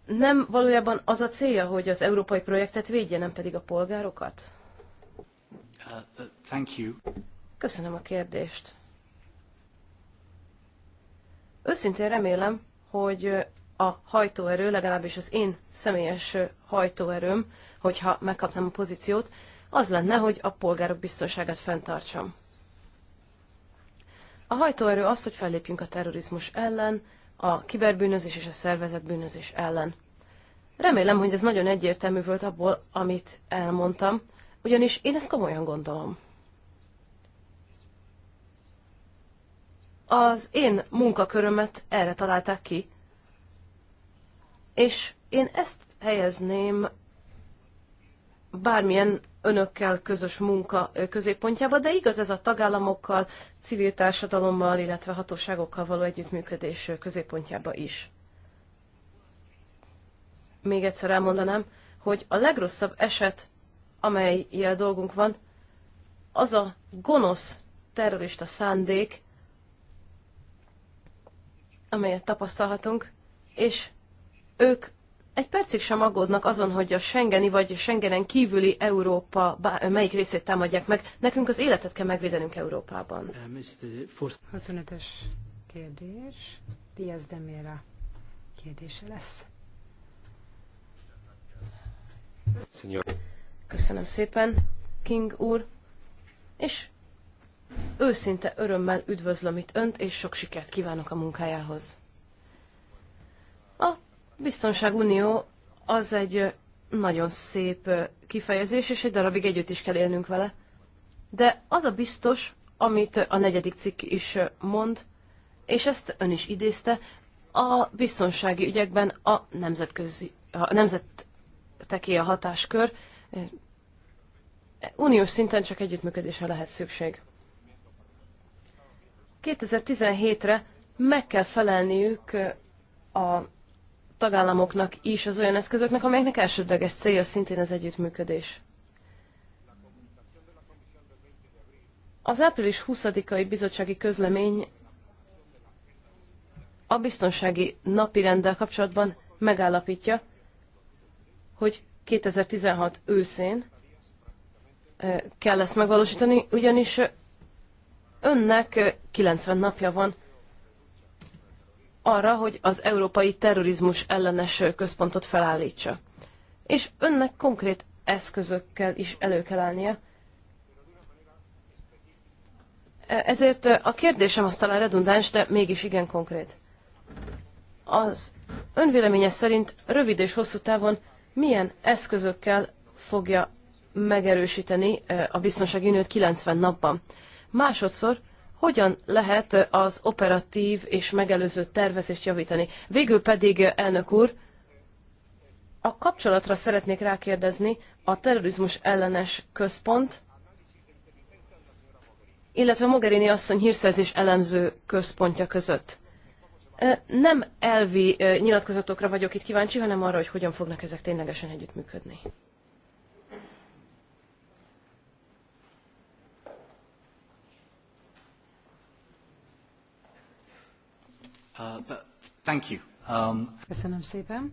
nem valójában az a célja, hogy az európai projektet védje, nem pedig a polgárokat? Uh, thank you. Köszönöm a kérdést. Őszintén remélem, hogy a hajtóerő, legalábbis az én személyes hajtóerőm, hogyha megkapnám a pozíciót, az lenne, hogy a polgárok biztonságát fenntartsam. A hajtóerő az, hogy fellépjünk a terrorizmus ellen, a kiberbűnözés és a szervezett bűnözés ellen. Remélem, hogy ez nagyon egyértelmű volt abból, amit elmondtam, ugyanis én ezt komolyan gondolom. Az én munkakörömet erre találták ki, és én ezt helyezném bármilyen önökkel közös munka középpontjába, de igaz ez a tagállamokkal, civil társadalommal, illetve hatóságokkal való együttműködés középpontjába is. Még egyszer elmondanám, hogy a legrosszabb eset, ilyen dolgunk van, az a gonosz terrorista szándék, amelyet tapasztalhatunk, és ők egy percig sem aggódnak azon, hogy a Schengeni vagy a Schengenen kívüli Európa melyik részét támadják meg. Nekünk az életet kell megvédenünk Európában. 25-ös uh, kérdés. Diaz Demira kérdése lesz. Köszönöm szépen, King úr, és őszinte örömmel üdvözlöm itt önt, és sok sikert kívánok a munkájához. Biztonságunió az egy nagyon szép kifejezés, és egy darabig együtt is kell élnünk vele. De az a biztos, amit a negyedik cikk is mond, és ezt ön is idézte, a biztonsági ügyekben a nemzetközi, a nemzeteké a hatáskör, uniós szinten csak együttműködésre lehet szükség. 2017-re meg kell felelniük a tagállamoknak is az olyan eszközöknek, amelyeknek elsődleges célja szintén az együttműködés. Az április 20-ai bizottsági közlemény a biztonsági napirenddel kapcsolatban megállapítja, hogy 2016 őszén kell ezt megvalósítani, ugyanis önnek 90 napja van arra, hogy az Európai Terrorizmus ellenes központot felállítsa. És önnek konkrét eszközökkel is elő kell állnia. Ezért a kérdésem az talán redundáns, de mégis igen konkrét. Az önvéleménye szerint rövid és hosszú távon milyen eszközökkel fogja megerősíteni eh, a biztonsági nőt 90 napban? Másodszor, hogyan lehet az operatív és megelőző tervezést javítani. Végül pedig, elnök úr, a kapcsolatra szeretnék rákérdezni a terrorizmus ellenes központ, illetve Mogherini asszony hírszerzés elemző központja között. Nem elvi nyilatkozatokra vagyok itt kíváncsi, hanem arra, hogy hogyan fognak ezek ténylegesen együttműködni. Uh, thank you. Um... Köszönöm szépen.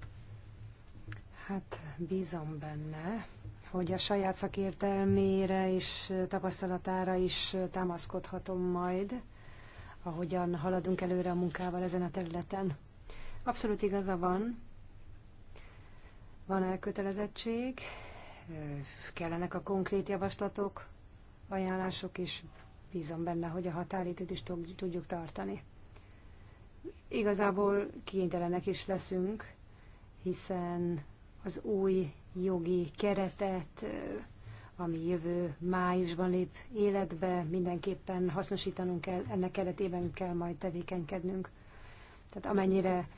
Hát bízom benne, hogy a saját szakértelmére és tapasztalatára is támaszkodhatom majd, ahogyan haladunk előre a munkával ezen a területen. Abszolút igaza van, van elkötelezettség, kellenek a konkrét javaslatok, ajánlások, és bízom benne, hogy a határidőt is tudjuk tartani. Igazából kénytelenek is leszünk, hiszen az új jogi keretet, ami jövő májusban lép életbe, mindenképpen hasznosítanunk kell, ennek keretében kell majd tevékenykednünk. Tehát amennyire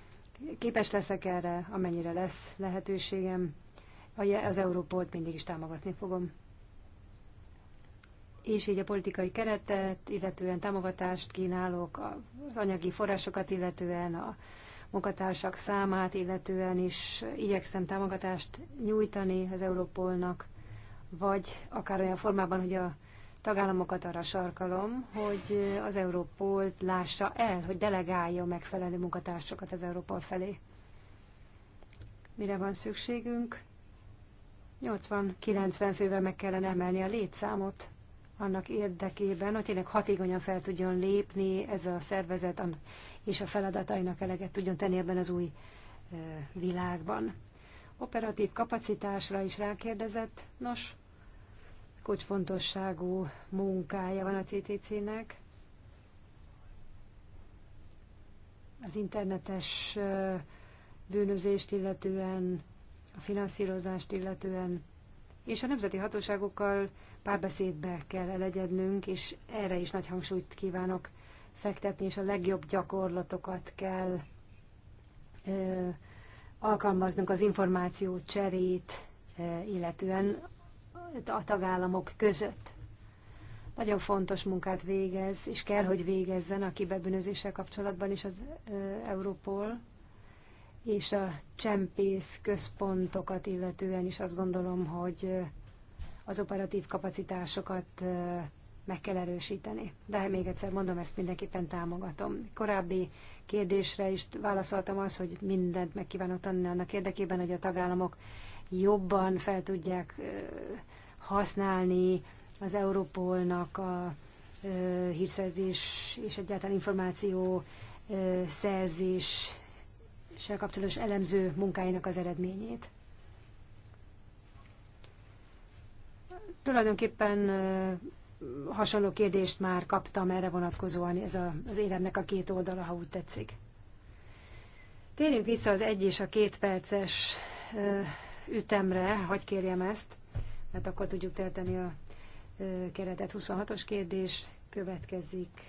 képes leszek erre, amennyire lesz lehetőségem, az Európolt mindig is támogatni fogom és így a politikai keretet, illetően támogatást kínálok, az anyagi forrásokat, illetően a munkatársak számát, illetően is igyekszem támogatást nyújtani az Európolnak, vagy akár olyan formában, hogy a tagállamokat arra sarkalom, hogy az Európol lássa el, hogy delegálja megfelelő munkatársakat az Európol felé. Mire van szükségünk? 80-90 fővel meg kellene emelni a létszámot annak érdekében, hogy tényleg hatékonyan fel tudjon lépni ez a szervezet, és a feladatainak eleget tudjon tenni ebben az új világban. Operatív kapacitásra is rákérdezett. Nos, kocsfontosságú munkája van a CTC-nek. Az internetes bűnözést illetően, a finanszírozást illetően, és a nemzeti hatóságokkal párbeszédbe kell elegyednünk, és erre is nagy hangsúlyt kívánok fektetni, és a legjobb gyakorlatokat kell ö, alkalmaznunk az információ cserét, ö, illetően a tagállamok között. Nagyon fontos munkát végez, és kell, hogy végezzen a kibebűnözéssel kapcsolatban is az ö, és a csempész központokat illetően is azt gondolom, hogy eh, az operatív kapacitásokat eh, meg kell erősíteni. De hát még egyszer mondom, ezt mindenképpen támogatom. Korábbi kérdésre is válaszoltam az, hogy mindent meg kívánok tanulni annak érdekében, hogy a tagállamok jobban fel tudják eh, használni az Európolnak a hírszerzés és egyáltalán információ szerzés a kapcsolatos elemző munkáinak az eredményét. Tulajdonképpen hasonló kérdést már kaptam erre vonatkozóan, ez a, az éremnek a két oldala, ha úgy tetszik. Térjünk vissza az egy és a két perces ütemre, hogy kérjem ezt, mert akkor tudjuk telteni a keretet. 26-os kérdés következik.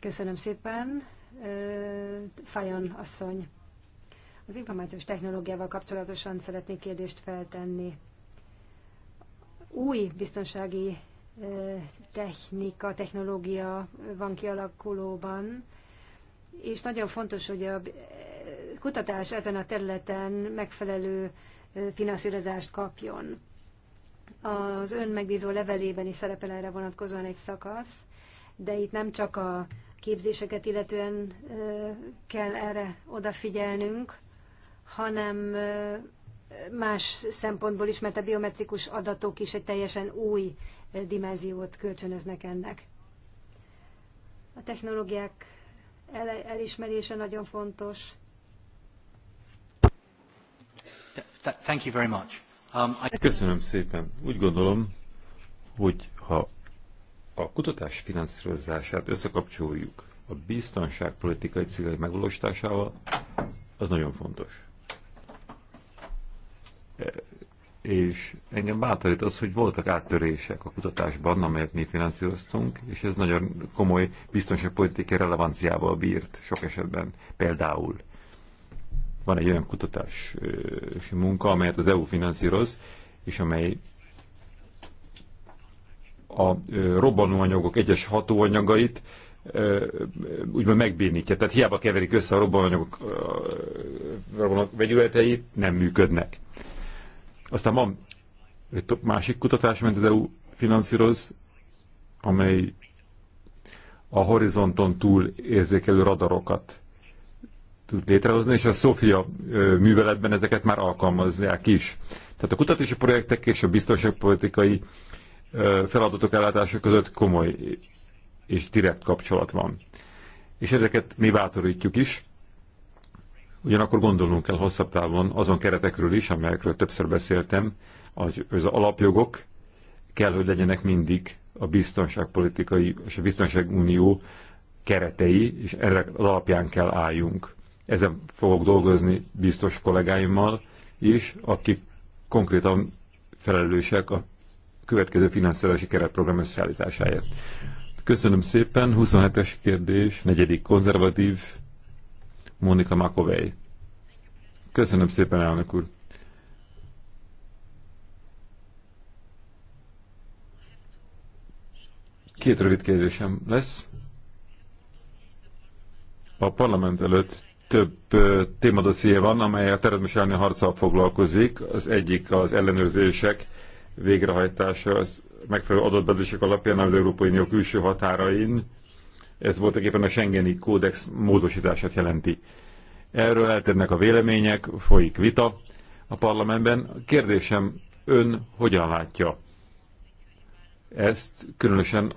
Köszönöm szépen. Fajon asszony. Az információs technológiával kapcsolatosan szeretnék kérdést feltenni. Új biztonsági technika, technológia van kialakulóban, és nagyon fontos, hogy a kutatás ezen a területen megfelelő finanszírozást kapjon. Az ön megbízó levelében is szerepel erre vonatkozóan egy szakasz, de itt nem csak a képzéseket illetően kell erre odafigyelnünk, hanem más szempontból is, mert a biometrikus adatok is egy teljesen új dimenziót kölcsönöznek ennek. A technológiák elismerése nagyon fontos. Thank you very much. Um, I... Köszönöm szépen. Úgy gondolom, hogy ha a kutatás finanszírozását összekapcsoljuk a biztonságpolitikai céljai megvalósításával, az nagyon fontos. E, és engem bátorít az, hogy voltak áttörések a kutatásban, amelyet mi finanszíroztunk, és ez nagyon komoly biztonságpolitikai relevanciával bírt sok esetben. Például van egy olyan kutatási munka, amelyet az EU finanszíroz, és amely a robbanóanyagok egyes hatóanyagait úgymond megbénítja. Tehát hiába keverik össze a robbanóanyagok robbanók vegyületeit, nem működnek. Aztán van egy másik kutatás, amit az EU finanszíroz, amely a horizonton túl érzékelő radarokat tud létrehozni, és a Sofia műveletben ezeket már alkalmazzák is. Tehát a kutatási projektek és a biztonságpolitikai feladatok ellátása között komoly és direkt kapcsolat van. És ezeket mi bátorítjuk is, ugyanakkor gondolnunk kell hosszabb távon azon keretekről is, amelyekről többször beszéltem, az az alapjogok kell, hogy legyenek mindig a biztonságpolitikai és a biztonságunió keretei, és erre alapján kell álljunk. Ezen fogok dolgozni biztos kollégáimmal is, akik konkrétan felelősek a következő finanszírozási keretprogram összeállításáért. Köszönöm szépen. 27-es kérdés, negyedik konzervatív, Monika Makovej. Köszönöm szépen, elnök úr. Két rövid kérdésem lesz. A parlament előtt több témadosszié van, amely a teremtmeselni harccal foglalkozik. Az egyik az ellenőrzések végrehajtása az megfelelő adatbázisok alapján az Európai Unió külső határain. Ez voltak éppen a Schengeni kódex módosítását jelenti. Erről eltérnek a vélemények, folyik vita a parlamentben. Kérdésem, ön hogyan látja ezt, különösen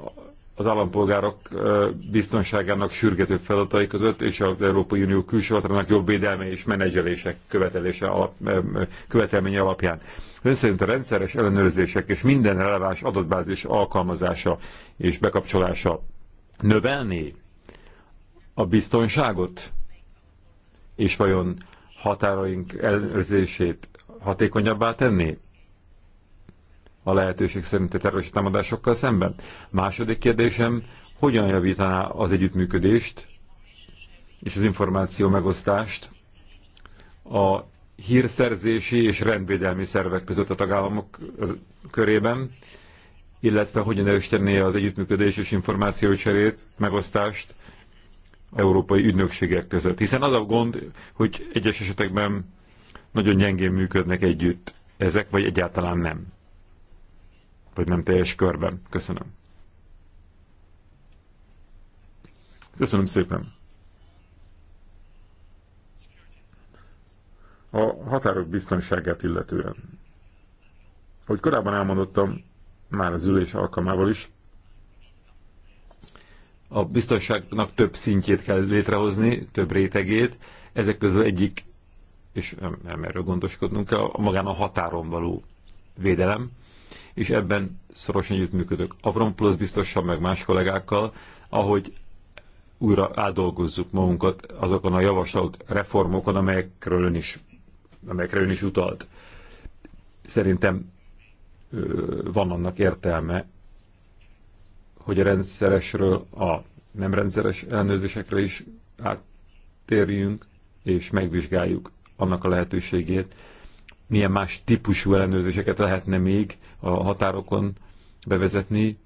az állampolgárok biztonságának sürgető feladatai között és az Európai Unió külső határának jobb védelme és menedzselések követelése alap, követelménye alapján. Ön szerint a rendszeres ellenőrzések és minden releváns adatbázis alkalmazása és bekapcsolása növelné a biztonságot, és vajon határaink ellenőrzését hatékonyabbá tenni? a lehetőség a terrorista támadásokkal szemben. Második kérdésem, hogyan javítaná az együttműködést és az információ megosztást a hírszerzési és rendvédelmi szervek között a tagállamok körében, illetve hogyan erősítené az együttműködés és információcserét, megosztást európai ügynökségek között. Hiszen az a gond, hogy egyes esetekben nagyon gyengén működnek együtt ezek, vagy egyáltalán nem vagy nem teljes körben. Köszönöm. Köszönöm szépen. A határok biztonságát illetően. Ahogy korábban elmondottam, már az ülés alkalmával is, a biztonságnak több szintjét kell létrehozni, több rétegét. Ezek közül egyik, és nem, nem erről gondoskodnunk kell, magán a határon való védelem és ebben szorosan együttműködök Plus biztosan, meg más kollégákkal, ahogy újra átdolgozzuk magunkat azokon a javasolt reformokon, amelyekről ön is, amelyekről ön is utalt. Szerintem van annak értelme, hogy a rendszeresről a nem rendszeres ellenőrzésekre is áttérjünk, és megvizsgáljuk annak a lehetőségét, milyen más típusú ellenőrzéseket lehetne még a határokon bevezetni,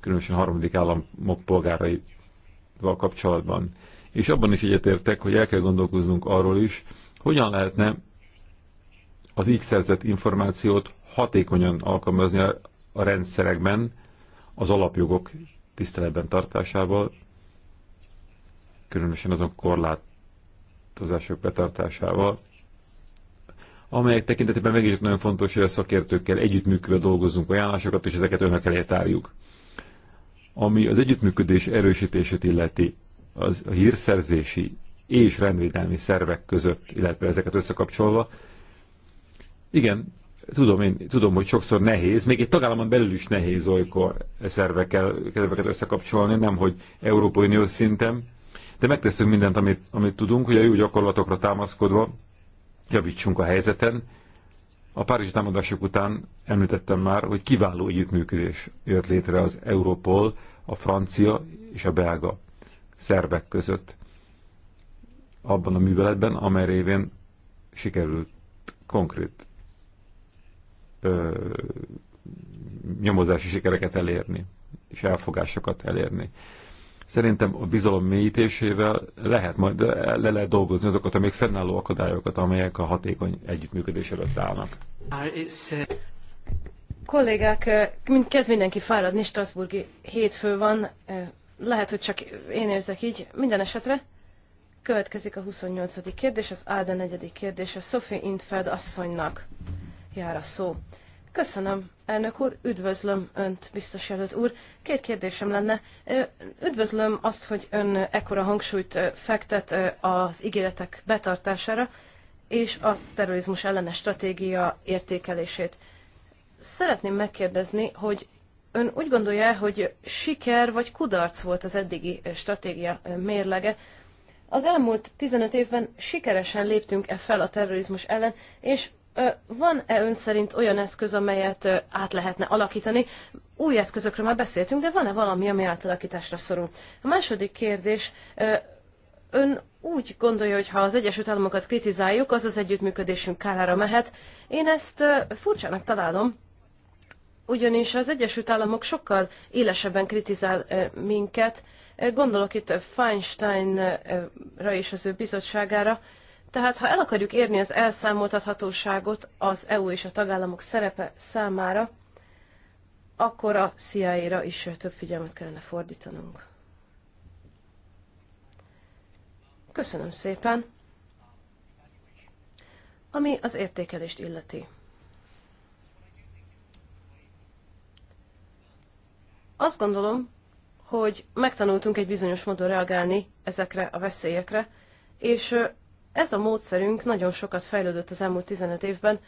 különösen harmadik államok polgáraival kapcsolatban. És abban is egyetértek, hogy el kell gondolkoznunk arról is, hogyan lehetne az így szerzett információt hatékonyan alkalmazni a rendszerekben, az alapjogok tiszteletben tartásával, különösen azon korlátozások betartásával, amelyek tekintetében meg is nagyon fontos, hogy a szakértőkkel együttműködve dolgozzunk ajánlásokat, és ezeket önök elé tárjuk. Ami az együttműködés erősítését illeti, az a hírszerzési és rendvédelmi szervek között, illetve ezeket összekapcsolva. Igen, tudom, én, tudom, hogy sokszor nehéz, még egy tagállamon belül is nehéz olykor e szervekkel, szerveket összekapcsolni, nem hogy Európai Unió szinten, de megteszünk mindent, amit, amit tudunk, hogy a jó gyakorlatokra támaszkodva javítsunk a helyzeten. A párizsi támadások után említettem már, hogy kiváló együttműködés jött létre az Europol, a francia és a belga szervek között abban a műveletben, amely révén sikerült konkrét ö, nyomozási sikereket elérni, és elfogásokat elérni. Szerintem a bizalom mélyítésével lehet majd le lehet dolgozni azokat a még fennálló akadályokat, amelyek a hatékony együttműködés előtt állnak. Kollégák, mint kezd mindenki fáradni, Strasburgi hétfő van, lehet, hogy csak én érzek így. Minden esetre következik a 28. kérdés, az Áda negyedik kérdés, a Sophie Intfeld asszonynak jár a szó. Köszönöm, elnök úr, üdvözlöm önt, biztos jelölt úr. Két kérdésem lenne. Üdvözlöm azt, hogy ön ekkora hangsúlyt fektet az ígéretek betartására és a terrorizmus ellenes stratégia értékelését. Szeretném megkérdezni, hogy ön úgy gondolja, hogy siker vagy kudarc volt az eddigi stratégia mérlege, az elmúlt 15 évben sikeresen léptünk e fel a terrorizmus ellen, és van-e ön szerint olyan eszköz, amelyet át lehetne alakítani? Új eszközökről már beszéltünk, de van-e valami, ami átalakításra szorul? A második kérdés, ön úgy gondolja, hogy ha az Egyesült Államokat kritizáljuk, az az együttműködésünk kárára mehet. Én ezt furcsának találom, ugyanis az Egyesült Államok sokkal élesebben kritizál minket. Gondolok itt Feinsteinra és az ő bizottságára, tehát ha el akarjuk érni az elszámoltathatóságot az EU és a tagállamok szerepe számára, akkor a CIA-ra is több figyelmet kellene fordítanunk. Köszönöm szépen. Ami az értékelést illeti. Azt gondolom, hogy megtanultunk egy bizonyos módon reagálni ezekre a veszélyekre, és ez a módszerünk nagyon sokat fejlődött az elmúlt 15 évben.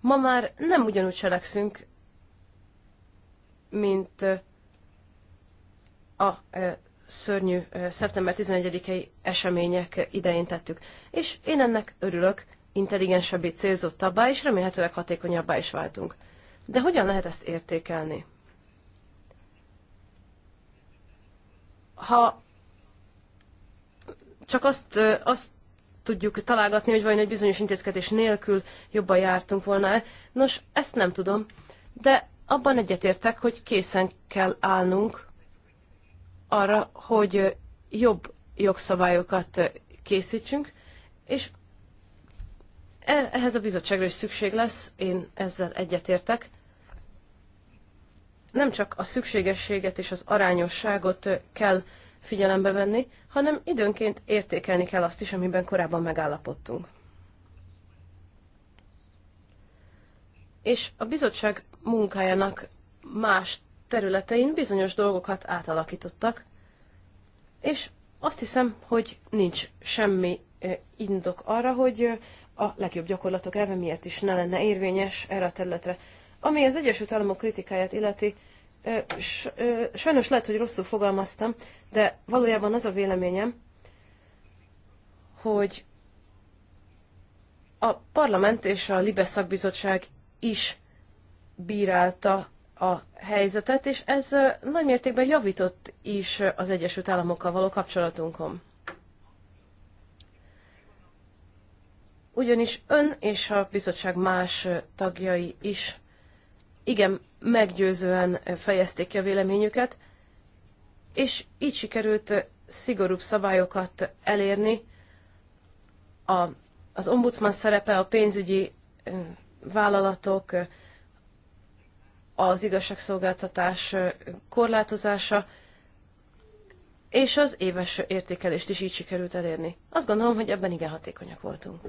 Ma már nem ugyanúgy cselekszünk, mint a szörnyű szeptember 11-i események idején tettük. És én ennek örülök, intelligensebbé, célzottabbá és remélhetőleg hatékonyabbá is váltunk. De hogyan lehet ezt értékelni? Ha csak azt, azt tudjuk találgatni, hogy vajon egy bizonyos intézkedés nélkül jobban jártunk volna -e. Nos, ezt nem tudom, de abban egyetértek, hogy készen kell állnunk arra, hogy jobb jogszabályokat készítsünk, és e- ehhez a bizottságra is szükség lesz, én ezzel egyetértek. Nem csak a szükségességet és az arányosságot kell figyelembe venni, hanem időnként értékelni kell azt is, amiben korábban megállapodtunk. És a bizottság munkájának más területein bizonyos dolgokat átalakítottak, és azt hiszem, hogy nincs semmi eh, indok arra, hogy eh, a legjobb gyakorlatok elve miért is ne lenne érvényes erre a területre. Ami az Egyesült Államok kritikáját illeti, sajnos lehet, hogy rosszul fogalmaztam, de valójában az a véleményem, hogy a parlament és a Libes szakbizottság is bírálta a helyzetet, és ez nagy mértékben javított is az Egyesült Államokkal való kapcsolatunkon. Ugyanis ön és a bizottság más tagjai is igen meggyőzően fejezték ki a véleményüket, és így sikerült szigorúbb szabályokat elérni. A, az ombudsman szerepe, a pénzügyi vállalatok, az igazságszolgáltatás korlátozása, és az éves értékelést is így sikerült elérni. Azt gondolom, hogy ebben igen hatékonyak voltunk.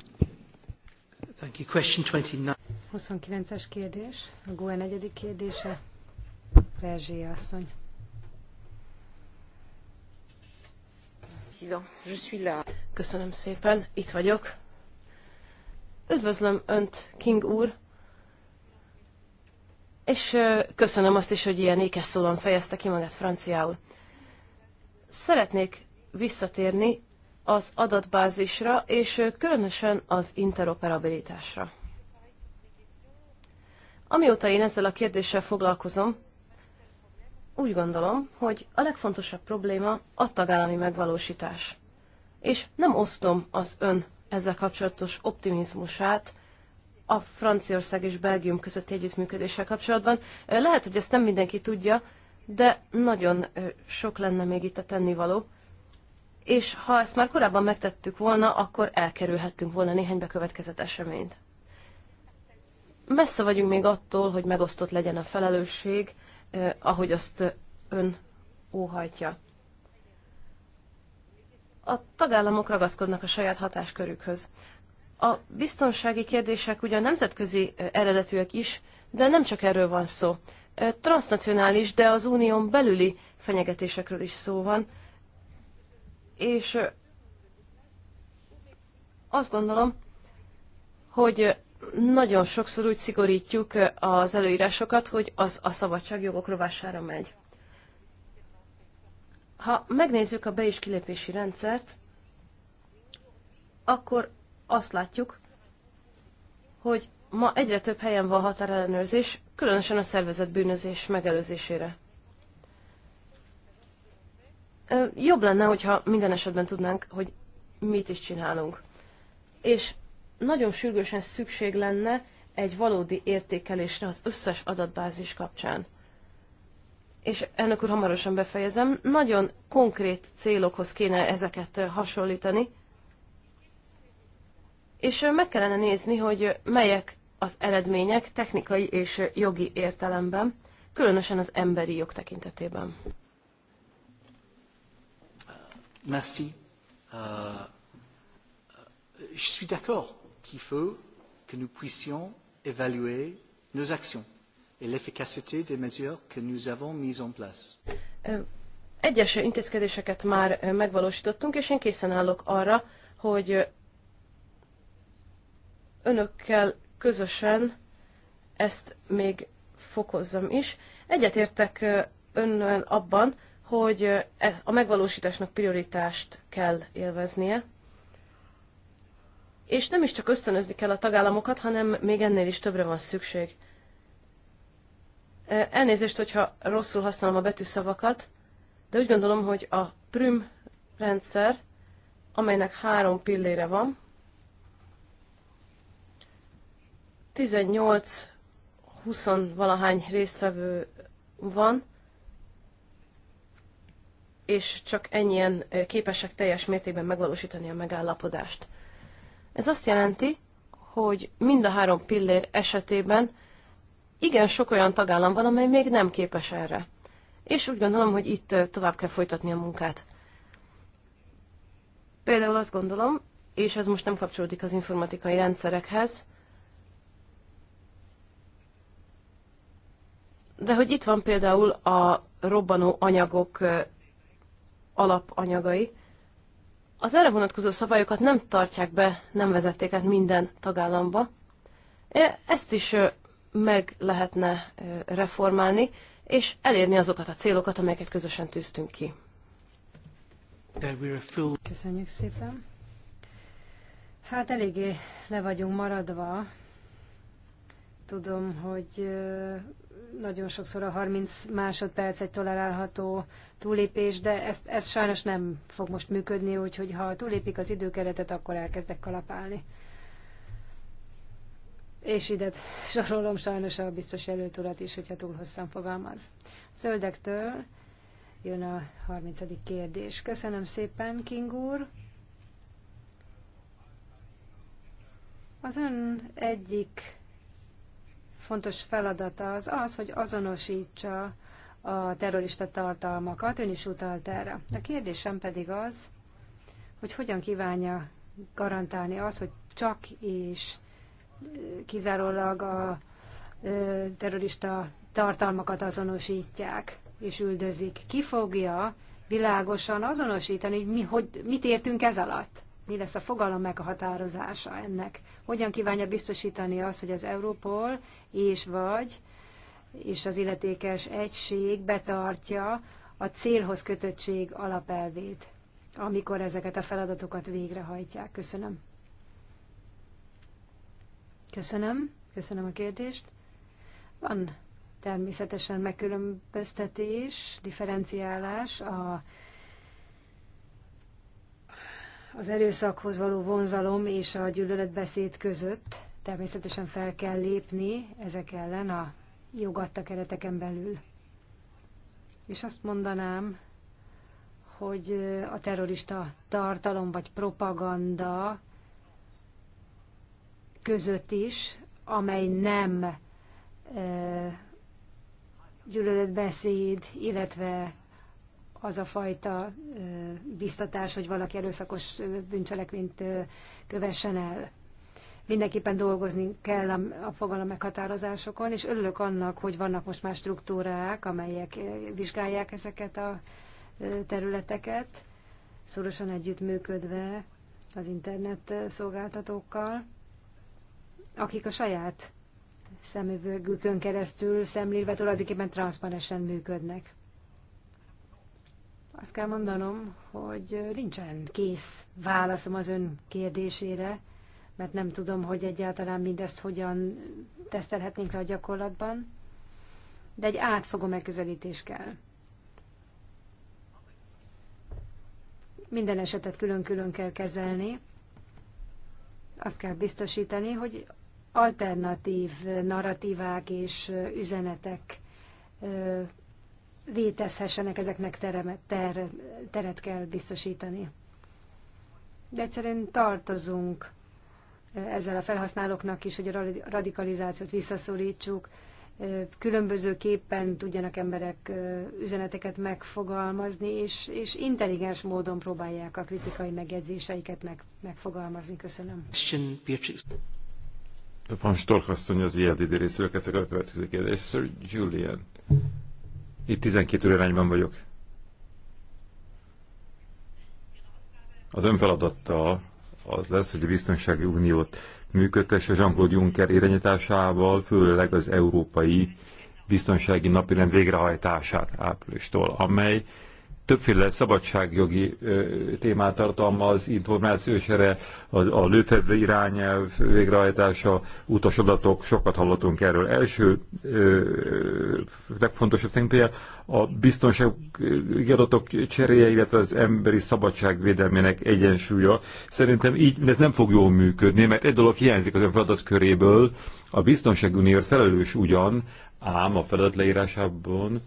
Thank you. Question 29. 29-es kérdés, a GUE negyedik kérdése, Verzsé asszony. Köszönöm szépen, itt vagyok. Üdvözlöm Önt, King úr, és köszönöm azt is, hogy ilyen ékes szólon fejezte ki magát franciául. Szeretnék visszatérni az adatbázisra, és különösen az interoperabilitásra. Amióta én ezzel a kérdéssel foglalkozom, úgy gondolom, hogy a legfontosabb probléma a tagállami megvalósítás. És nem osztom az ön ezzel kapcsolatos optimizmusát a Franciaország és Belgium közötti együttműködéssel kapcsolatban. Lehet, hogy ezt nem mindenki tudja, de nagyon sok lenne még itt a tennivaló és ha ezt már korábban megtettük volna, akkor elkerülhettünk volna néhány bekövetkezett eseményt. Messze vagyunk még attól, hogy megosztott legyen a felelősség, eh, ahogy azt eh, ön óhajtja. A tagállamok ragaszkodnak a saját hatáskörükhöz. A biztonsági kérdések ugyan nemzetközi eh, eredetűek is, de nem csak erről van szó. Eh, transnacionális, de az unión belüli fenyegetésekről is szó van, és azt gondolom, hogy nagyon sokszor úgy szigorítjuk az előírásokat, hogy az a szabadságjogok rovására megy. Ha megnézzük a be- és kilépési rendszert, akkor azt látjuk, hogy ma egyre több helyen van határellenőrzés, különösen a szervezett bűnözés megelőzésére jobb lenne, hogyha minden esetben tudnánk, hogy mit is csinálunk. És nagyon sürgősen szükség lenne egy valódi értékelésre az összes adatbázis kapcsán. És ennek úr, hamarosan befejezem, nagyon konkrét célokhoz kéne ezeket hasonlítani, és meg kellene nézni, hogy melyek az eredmények technikai és jogi értelemben, különösen az emberi jog tekintetében. Merci. Euh, euh, je suis d'accord qu'il faut que nous puissions évaluer nos actions et l'efficacité des mesures que nous avons mises en place. Egyes intézkedéseket már megvalósítottunk, és én készen állok arra, hogy önökkel közösen ezt még fokozzam is. Egyetértek önnel abban, hogy e, a megvalósításnak prioritást kell élveznie, és nem is csak ösztönözni kell a tagállamokat, hanem még ennél is többre van szükség. Elnézést, hogyha rosszul használom a betűszavakat, de úgy gondolom, hogy a prüm rendszer, amelynek három pillére van, 18-20 valahány résztvevő van, és csak ennyien képesek teljes mértékben megvalósítani a megállapodást. Ez azt jelenti, hogy mind a három pillér esetében igen sok olyan tagállam van, amely még nem képes erre. És úgy gondolom, hogy itt tovább kell folytatni a munkát. Például azt gondolom, és ez most nem kapcsolódik az informatikai rendszerekhez, de hogy itt van például a robbanó anyagok alapanyagai. Az erre vonatkozó szabályokat nem tartják be, nem vezették át minden tagállamba. E, ezt is meg lehetne reformálni, és elérni azokat a célokat, amelyeket közösen tűztünk ki. Köszönjük szépen. Hát eléggé le vagyunk maradva Tudom, hogy nagyon sokszor a 30 másodperc egy tolerálható túlépés, de ez, ez sajnos nem fog most működni, úgyhogy ha túlépik az időkeretet, akkor elkezdek kalapálni. És ide sorolom sajnos a biztos jelölt is, hogyha túl hosszan fogalmaz. Zöldektől jön a 30. kérdés. Köszönöm szépen, King úr. Az ön egyik fontos feladata az az, hogy azonosítsa a terrorista tartalmakat, ön is utalt erre. A kérdésem pedig az, hogy hogyan kívánja garantálni az, hogy csak és kizárólag a terrorista tartalmakat azonosítják és üldözik. Ki fogja világosan azonosítani, hogy mi, hogy mit értünk ez alatt? mi lesz a fogalom meghatározása ennek? Hogyan kívánja biztosítani azt, hogy az Európol és vagy és az illetékes egység betartja a célhoz kötöttség alapelvét, amikor ezeket a feladatokat végrehajtják? Köszönöm. Köszönöm. Köszönöm a kérdést. Van természetesen megkülönböztetés, differenciálás a az erőszakhoz való vonzalom és a gyűlöletbeszéd között. Természetesen fel kell lépni ezek ellen a jogadta kereteken belül. És azt mondanám, hogy a terrorista tartalom vagy propaganda között is, amely nem gyűlöletbeszéd, illetve az a fajta biztatás, hogy valaki erőszakos bűncselekményt kövessen el. Mindenképpen dolgozni kell a fogalom meghatározásokon, és örülök annak, hogy vannak most már struktúrák, amelyek vizsgálják ezeket a területeket, szorosan együttműködve az internet szolgáltatókkal, akik a saját szemüvegükön keresztül szemlélve tulajdonképpen transzparensen működnek. Azt kell mondanom, hogy nincsen kész válaszom az ön kérdésére, mert nem tudom, hogy egyáltalán mindezt hogyan tesztelhetnénk le a gyakorlatban, de egy átfogó megközelítés kell. Minden esetet külön-külön kell kezelni. Azt kell biztosítani, hogy alternatív narratívák és üzenetek létezhessenek, ezeknek teremet, ter, teret kell biztosítani. De egyszerűen tartozunk ezzel a felhasználóknak is, hogy a radikalizációt visszaszorítsuk, különbözőképpen tudjanak emberek üzeneteket megfogalmazni, és, és intelligens módon próbálják a kritikai megjegyzéseiket meg, megfogalmazni. Köszönöm. Van Stork asszony az ILDD részéről, a következő kérdés. Sir Julian. Itt 12 irányban vagyok. Az feladata az lesz, hogy a biztonsági uniót működtesse Jean-Claude Juncker irányításával, főleg az európai biztonsági napirend végrehajtását áprilistól, amely többféle szabadságjogi témát tartalmaz, információsere, a, a lőfedve irányelv végrehajtása, utasodatok sokat hallottunk erről. Első, ö, legfontosabb szerintem a biztonsági adatok cseréje, illetve az emberi szabadság védelmének egyensúlya. Szerintem így ez nem fog jól működni, mert egy dolog hiányzik az ön köréből a biztonságunióért felelős ugyan, ám a feladat leírásában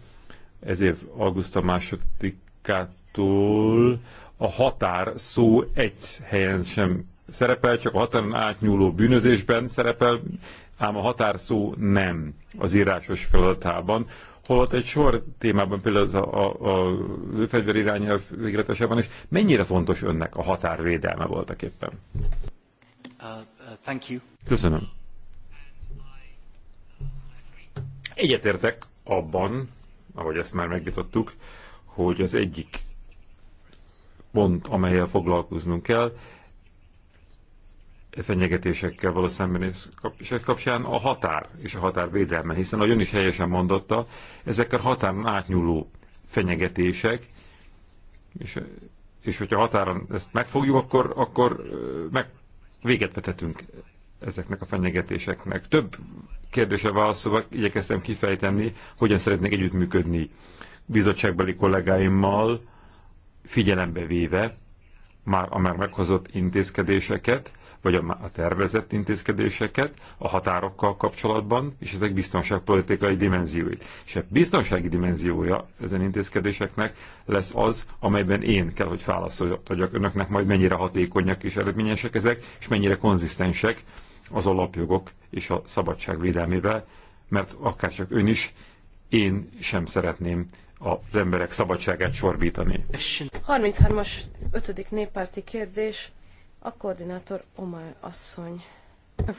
ezért augusztus második munkától a határ szó egy helyen sem szerepel, csak a határon átnyúló bűnözésben szerepel, ám a határ szó nem az írásos feladatában, holott egy sor témában, például az a, a, a lőfegyver irányelv végletesebben is, mennyire fontos önnek a határvédelme voltak éppen? Uh, uh, thank you. Köszönöm. Egyetértek abban, ahogy ezt már megvitattuk, hogy az egyik pont, amelyel foglalkoznunk kell, e fenyegetésekkel való szembenézés kapcsán a határ és a határ védelme, hiszen nagyon is helyesen mondotta, ezek a határon átnyúló fenyegetések, és, és hogyha határon ezt megfogjuk, akkor, akkor meg véget vetetünk ezeknek a fenyegetéseknek. Több kérdése válaszolva igyekeztem kifejteni, hogyan szeretnék együttműködni bizottságbeli kollégáimmal figyelembe véve már a már meghozott intézkedéseket, vagy a, a tervezett intézkedéseket a határokkal kapcsolatban, és ezek biztonságpolitikai dimenzióit. És a biztonsági dimenziója ezen intézkedéseknek lesz az, amelyben én kell, hogy válaszoljak önöknek majd mennyire hatékonyak és eredményesek ezek, és mennyire konzisztensek az alapjogok és a szabadság védelmével, mert akár csak ön is, én sem szeretném az emberek szabadságát sorbítani. 33-as, 5. néppárti kérdés, a koordinátor Omar asszony.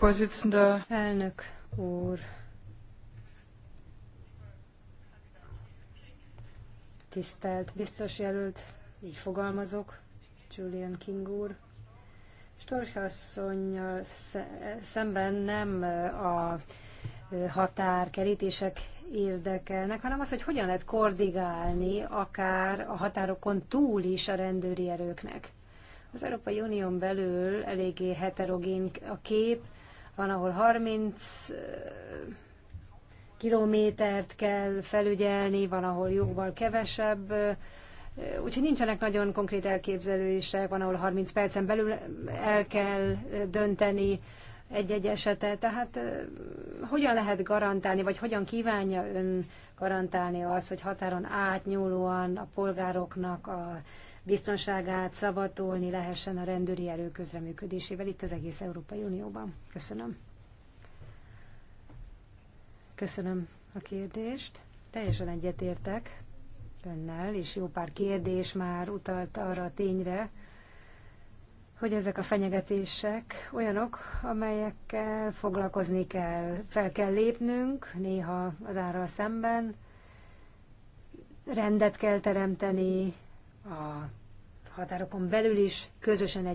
Herr Elnök úr, tisztelt biztos jelölt, így fogalmazok, Julian King úr. Storchasszonynal szemben nem a határkerítések érdekelnek, hanem az, hogy hogyan lehet kordigálni, akár a határokon túl is a rendőri erőknek. Az Európai Unión belül eléggé heterogén a kép, van, ahol 30 eh, kilométert kell felügyelni, van, ahol jóval kevesebb, eh, úgyhogy nincsenek nagyon konkrét elképzelések, van, ahol 30 percen belül el kell eh, dönteni, egy-egy esete. Tehát hogyan lehet garantálni, vagy hogyan kívánja ön garantálni az, hogy határon átnyúlóan a polgároknak a biztonságát szavatolni lehessen a rendőri erő közreműködésével itt az egész Európai Unióban? Köszönöm. Köszönöm a kérdést. Teljesen egyetértek önnel, és jó pár kérdés már utalt arra a tényre, hogy ezek a fenyegetések olyanok, amelyekkel foglalkozni kell, fel kell lépnünk, néha az árral szemben, rendet kell teremteni a határokon belül is, közösen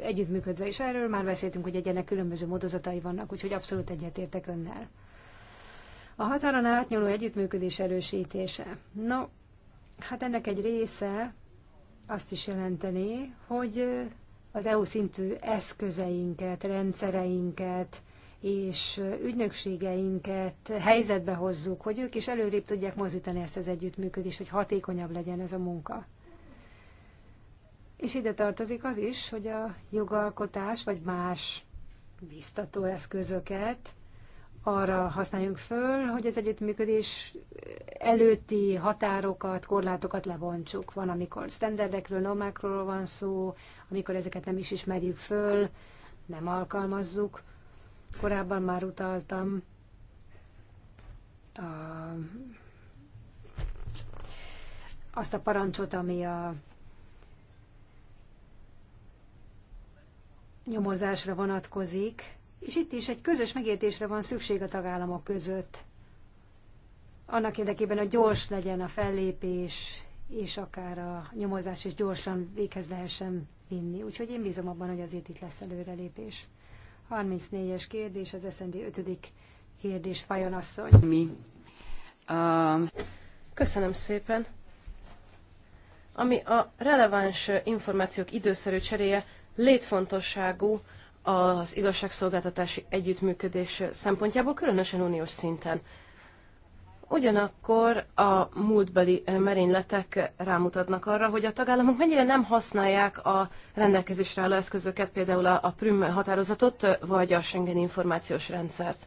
együttműködve, és erről már beszéltünk, hogy egyenek különböző módozatai vannak, úgyhogy abszolút egyetértek önnel. A határon átnyúló együttműködés erősítése. No, hát ennek egy része azt is jelenteni, hogy az EU szintű eszközeinket, rendszereinket és ügynökségeinket helyzetbe hozzuk, hogy ők is előrébb tudják mozdítani ezt az együttműködést, hogy hatékonyabb legyen ez a munka. És ide tartozik az is, hogy a jogalkotás vagy más biztató eszközöket arra használjunk föl, hogy az együttműködés előtti határokat, korlátokat levontsuk. Van, amikor standardekről, normákról van szó, amikor ezeket nem is ismerjük föl, nem alkalmazzuk. Korábban már utaltam a, azt a parancsot, ami a nyomozásra vonatkozik, és itt is egy közös megértésre van szükség a tagállamok között. Annak érdekében, hogy gyors legyen a fellépés, és akár a nyomozás is gyorsan véghez lehessen vinni. Úgyhogy én bízom abban, hogy azért itt lesz előrelépés. 34-es kérdés, az SZND 5. kérdés, Fajon asszony. Mi? Um... Köszönöm szépen. Ami a releváns információk időszerű cseréje létfontosságú az igazságszolgáltatási együttműködés szempontjából, különösen uniós szinten. Ugyanakkor a múltbeli merényletek rámutatnak arra, hogy a tagállamok mennyire nem használják a rendelkezésre álló eszközöket, például a Prüm határozatot, vagy a Schengen információs rendszert.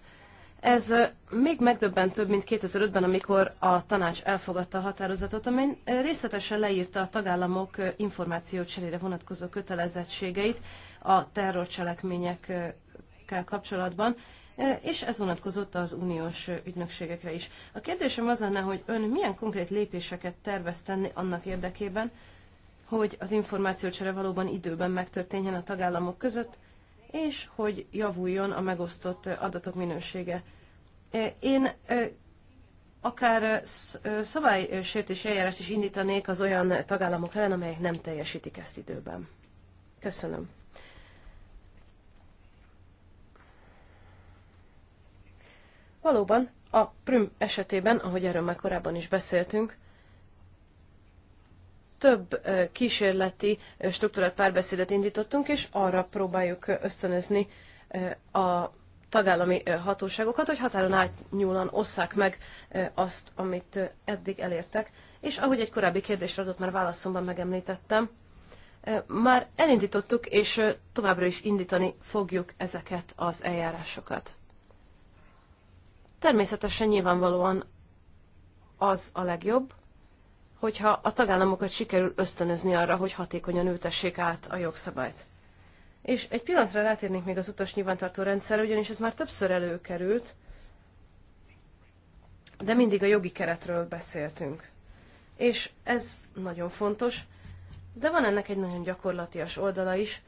Ez még megdöbbentőbb, mint 2005-ben, amikor a tanács elfogadta a határozatot, amely részletesen leírta a tagállamok információcserére vonatkozó kötelezettségeit, a terrorcselekményekkel kapcsolatban, e, és ez vonatkozott az uniós ügynökségekre is. A kérdésem az lenne, hogy ön milyen konkrét lépéseket tervez tenni annak érdekében, hogy az információcsere valóban időben megtörténjen a tagállamok között, és hogy javuljon a megosztott adatok minősége. E, én e, akár szabálysértési eljárást is indítanék az olyan tagállamok ellen, amelyek nem teljesítik ezt időben. Köszönöm. Valóban a Prüm esetében, ahogy erről már korábban is beszéltünk, több kísérleti struktúrát párbeszédet indítottunk, és arra próbáljuk ösztönözni a tagállami hatóságokat, hogy határon átnyúlan osszák meg azt, amit eddig elértek. És ahogy egy korábbi kérdésre adott már válaszomban megemlítettem, már elindítottuk, és továbbra is indítani fogjuk ezeket az eljárásokat. Természetesen nyilvánvalóan az a legjobb, hogyha a tagállamokat sikerül ösztönözni arra, hogy hatékonyan ültessék át a jogszabályt. És egy pillanatra rátérnék még az utas nyilvántartó rendszer, ugyanis ez már többször előkerült, de mindig a jogi keretről beszéltünk. És ez nagyon fontos, de van ennek egy nagyon gyakorlatias oldala is,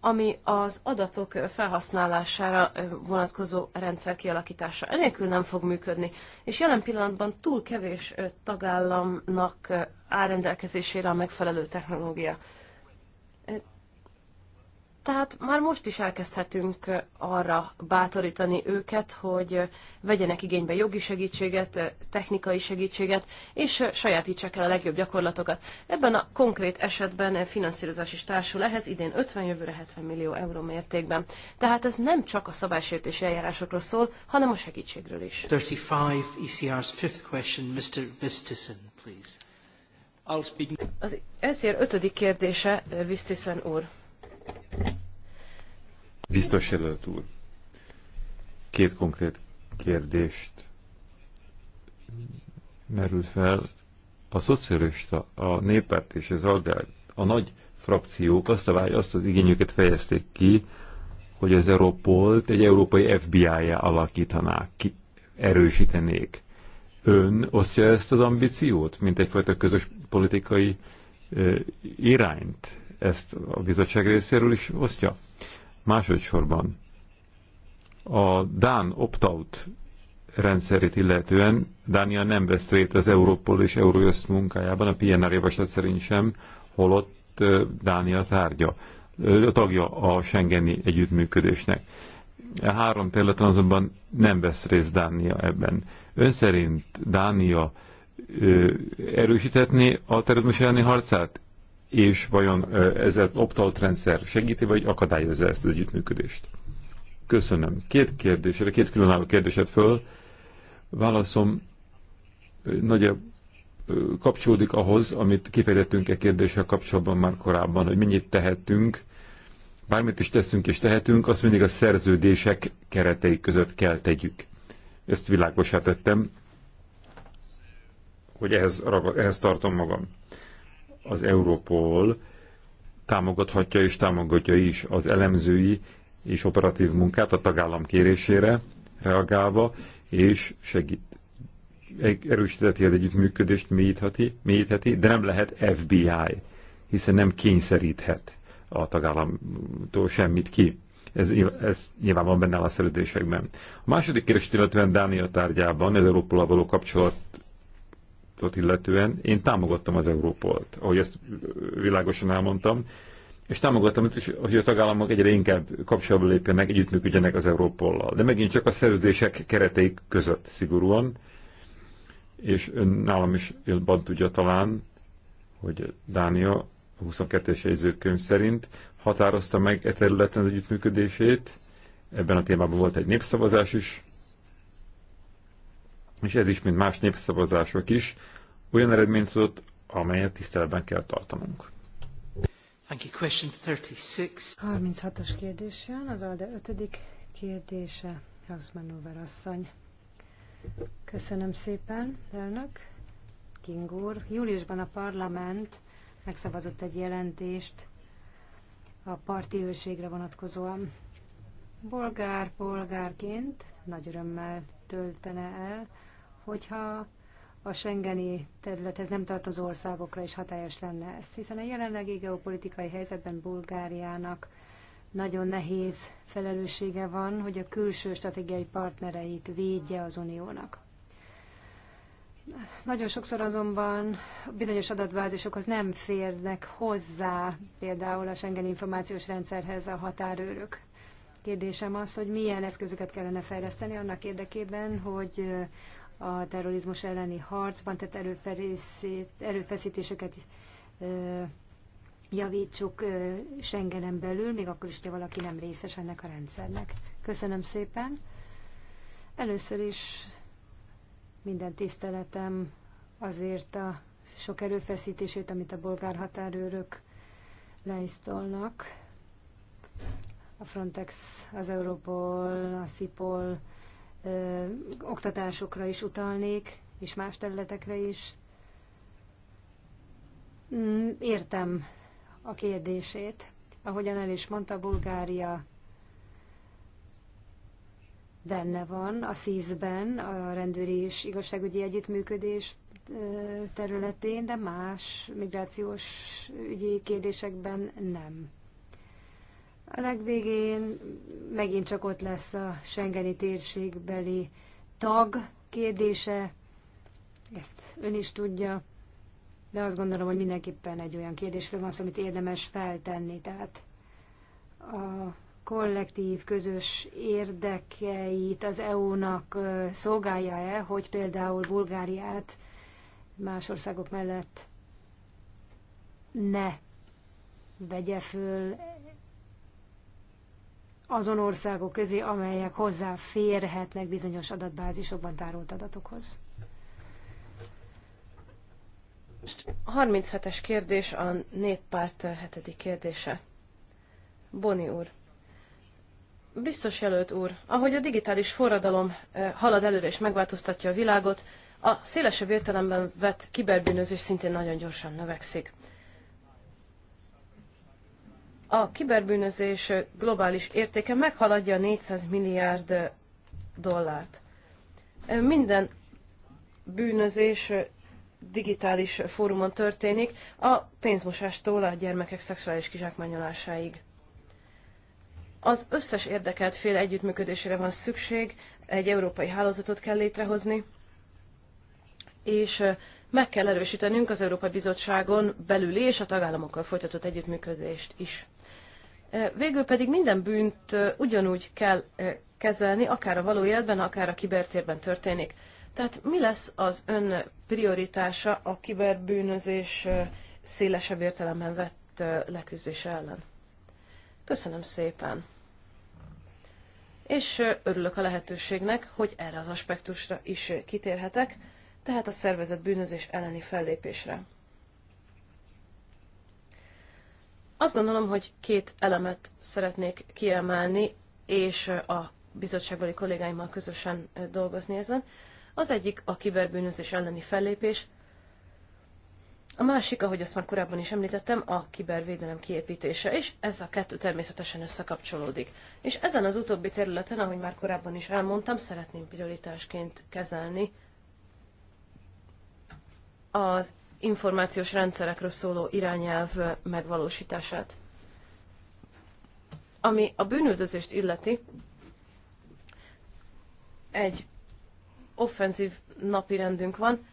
ami az adatok felhasználására vonatkozó rendszer kialakítása. Enélkül nem fog működni, és jelen pillanatban túl kevés tagállamnak áll rendelkezésére a megfelelő technológia. Tehát már most is elkezdhetünk arra bátorítani őket, hogy vegyenek igénybe jogi segítséget, technikai segítséget, és sajátítsák el a legjobb gyakorlatokat. Ebben a konkrét esetben finanszírozás is társul ehhez, idén 50, jövőre 70 millió euró mértékben. Tehát ez nem csak a szabálysértési eljárásokról szól, hanem a segítségről is. 35 ECR's fifth question, Mr. Vistisen, please. Az ezért ötödik kérdése, Vistisen úr. Biztos jelölt úr, két konkrét kérdést merült fel. A szocialista, a néppárt és az alde, a nagy frakciók azt a vágy, azt az igényüket fejezték ki, hogy az Europolt egy európai FBI-já alakítanák ki, erősítenék. Ön osztja ezt az ambíciót, mint egyfajta közös politikai ö, irányt? ezt a bizottság részéről is osztja. Másodszorban a Dán opt-out rendszerét illetően Dánia nem vesz részt az Európol és Eurojust munkájában, a PNR javaslat szerint sem, holott Dánia tárgya, A tagja a Schengeni együttműködésnek. A e három területen azonban nem vesz részt Dánia ebben. Ön szerint Dánia erősíthetné a terrorizmus elleni harcát? és vajon ez az opt-out rendszer segíti, vagy akadályozza ezt az együttműködést? Köszönöm. Két kérdésre, két különálló kérdéset föl. Válaszom nagyobb kapcsolódik ahhoz, amit kifejtettünk e kérdéssel kapcsolatban már korábban, hogy mennyit tehetünk, bármit is teszünk és tehetünk, azt mindig a szerződések keretei között kell tegyük. Ezt világosá tettem, hogy ehhez, ehhez tartom magam az Europol támogathatja és támogatja is az elemzői és operatív munkát a tagállam kérésére reagálva, és segít erősítheti az együttműködést, mélyítheti, mélyítheti, de nem lehet FBI, hiszen nem kényszeríthet a tagállamtól semmit ki. Ez, ez nyilván van benne a szerződésekben. A második kérdést illetően Dánia tárgyában, az Európolal való kapcsolat javaslatot illetően én támogattam az Európolt, ahogy ezt világosan elmondtam, és támogattam, hogy a tagállamok egyre inkább kapcsolatba lépjenek, együttműködjenek az Európollal. De megint csak a szerződések kereteik között szigorúan, és ön nálam is jobban tudja talán, hogy Dánia 22-es jegyzőkönyv szerint határozta meg e területen az együttműködését, ebben a témában volt egy népszavazás is, és ez is, mint más népszavazások is, olyan eredményt adott, amelyet tiszteletben kell tartanunk. 36. os kérdés jön, az ALDE 5. kérdése, Hausmann asszony. Köszönöm szépen, elnök. King úr. Júliusban a parlament megszavazott egy jelentést a parti őségre vonatkozóan. Bolgár polgárként nagy örömmel töltene el, hogyha a Schengeni területhez nem tartozó országokra is hatályos lenne ez, hiszen a jelenlegi geopolitikai helyzetben Bulgáriának nagyon nehéz felelőssége van, hogy a külső stratégiai partnereit védje az uniónak. Nagyon sokszor azonban bizonyos adatbázisokhoz nem férnek hozzá, például a Schengen információs rendszerhez a határőrök. Kérdésem az, hogy milyen eszközöket kellene fejleszteni annak érdekében, hogy a terrorizmus elleni harcban tehát erőfeszítéseket javítsuk Schengenen belül, még akkor is, hogyha valaki nem részes ennek a rendszernek. Köszönöm szépen. Először is minden tiszteletem azért a sok erőfeszítését, amit a bolgár határőrök leisztolnak. A Frontex, az Europol, a Szipol ö, oktatásokra is utalnék, és más területekre is. Mm, értem a kérdését. Ahogyan el is mondta, Bulgária benne van a szízben, a rendőri és igazságügyi együttműködés területén, de más migrációs ügyi kérdésekben nem. A legvégén megint csak ott lesz a Schengeni térségbeli tag kérdése, ezt ön is tudja, de azt gondolom, hogy mindenképpen egy olyan kérdésről van szó, amit érdemes feltenni. Tehát a kollektív, közös érdekeit az EU-nak szolgálja-e, hogy például Bulgáriát más országok mellett ne vegye föl azon országok közé, amelyek hozzáférhetnek bizonyos adatbázisokban tárolt adatokhoz. 37-es kérdés a néppárt hetedik kérdése. Boni úr. Biztos jelölt úr, ahogy a digitális forradalom eh, halad előre és megváltoztatja a világot, a szélesebb értelemben vett kiberbűnözés szintén nagyon gyorsan növekszik. A kiberbűnözés globális értéke meghaladja 400 milliárd dollárt. Minden bűnözés digitális fórumon történik, a pénzmosástól a gyermekek szexuális kizsákmányolásáig. Az összes érdekelt fél együttműködésére van szükség, egy európai hálózatot kell létrehozni, és meg kell erősítenünk az Európai Bizottságon belüli és a tagállamokkal folytatott együttműködést is. Végül pedig minden bűnt ugyanúgy kell kezelni, akár a való életben, akár a kibertérben történik. Tehát mi lesz az ön prioritása a kiberbűnözés szélesebb értelemben vett leküzdés ellen? Köszönöm szépen! És örülök a lehetőségnek, hogy erre az aspektusra is kitérhetek, tehát a szervezet bűnözés elleni fellépésre. Azt gondolom, hogy két elemet szeretnék kiemelni, és a bizottságbeli kollégáimmal közösen dolgozni ezen. Az egyik a kiberbűnözés elleni fellépés, a másik, ahogy azt már korábban is említettem, a kibervédelem kiépítése, és ez a kettő természetesen összekapcsolódik. És ezen az utóbbi területen, ahogy már korábban is elmondtam, szeretném prioritásként kezelni az információs rendszerekről szóló irányelv megvalósítását. Ami a bűnüldözést illeti, egy offenzív napirendünk van,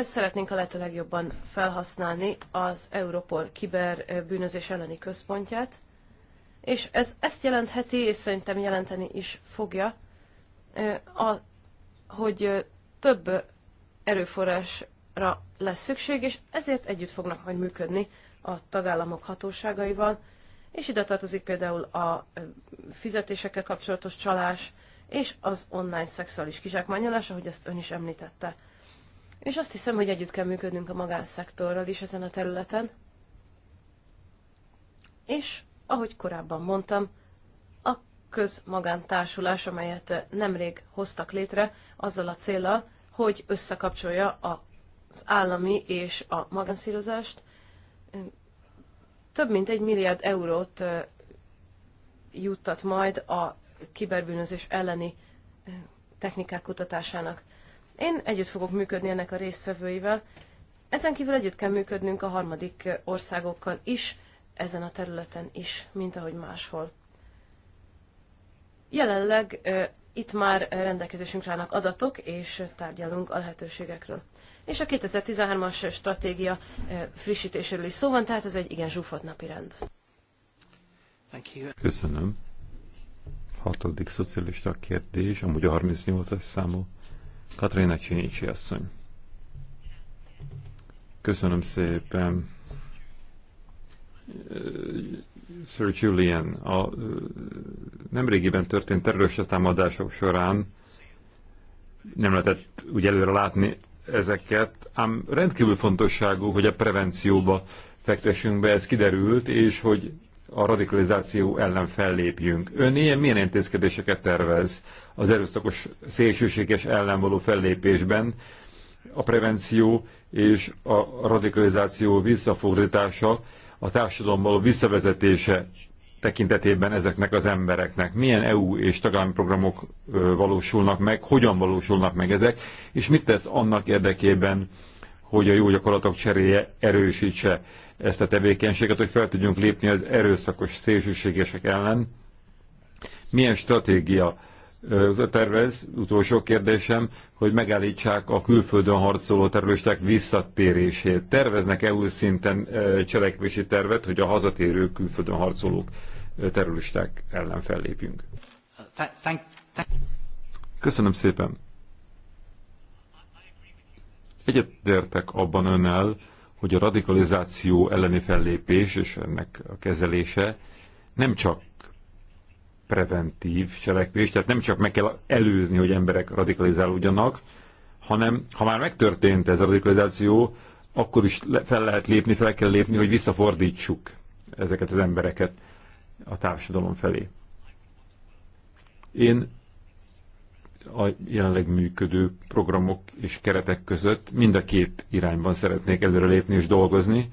szeretnénk a lehető legjobban felhasználni az Europol kiberbűnözés elleni központját, és ez ezt jelentheti, és szerintem jelenteni is fogja, a, hogy több erőforrásra lesz szükség, és ezért együtt fognak majd működni a tagállamok hatóságaival, és ide tartozik például a fizetésekkel kapcsolatos csalás, és az online szexuális kizsákmányolás, ahogy azt ön is említette. És azt hiszem, hogy együtt kell működnünk a magánszektorral is ezen a területen. És, ahogy korábban mondtam, a közmagántársulás, amelyet nemrég hoztak létre, azzal a célral, hogy összekapcsolja a az állami és a magánszírozást. Több mint egy milliárd eurót juttat majd a kiberbűnözés elleni technikák kutatásának. Én együtt fogok működni ennek a résztvevőivel. Ezen kívül együtt kell működnünk a harmadik országokkal is, ezen a területen is, mint ahogy máshol. Jelenleg itt már rendelkezésünkre állnak adatok, és tárgyalunk a lehetőségekről és a 2013-as stratégia frissítéséről is szó van, tehát ez egy igen zsúfolt rend. Köszönöm. Hatodik szocialista kérdés, amúgy a 38-as számú. Katrina Csinicsi asszony. Köszönöm szépen. Sir Julian, a nemrégiben történt terrorista támadások során nem lehetett úgy előre látni ezeket, ám rendkívül fontosságú, hogy a prevencióba fektessünk be, ez kiderült, és hogy a radikalizáció ellen fellépjünk. Ön ilyen milyen intézkedéseket tervez az erőszakos szélsőséges ellen való fellépésben, a prevenció és a radikalizáció visszafordítása, a társadalom való visszavezetése tekintetében ezeknek az embereknek? Milyen EU és tagállami programok valósulnak meg, hogyan valósulnak meg ezek, és mit tesz annak érdekében, hogy a jó gyakorlatok cseréje erősítse ezt a tevékenységet, hogy fel tudjunk lépni az erőszakos szélsőségesek ellen. Milyen stratégia tervez, utolsó kérdésem, hogy megállítsák a külföldön harcoló terroristák visszatérését. Terveznek EU szinten cselekvési tervet, hogy a hazatérő külföldön harcolók terroristák ellen fellépjünk. Köszönöm szépen. Egyetértek abban önnel, hogy a radikalizáció elleni fellépés és ennek a kezelése nem csak preventív cselekvés, tehát nem csak meg kell előzni, hogy emberek radikalizálódjanak, hanem ha már megtörtént ez a radikalizáció, akkor is fel lehet lépni, fel kell lépni, hogy visszafordítsuk ezeket az embereket a társadalom felé. Én a jelenleg működő programok és keretek között mind a két irányban szeretnék előrelépni és dolgozni.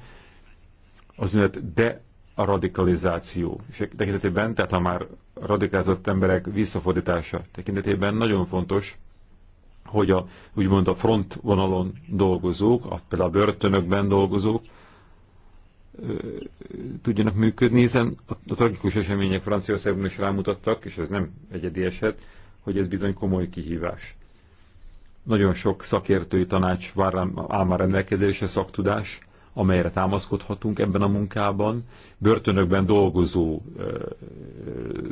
Az ünnep de a radikalizáció e tekintetében, tehát ha már radikalizott emberek visszafordítása tekintetében nagyon fontos, hogy a úgymond a frontvonalon dolgozók, a, például a börtönökben dolgozók, tudjanak működni, hiszen a, a tragikus események Franciaországban is rámutattak, és ez nem egyedi eset, hogy ez bizony komoly kihívás. Nagyon sok szakértői tanács vár áll már rendelkezésre szaktudás, amelyre támaszkodhatunk ebben a munkában. Börtönökben dolgozó ö, ö,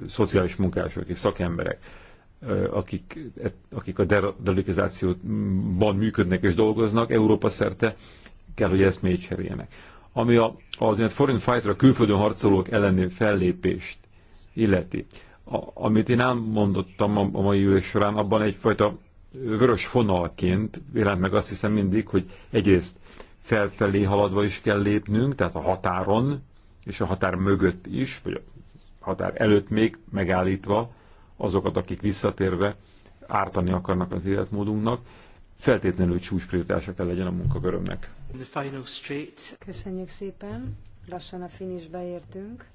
szociális munkások és szakemberek, ö, akik, e, akik a deradikalizációban működnek és dolgoznak, Európa szerte kell, hogy ezt cseréljenek ami a, az foreign fighter, külföldön harcolók elleni fellépést illeti. A, amit én elmondottam a, a mai ülés során, abban egyfajta vörös fonalként jelent meg azt hiszem mindig, hogy egyrészt felfelé haladva is kell lépnünk, tehát a határon, és a határ mögött is, vagy a határ előtt még megállítva azokat, akik visszatérve ártani akarnak az életmódunknak, feltétlenül csúcsprioritása kell legyen a munkakörömnek. The final straight. Köszönjük szépen. Lassan a finishbe értünk.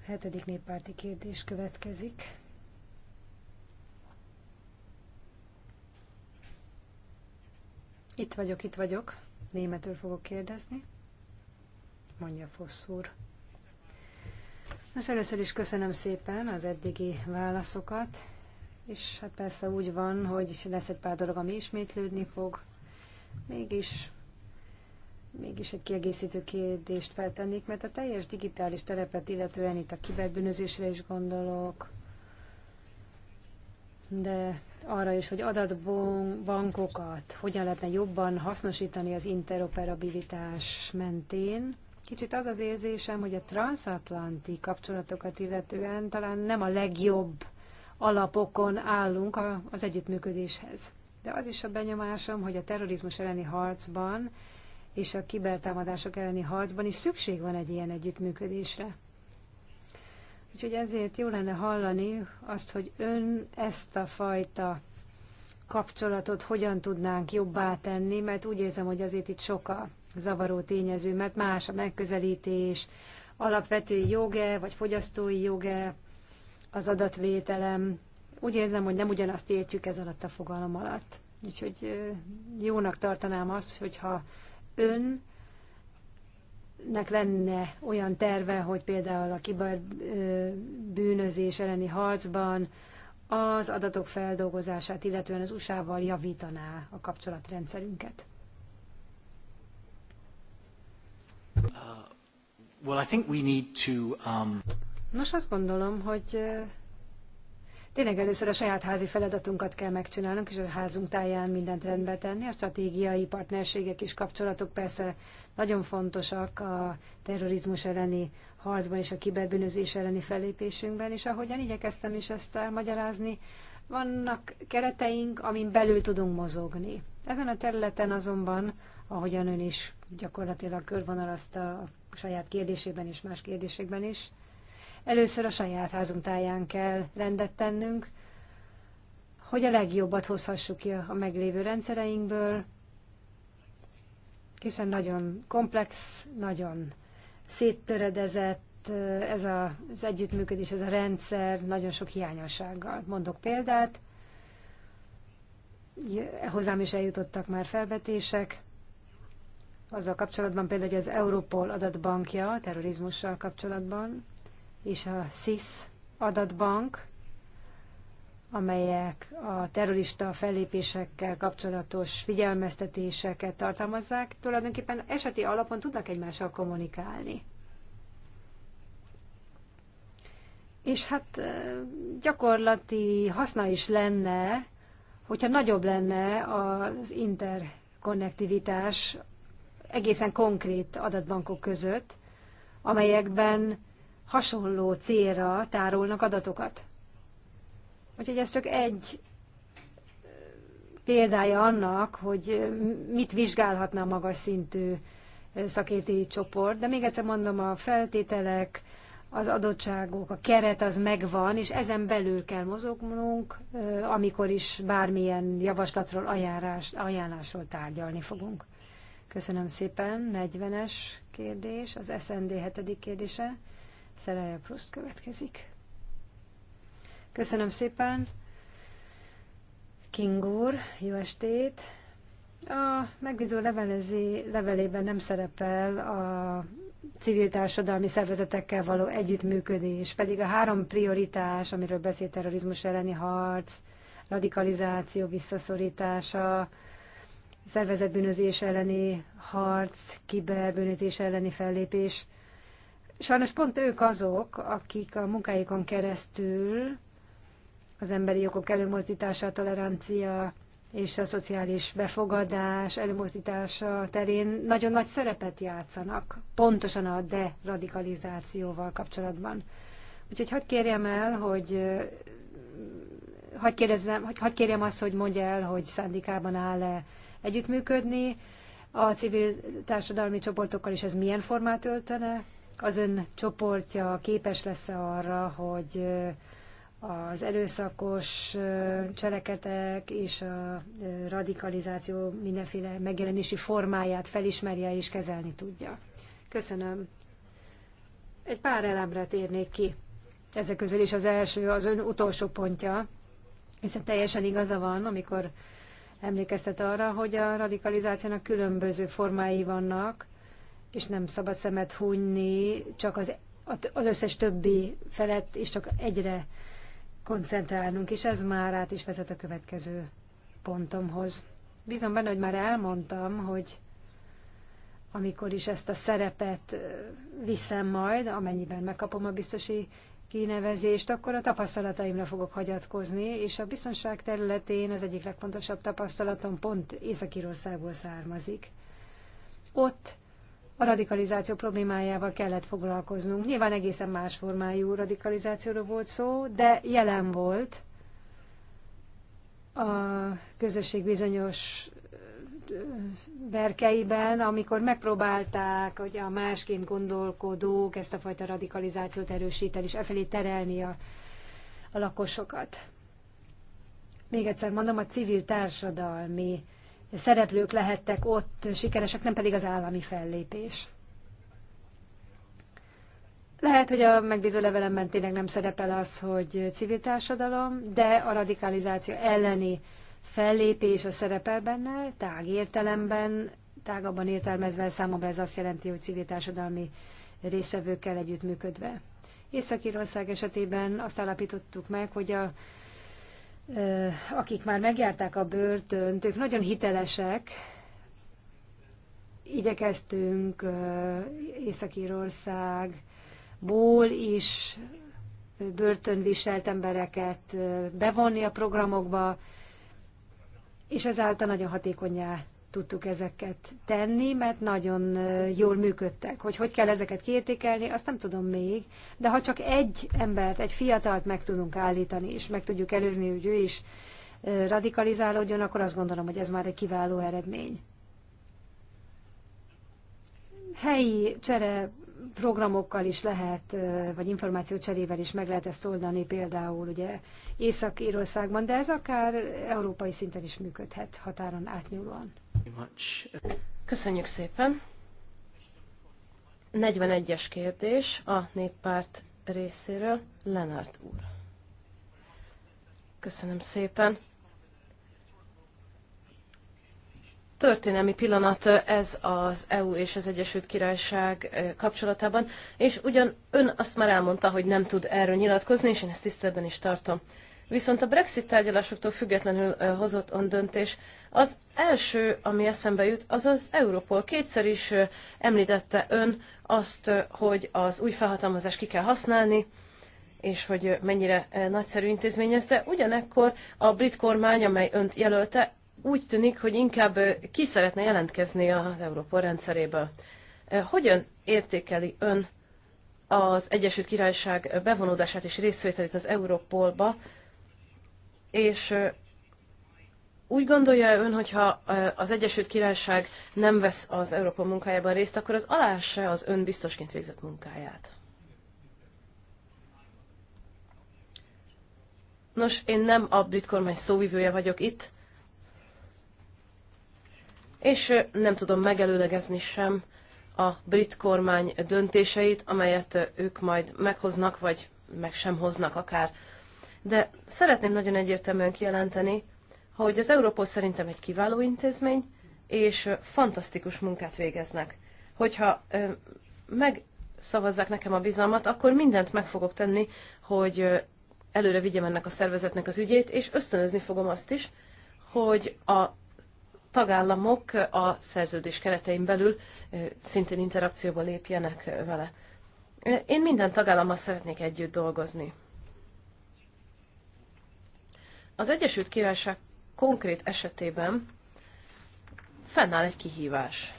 A hetedik néppárti kérdés következik. Itt vagyok, itt vagyok. Németül fogok kérdezni. Mondja Fossz úr. Most először is köszönöm szépen az eddigi válaszokat, és hát persze úgy van, hogy lesz egy pár dolog, ami ismétlődni fog, Mégis, mégis egy kiegészítő kérdést feltennék, mert a teljes digitális terepet, illetően itt a kiberbűnözésre is gondolok, de arra is, hogy adatbankokat hogyan lehetne jobban hasznosítani az interoperabilitás mentén. Kicsit az az érzésem, hogy a transatlanti kapcsolatokat illetően talán nem a legjobb alapokon állunk az együttműködéshez. De az is a benyomásom, hogy a terrorizmus elleni harcban és a kibertámadások elleni harcban is szükség van egy ilyen együttműködésre. Úgyhogy ezért jó lenne hallani azt, hogy ön ezt a fajta kapcsolatot hogyan tudnánk jobbá tenni, mert úgy érzem, hogy azért itt sok a zavaró tényező, mert más a megközelítés, alapvető joge, vagy fogyasztói joge, az adatvételem, úgy érzem, hogy nem ugyanazt értjük ez alatt a fogalom alatt. Úgyhogy jónak tartanám azt, hogyha ön nek lenne olyan terve, hogy például a kiberbűnözés elleni harcban az adatok feldolgozását, illetően az USA-val javítaná a kapcsolatrendszerünket? Uh, well, I think we need to, um... Nos, azt gondolom, hogy Tényleg először a saját házi feladatunkat kell megcsinálnunk, és a házunk táján mindent rendbe tenni. A stratégiai partnerségek és kapcsolatok persze nagyon fontosak a terrorizmus elleni harcban és a kiberbűnözés elleni fellépésünkben, és ahogyan igyekeztem is ezt elmagyarázni, vannak kereteink, amin belül tudunk mozogni. Ezen a területen azonban, ahogyan ön is gyakorlatilag körvonalazta a saját kérdésében és más kérdésekben is, Először a saját házunk táján kell rendet tennünk, hogy a legjobbat hozhassuk ki a meglévő rendszereinkből, hiszen nagyon komplex, nagyon széttöredezett eh, ez a, az együttműködés, ez a rendszer nagyon sok hiányossággal. Mondok példát, hozzám is eljutottak már felvetések, azzal kapcsolatban például, hogy az Europol adatbankja terrorizmussal kapcsolatban és a SIS adatbank, amelyek a terrorista fellépésekkel kapcsolatos figyelmeztetéseket tartalmazzák, tulajdonképpen eseti alapon tudnak egymással kommunikálni. És hát gyakorlati haszna is lenne, hogyha nagyobb lenne az interkonnektivitás egészen konkrét adatbankok között, amelyekben hasonló célra tárolnak adatokat. Úgyhogy ez csak egy példája annak, hogy mit vizsgálhatna a magas szintű szakértői csoport, de még egyszer mondom, a feltételek, az adottságok, a keret az megvan, és ezen belül kell mozognunk, amikor is bármilyen javaslatról, ajánlás, ajánlásról tárgyalni fogunk. Köszönöm szépen. 40-es kérdés, az SND hetedik kérdése. Szerelje Prost következik. Köszönöm szépen. King úr, jó estét. A megbízó levelezi, levelében nem szerepel a civil társadalmi szervezetekkel való együttműködés, pedig a három prioritás, amiről beszélt terrorizmus elleni harc, radikalizáció visszaszorítása, szervezetbűnözés elleni harc, kiberbűnözés elleni fellépés – Sajnos pont ők azok, akik a munkáikon keresztül az emberi jogok előmozdítása, a tolerancia és a szociális befogadás előmozdítása terén nagyon nagy szerepet játszanak, pontosan a deradikalizációval kapcsolatban. Úgyhogy hadd kérjem el, hogy hadd, kérdezzem, hadd, kérjem azt, hogy mondja el, hogy szándékában áll-e együttműködni a civil társadalmi csoportokkal, és ez milyen formát öltene, az ön csoportja képes lesz-e arra, hogy az erőszakos cselekedetek és a radikalizáció mindenféle megjelenési formáját felismerje és kezelni tudja. Köszönöm. Egy pár elemre térnék ki. Ezek közül is az első, az ön utolsó pontja, hiszen teljesen igaza van, amikor emlékeztet arra, hogy a radikalizációnak különböző formái vannak, és nem szabad szemet hunyni csak az, az összes többi felett, és csak egyre koncentrálnunk, és ez már át is vezet a következő pontomhoz. Bízom benne, hogy már elmondtam, hogy amikor is ezt a szerepet viszem majd, amennyiben megkapom a biztosi kinevezést, akkor a tapasztalataimra fogok hagyatkozni, és a biztonság területén az egyik legfontosabb tapasztalatom pont Észak-Írországból származik. Ott a radikalizáció problémájával kellett foglalkoznunk. Nyilván egészen más formájú radikalizációról volt szó, de jelen volt a közösség bizonyos berkeiben, amikor megpróbálták hogy a másként gondolkodók ezt a fajta radikalizációt erősíteni, és efelé terelni a, a lakosokat. Még egyszer mondom, a civil társadalmi szereplők lehettek ott sikeresek, nem pedig az állami fellépés. Lehet, hogy a megbízó levelemben tényleg nem szerepel az, hogy civil társadalom, de a radikalizáció elleni fellépés a szerepel benne, tág értelemben, tágabban értelmezve számomra ez azt jelenti, hogy civil társadalmi résztvevőkkel együttműködve. Észak-Írország esetében azt állapítottuk meg, hogy a akik már megjárták a börtönt, ők nagyon hitelesek. Igyekeztünk Észak-Írországból is börtönviselt embereket bevonni a programokba, és ezáltal nagyon hatékonyá tudtuk ezeket tenni, mert nagyon jól működtek. Hogy hogy kell ezeket kiértékelni, azt nem tudom még, de ha csak egy embert, egy fiatalt meg tudunk állítani, és meg tudjuk előzni, hogy ő is radikalizálódjon, akkor azt gondolom, hogy ez már egy kiváló eredmény. Helyi csere programokkal is lehet, vagy információcserével is meg lehet ezt oldani, például ugye Észak-Írországban, de ez akár európai szinten is működhet, határon átnyúlóan. Köszönjük szépen! 41-es kérdés a néppárt részéről Lenart úr. Köszönöm szépen! történelmi pillanat ez az EU és az Egyesült Királyság eh, kapcsolatában, és ugyan ön azt már elmondta, hogy nem tud erről nyilatkozni, és én ezt tiszteletben is tartom. Viszont a Brexit tárgyalásoktól függetlenül eh, hozott on döntés, az első, ami eszembe jut, az az Europol. Kétszer is eh, említette ön azt, hogy az új felhatalmazást ki kell használni, és hogy mennyire nagyszerű intézmény ez, de ugyanekkor a brit kormány, amely önt jelölte, úgy tűnik, hogy inkább ki szeretne jelentkezni az Európa rendszerébe. Hogyan értékeli ön az Egyesült Királyság bevonódását és részvételét az Európolba, és úgy gondolja ön, hogyha az Egyesült Királyság nem vesz az Európa munkájában részt, akkor az alássa az ön biztosként végzett munkáját? Nos, én nem a brit kormány szóvivője vagyok itt, és nem tudom megelőlegezni sem a brit kormány döntéseit, amelyet ők majd meghoznak, vagy meg sem hoznak akár. De szeretném nagyon egyértelműen kijelenteni, hogy az Európa szerintem egy kiváló intézmény, és fantasztikus munkát végeznek. Hogyha megszavazzák nekem a bizalmat, akkor mindent meg fogok tenni, hogy előre vigyem ennek a szervezetnek az ügyét, és ösztönözni fogom azt is, hogy a tagállamok a szerződés keretein belül szintén interakcióba lépjenek vele. Én minden tagállammal szeretnék együtt dolgozni. Az Egyesült Királyság konkrét esetében fennáll egy kihívás.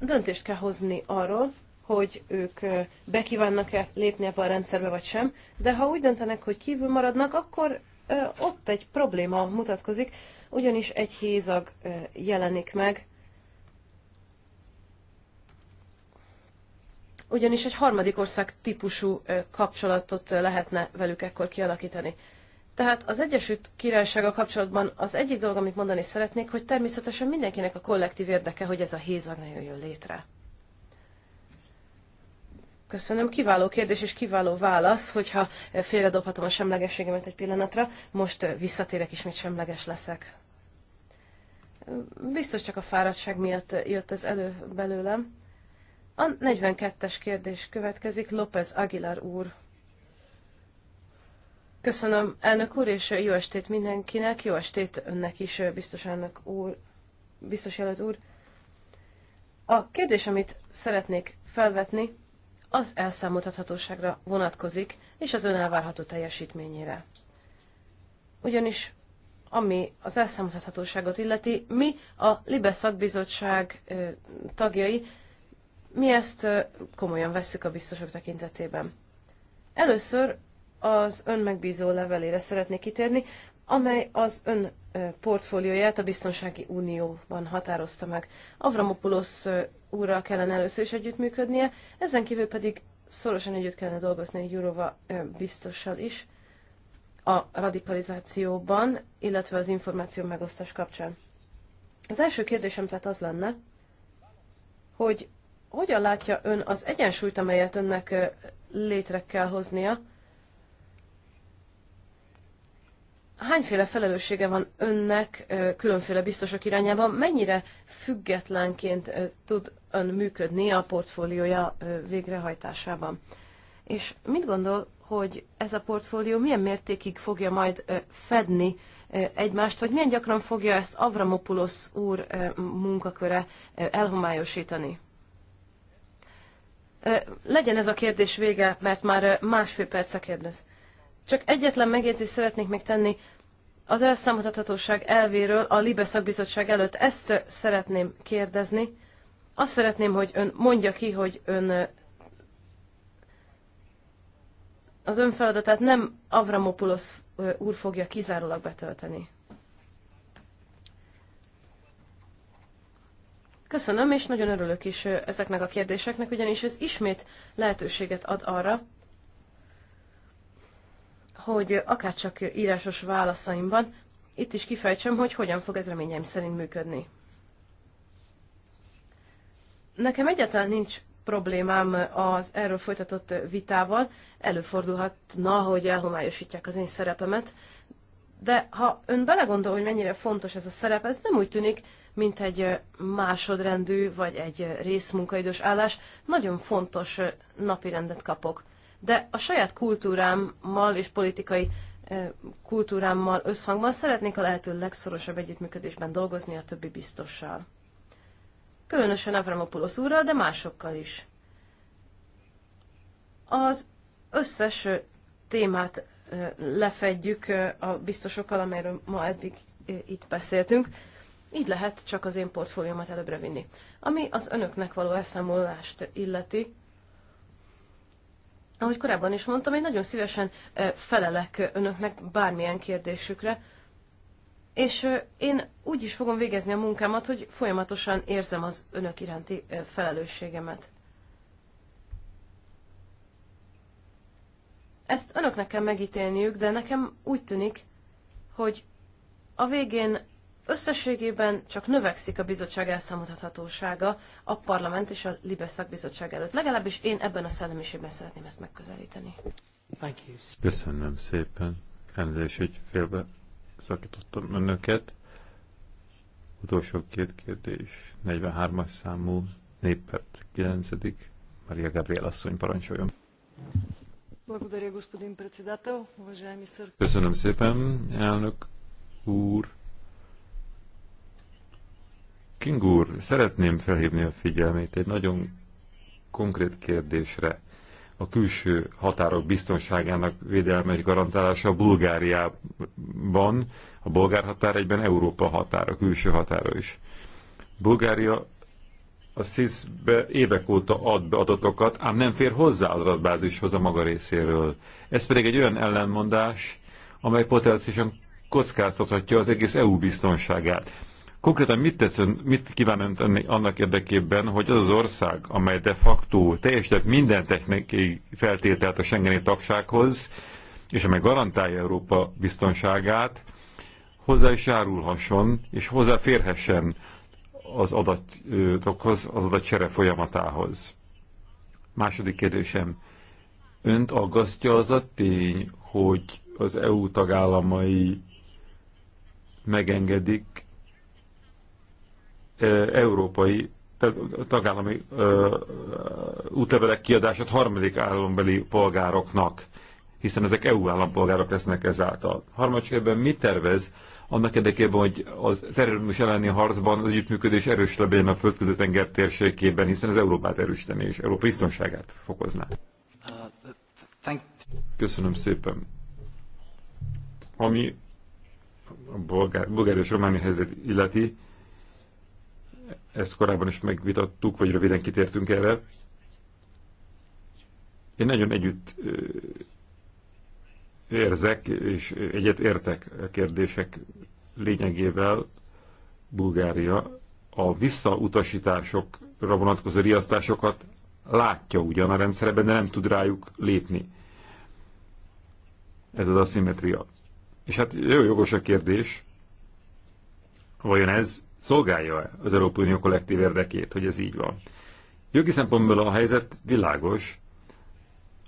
Döntést kell hozni arról, hogy ők bekívánnak-e lépni ebbe a rendszerbe, vagy sem, de ha úgy döntenek, hogy kívül maradnak, akkor ott egy probléma mutatkozik, ugyanis egy hézag jelenik meg, ugyanis egy harmadik ország típusú kapcsolatot lehetne velük ekkor kialakítani. Tehát az Egyesült a kapcsolatban az egyik dolog, amit mondani szeretnék, hogy természetesen mindenkinek a kollektív érdeke, hogy ez a hézag ne jöjjön létre. Köszönöm, kiváló kérdés és kiváló válasz, hogyha félredobhatom a semlegességemet egy pillanatra, most visszatérek, ismét semleges leszek. Biztos csak a fáradtság miatt jött ez elő belőlem. A 42-es kérdés következik, López Aguilar úr. Köszönöm, elnök úr, és jó estét mindenkinek, jó estét önnek is, biztos elnök úr, biztos jelölt úr. A kérdés, amit szeretnék felvetni, az elszámoltathatóságra vonatkozik, és az ön elvárható teljesítményére. Ugyanis ami az elszámoltathatóságot illeti, mi a Libe szakbizottság tagjai, mi ezt komolyan vesszük a biztosok tekintetében. Először az önmegbízó levelére szeretnék kitérni, amely az ön portfólióját a Biztonsági Unióban határozta meg. Avramopoulos úrral kellene először is együttműködnie, ezen kívül pedig szorosan együtt kellene dolgozni Jurova biztossal is a radikalizációban, illetve az információ megosztás kapcsán. Az első kérdésem tehát az lenne, hogy hogyan látja ön az egyensúlyt, amelyet önnek létre kell hoznia, hányféle felelőssége van önnek különféle biztosok irányában, mennyire függetlenként tud ön működni a portfóliója végrehajtásában? És mit gondol, hogy ez a portfólió milyen mértékig fogja majd fedni egymást, vagy milyen gyakran fogja ezt Avramopulosz úr munkaköre elhomályosítani? Legyen ez a kérdés vége, mert már másfél perce kérdez. Csak egyetlen megjegyzést szeretnék még tenni az elszámoltathatóság elvéről a Libe szakbizottság előtt. Ezt szeretném kérdezni. Azt szeretném, hogy ön mondja ki, hogy ön az ön feladatát nem Avramopoulos úr fogja kizárólag betölteni. Köszönöm, és nagyon örülök is ezeknek a kérdéseknek, ugyanis ez ismét lehetőséget ad arra, hogy akárcsak írásos válaszaimban itt is kifejtsem, hogy hogyan fog ez reményeim szerint működni. Nekem egyáltalán nincs problémám az erről folytatott vitával, előfordulhatna, hogy elhomályosítják az én szerepemet, de ha ön belegondol, hogy mennyire fontos ez a szerep, ez nem úgy tűnik, mint egy másodrendű vagy egy részmunkaidős állás, nagyon fontos napirendet kapok de a saját kultúrámmal és politikai kultúrámmal összhangban szeretnék a lehető legszorosabb együttműködésben dolgozni a többi biztossal. Különösen Avramopoulos úrral, de másokkal is. Az összes témát lefedjük a biztosokkal, amelyről ma eddig itt beszéltünk. Így lehet csak az én portfóliómat előbbre vinni. Ami az önöknek való elszámolást illeti, ahogy korábban is mondtam, én nagyon szívesen felelek önöknek bármilyen kérdésükre, és én úgy is fogom végezni a munkámat, hogy folyamatosan érzem az önök iránti felelősségemet. Ezt önöknek kell megítélniük, de nekem úgy tűnik, hogy a végén Összességében csak növekszik a bizottság elszámolhatósága a parlament és a Libe szakbizottság előtt. Legalábbis én ebben a szellemiségben szeretném ezt megközelíteni. Thank you. Köszönöm szépen. Elnézést, hogy félbe szakítottam önöket. Utolsó két kérdés. 43-as számú néppárt 9. Maria Gabriel asszony parancsoljon. Köszönöm szépen, elnök úr King úr, szeretném felhívni a figyelmét egy nagyon konkrét kérdésre. A külső határok biztonságának védelme és garantálása a Bulgáriában, a bolgár határ egyben Európa határa, külső határa is. Bulgária a SZISZ-be évek óta ad be adatokat, ám nem fér hozzá az adatbázishoz a maga részéről. Ez pedig egy olyan ellenmondás, amely potenciálisan kockáztathatja az egész EU biztonságát. Konkrétan mit, tesz ön, mit kíván ön tenni annak érdekében, hogy az az ország, amely de facto teljesített minden technikai feltételt a Schengeni tagsághoz, és amely garantálja Európa biztonságát, hozzá is járulhasson, és hozzáférhessen az adatokhoz, az adatcsere folyamatához. Második kérdésem. Önt aggasztja az a tény, hogy az EU tagállamai megengedik európai tagállami útlevelek kiadását harmadik állambeli polgároknak, hiszen ezek EU állampolgárok lesznek ezáltal. Harmadsorban mit tervez annak érdekében, hogy az terrorizmus elleni harcban az együttműködés erős legyen a földközi tenger térségében, hiszen az Európát erősíteni és Európa biztonságát fokozná? Köszönöm szépen. Ami a bulgár, bulgár és románi helyzet illeti, ezt korábban is megvitattuk, vagy röviden kitértünk erre. Én nagyon együtt érzek, és egyet értek a kérdések lényegével. Bulgária a visszautasításokra vonatkozó riasztásokat látja ugyan a rendszerben, de nem tud rájuk lépni. Ez az aszimetria. És hát jó jogos a kérdés, vajon ez szolgálja az Európai Unió kollektív érdekét, hogy ez így van. Jogi szempontból a helyzet világos,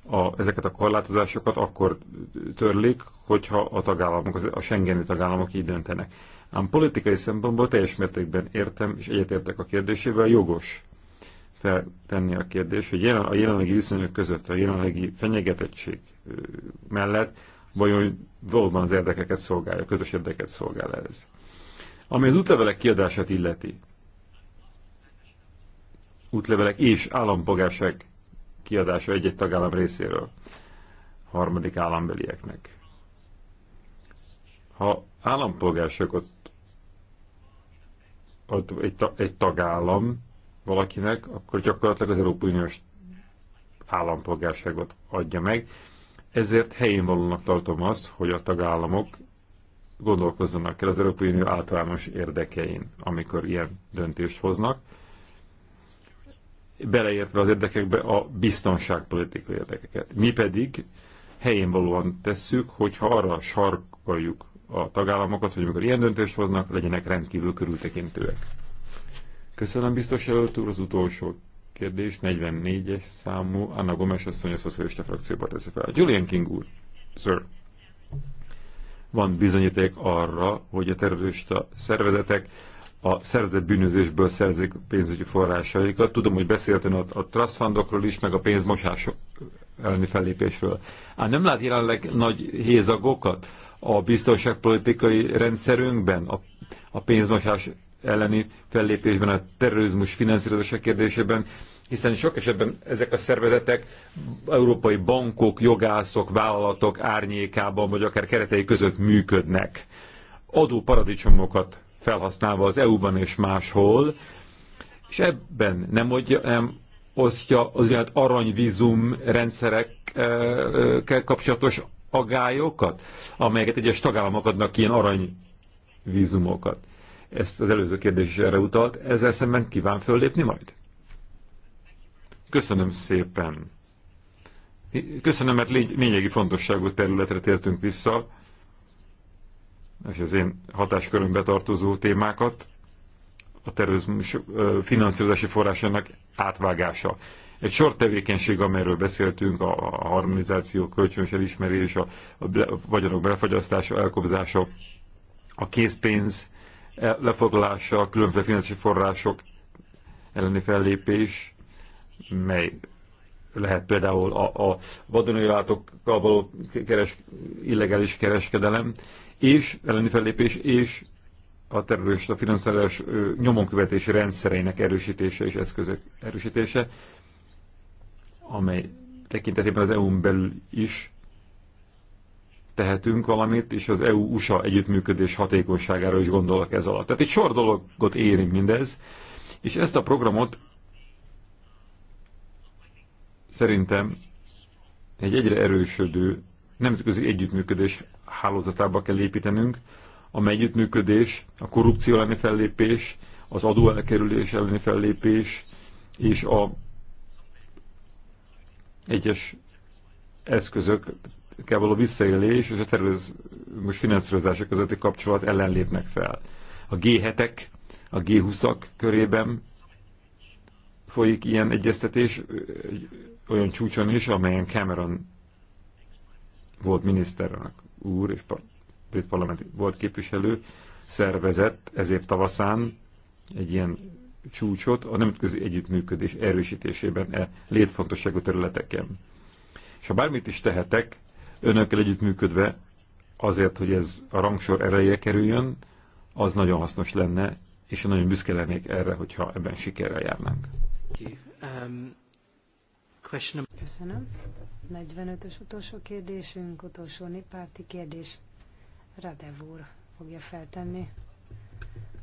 a, ezeket a korlátozásokat akkor törlik, hogyha a tagállamok, a Schengeni tagállamok így döntenek. Ám politikai szempontból teljes mértékben értem és egyetértek a kérdésével, jogos feltenni a kérdés, hogy jelen, a jelenlegi viszonyok között, a jelenlegi fenyegetettség mellett vajon valóban az érdekeket szolgálja, közös érdeket szolgál ez. Ami az útlevelek kiadását illeti, útlevelek és állampolgárság kiadása egy-egy tagállam részéről harmadik állambelieknek. Ha állampolgárságot ad egy, ta, egy tagállam valakinek, akkor gyakorlatilag az Európai Uniós állampolgárságot adja meg. Ezért helyén valónak tartom azt, hogy a tagállamok gondolkozzanak el az Európai Unió általános érdekein, amikor ilyen döntést hoznak, beleértve az érdekekbe a biztonságpolitikai érdekeket. Mi pedig helyén valóan tesszük, hogyha arra sarkoljuk a tagállamokat, hogy amikor ilyen döntést hoznak, legyenek rendkívül körültekintőek. Köszönöm biztos előtt úr, az utolsó kérdés, 44-es számú, Anna Gomes asszony a szocialista frakcióba teszi fel. Julian King úr, sir van bizonyíték arra, hogy a terrorista szervezetek a szerzett bűnözésből szerzik pénzügyi forrásaikat. Tudom, hogy beszéltem a, a trust fundokról is, meg a pénzmosás elleni fellépésről. Á, nem lát jelenleg nagy hézagokat a biztonságpolitikai rendszerünkben, a, a pénzmosás elleni fellépésben, a terrorizmus finanszírozása kérdésében, hiszen sok esetben ezek a szervezetek európai bankok, jogászok, vállalatok árnyékában, vagy akár keretei között működnek. Adóparadicsomokat felhasználva az EU-ban és máshol, és ebben nem, adja, nem osztja az olyan aranyvízum rendszerekkel kapcsolatos agályokat, amelyeket egyes tagállamok adnak ilyen aranyvízumokat. Ezt az előző kérdés is erre utalt. Ezzel szemben kíván föllépni majd? Köszönöm szépen. Köszönöm, mert lényegi fontosságú területre tértünk vissza, és az én hatáskörömbe tartozó témákat, a terrorizmus finanszírozási forrásának átvágása. Egy sor tevékenység, amelyről beszéltünk, a harmonizáció, kölcsönös elismerés, a, vagyonok befagyasztása, elkobzása, a készpénz e, lefoglalása, különböző finanszírozási források elleni fellépés, mely lehet például a, a vadonőjátokkal való keres, illegális kereskedelem, és elleni fellépés, és a terrorista finanszírozás nyomonkövetési rendszereinek erősítése és eszközök erősítése, amely tekintetében az EU-n belül is tehetünk valamit, és az EU-USA együttműködés hatékonyságára is gondolok ez alatt. Tehát egy sor dologot érint mindez, és ezt a programot Szerintem egy egyre erősödő nemzetközi együttműködés hálózatába kell építenünk, amely együttműködés, a korrupció elleni fellépés, az adóelkerülés elleni fellépés és a egyes eszközök kell való visszaélés és a terrorizmus finanszírozása közötti kapcsolat ellen lépnek fel. A G7-ek, a G20-ak körében folyik ilyen egyeztetés, olyan csúcson is, amelyen Cameron volt miniszterelnök úr és brit parlamenti volt képviselő, szervezett ez év tavaszán egy ilyen csúcsot a nemzetközi együttműködés erősítésében e létfontosságú területeken. És ha bármit is tehetek, önökkel együttműködve azért, hogy ez a rangsor ereje kerüljön, az nagyon hasznos lenne, és nagyon büszke lennék erre, hogyha ebben sikerrel járnánk. Um, Köszönöm. 45-ös utolsó kérdésünk, utolsó néppárti kérdés. Radev úr fogja feltenni.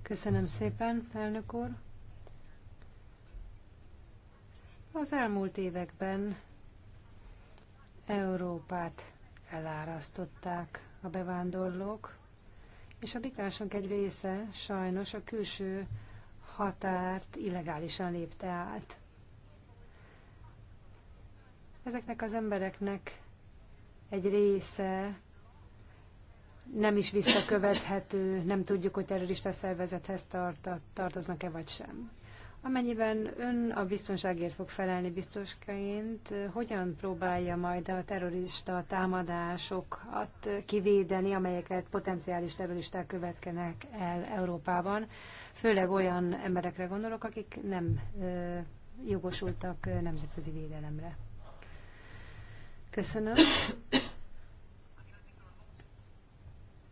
Köszönöm szépen, elnök úr. Az elmúlt években Európát elárasztották a bevándorlók, és a migránsok egy része sajnos a külső határt illegálisan lépte át. Ezeknek az embereknek egy része nem is visszakövethető, nem tudjuk, hogy terrorista szervezethez tart, tartoznak-e vagy sem. Amennyiben ön a biztonságért fog felelni biztosként, hogyan próbálja majd a terrorista támadásokat kivédeni, amelyeket potenciális terroristák követkenek el Európában? Főleg olyan emberekre gondolok, akik nem jogosultak nemzetközi védelemre. Köszönöm.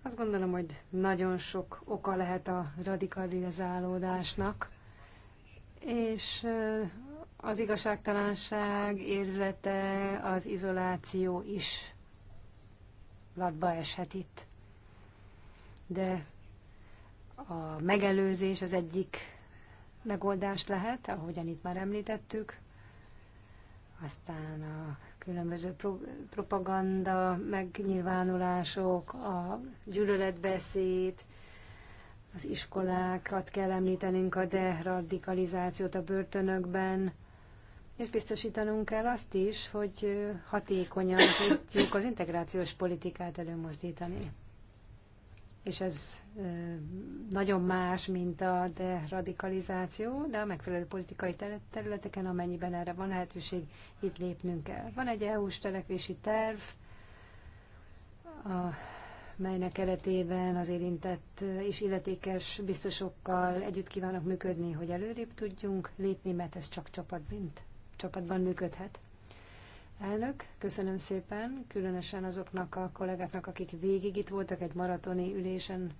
Azt gondolom, hogy nagyon sok oka lehet a radikalizálódásnak, és az igazságtalanság érzete, az izoláció is latba eshet itt. De a megelőzés az egyik megoldás lehet, ahogyan itt már említettük, aztán a különböző propaganda megnyilvánulások, a gyűlöletbeszéd, az iskolákat kell említenünk, a deradikalizációt a börtönökben, és biztosítanunk kell azt is, hogy hatékonyan tudjuk az integrációs politikát előmozdítani. És ez nagyon más, mint a deradikalizáció, de a megfelelő politikai területeken, amennyiben erre van lehetőség, itt lépnünk kell. Van egy EU-s telekvési terv, a, melynek keretében az érintett és illetékes biztosokkal együtt kívánok működni, hogy előrébb tudjunk lépni, mert ez csak mint, csapatban működhet. Elnök, köszönöm szépen, különösen azoknak a kollégáknak, akik végig itt voltak egy maratoni ülésen,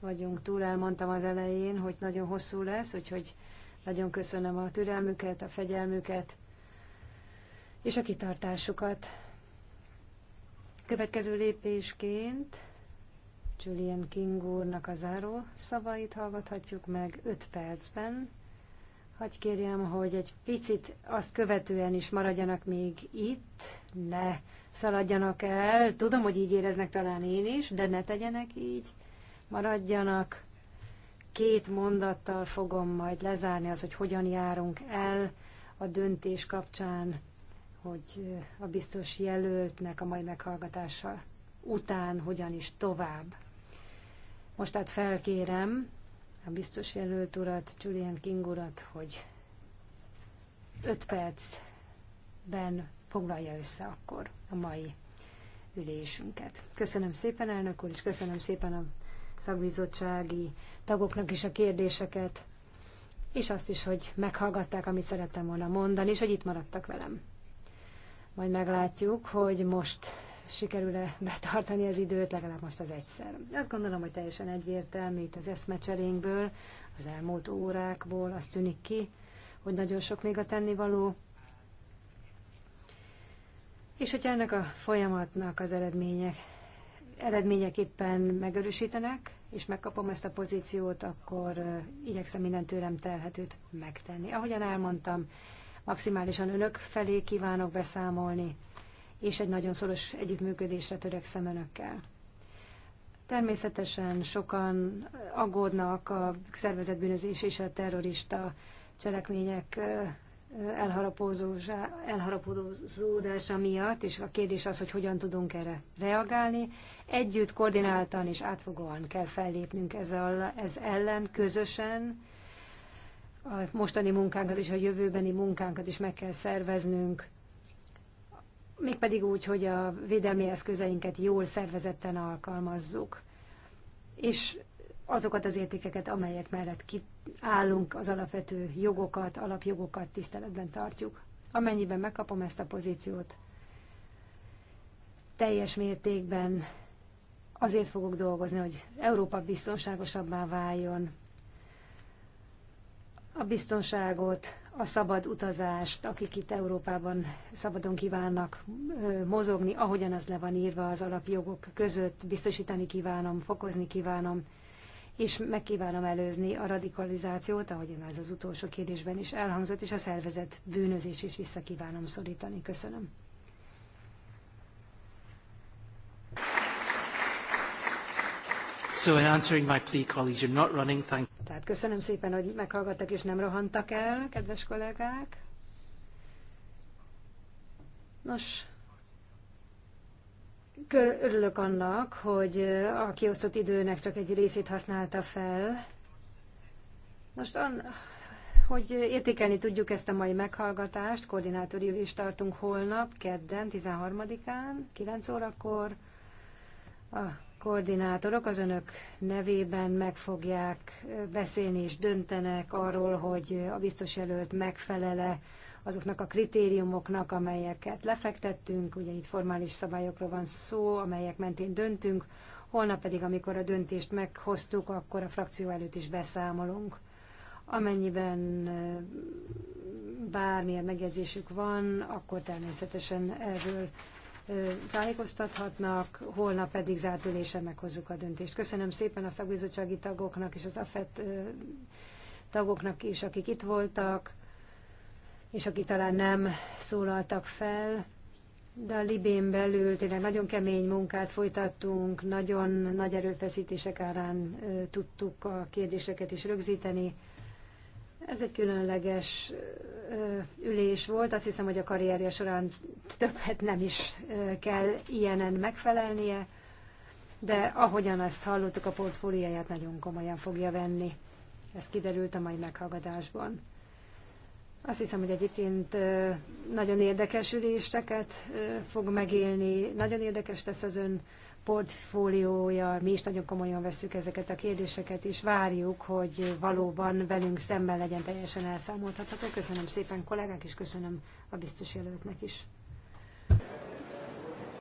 vagyunk túl. Elmondtam az elején, hogy nagyon hosszú lesz, úgyhogy nagyon köszönöm a türelmüket, a fegyelmüket és a kitartásukat. Következő lépésként Julian King úrnak a záró szavait hallgathatjuk meg 5 percben. Hagy kérjem, hogy egy picit azt követően is maradjanak még itt, ne szaladjanak el. Tudom, hogy így éreznek talán én is, de ne tegyenek így maradjanak. Két mondattal fogom majd lezárni az, hogy hogyan járunk el a döntés kapcsán, hogy a biztos jelöltnek a mai meghallgatása után hogyan is tovább. Most tehát felkérem a biztos jelölt urat, Julian King urat, hogy öt percben foglalja össze akkor a mai ülésünket. Köszönöm szépen, elnök úr, és köszönöm szépen a szakbizottsági tagoknak is a kérdéseket, és azt is, hogy meghallgatták, amit szerettem volna mondani, és hogy itt maradtak velem. Majd meglátjuk, hogy most sikerül-e betartani az időt, legalább most az egyszer. Azt gondolom, hogy teljesen egyértelmű itt az eszmecserénkből, az elmúlt órákból azt tűnik ki, hogy nagyon sok még a tennivaló. És hogyha ennek a folyamatnak az eredmények eredményeképpen megerősítenek, és megkapom ezt a pozíciót, akkor igyekszem minden tőlem telhetőt megtenni. Ahogyan elmondtam, maximálisan önök felé kívánok beszámolni, és egy nagyon szoros együttműködésre törekszem önökkel. Természetesen sokan aggódnak a szervezetbűnözés és a terrorista cselekmények elharapódózódása miatt, és a kérdés az, hogy hogyan tudunk erre reagálni. Együtt, koordináltan és átfogóan kell fellépnünk ezzel, ez ellen, közösen. A mostani munkánkat és a jövőbeni munkánkat is meg kell szerveznünk, mégpedig úgy, hogy a védelmi eszközeinket jól szervezetten alkalmazzuk. És azokat az értékeket, amelyek mellett kiállunk, az alapvető jogokat, alapjogokat tiszteletben tartjuk. Amennyiben megkapom ezt a pozíciót, teljes mértékben azért fogok dolgozni, hogy Európa biztonságosabbá váljon, a biztonságot, a szabad utazást, akik itt Európában szabadon kívánnak mozogni, ahogyan az le van írva az alapjogok között, biztosítani kívánom, fokozni kívánom, és megkívánom előzni a radikalizációt, ahogyan ez az utolsó kérdésben is elhangzott, és a szervezet bűnözés is vissza kívánom szorítani. Köszönöm. So in answering my plea, colleagues, you're not running, thank Tehát köszönöm szépen, hogy meghallgattak és nem rohantak el, kedves kollégák. Nos, Örülök annak, hogy a kiosztott időnek csak egy részét használta fel. Most, an, hogy értékelni tudjuk ezt a mai meghallgatást, koordinátori is tartunk holnap, kedden, 13-án, 9 órakor. A koordinátorok az önök nevében meg fogják beszélni és döntenek arról, hogy a biztos jelölt megfelele azoknak a kritériumoknak, amelyeket lefektettünk, ugye itt formális szabályokról van szó, amelyek mentén döntünk, holnap pedig, amikor a döntést meghoztuk, akkor a frakció előtt is beszámolunk. Amennyiben bármilyen megjegyzésük van, akkor természetesen erről tájékoztathatnak, holnap pedig zárt ülésen meghozzuk a döntést. Köszönöm szépen a szakbizottsági tagoknak és az AFET tagoknak is, akik itt voltak és akik talán nem szólaltak fel, de a Libén belül tényleg nagyon kemény munkát folytattunk, nagyon nagy erőfeszítések árán tudtuk a kérdéseket is rögzíteni. Ez egy különleges ülés volt, azt hiszem, hogy a karrierje során többet nem is kell ilyenen megfelelnie, de ahogyan ezt hallottuk, a portfólióját nagyon komolyan fogja venni. Ez kiderült a mai meghallgatásban. Azt hiszem, hogy egyébként nagyon érdekes üléseket fog megélni, nagyon érdekes lesz az ön portfóliója, mi is nagyon komolyan veszük ezeket a kérdéseket, és várjuk, hogy valóban velünk szemben legyen teljesen elszámolhatható. Köszönöm szépen kollégák, és köszönöm a biztos jelöltnek is.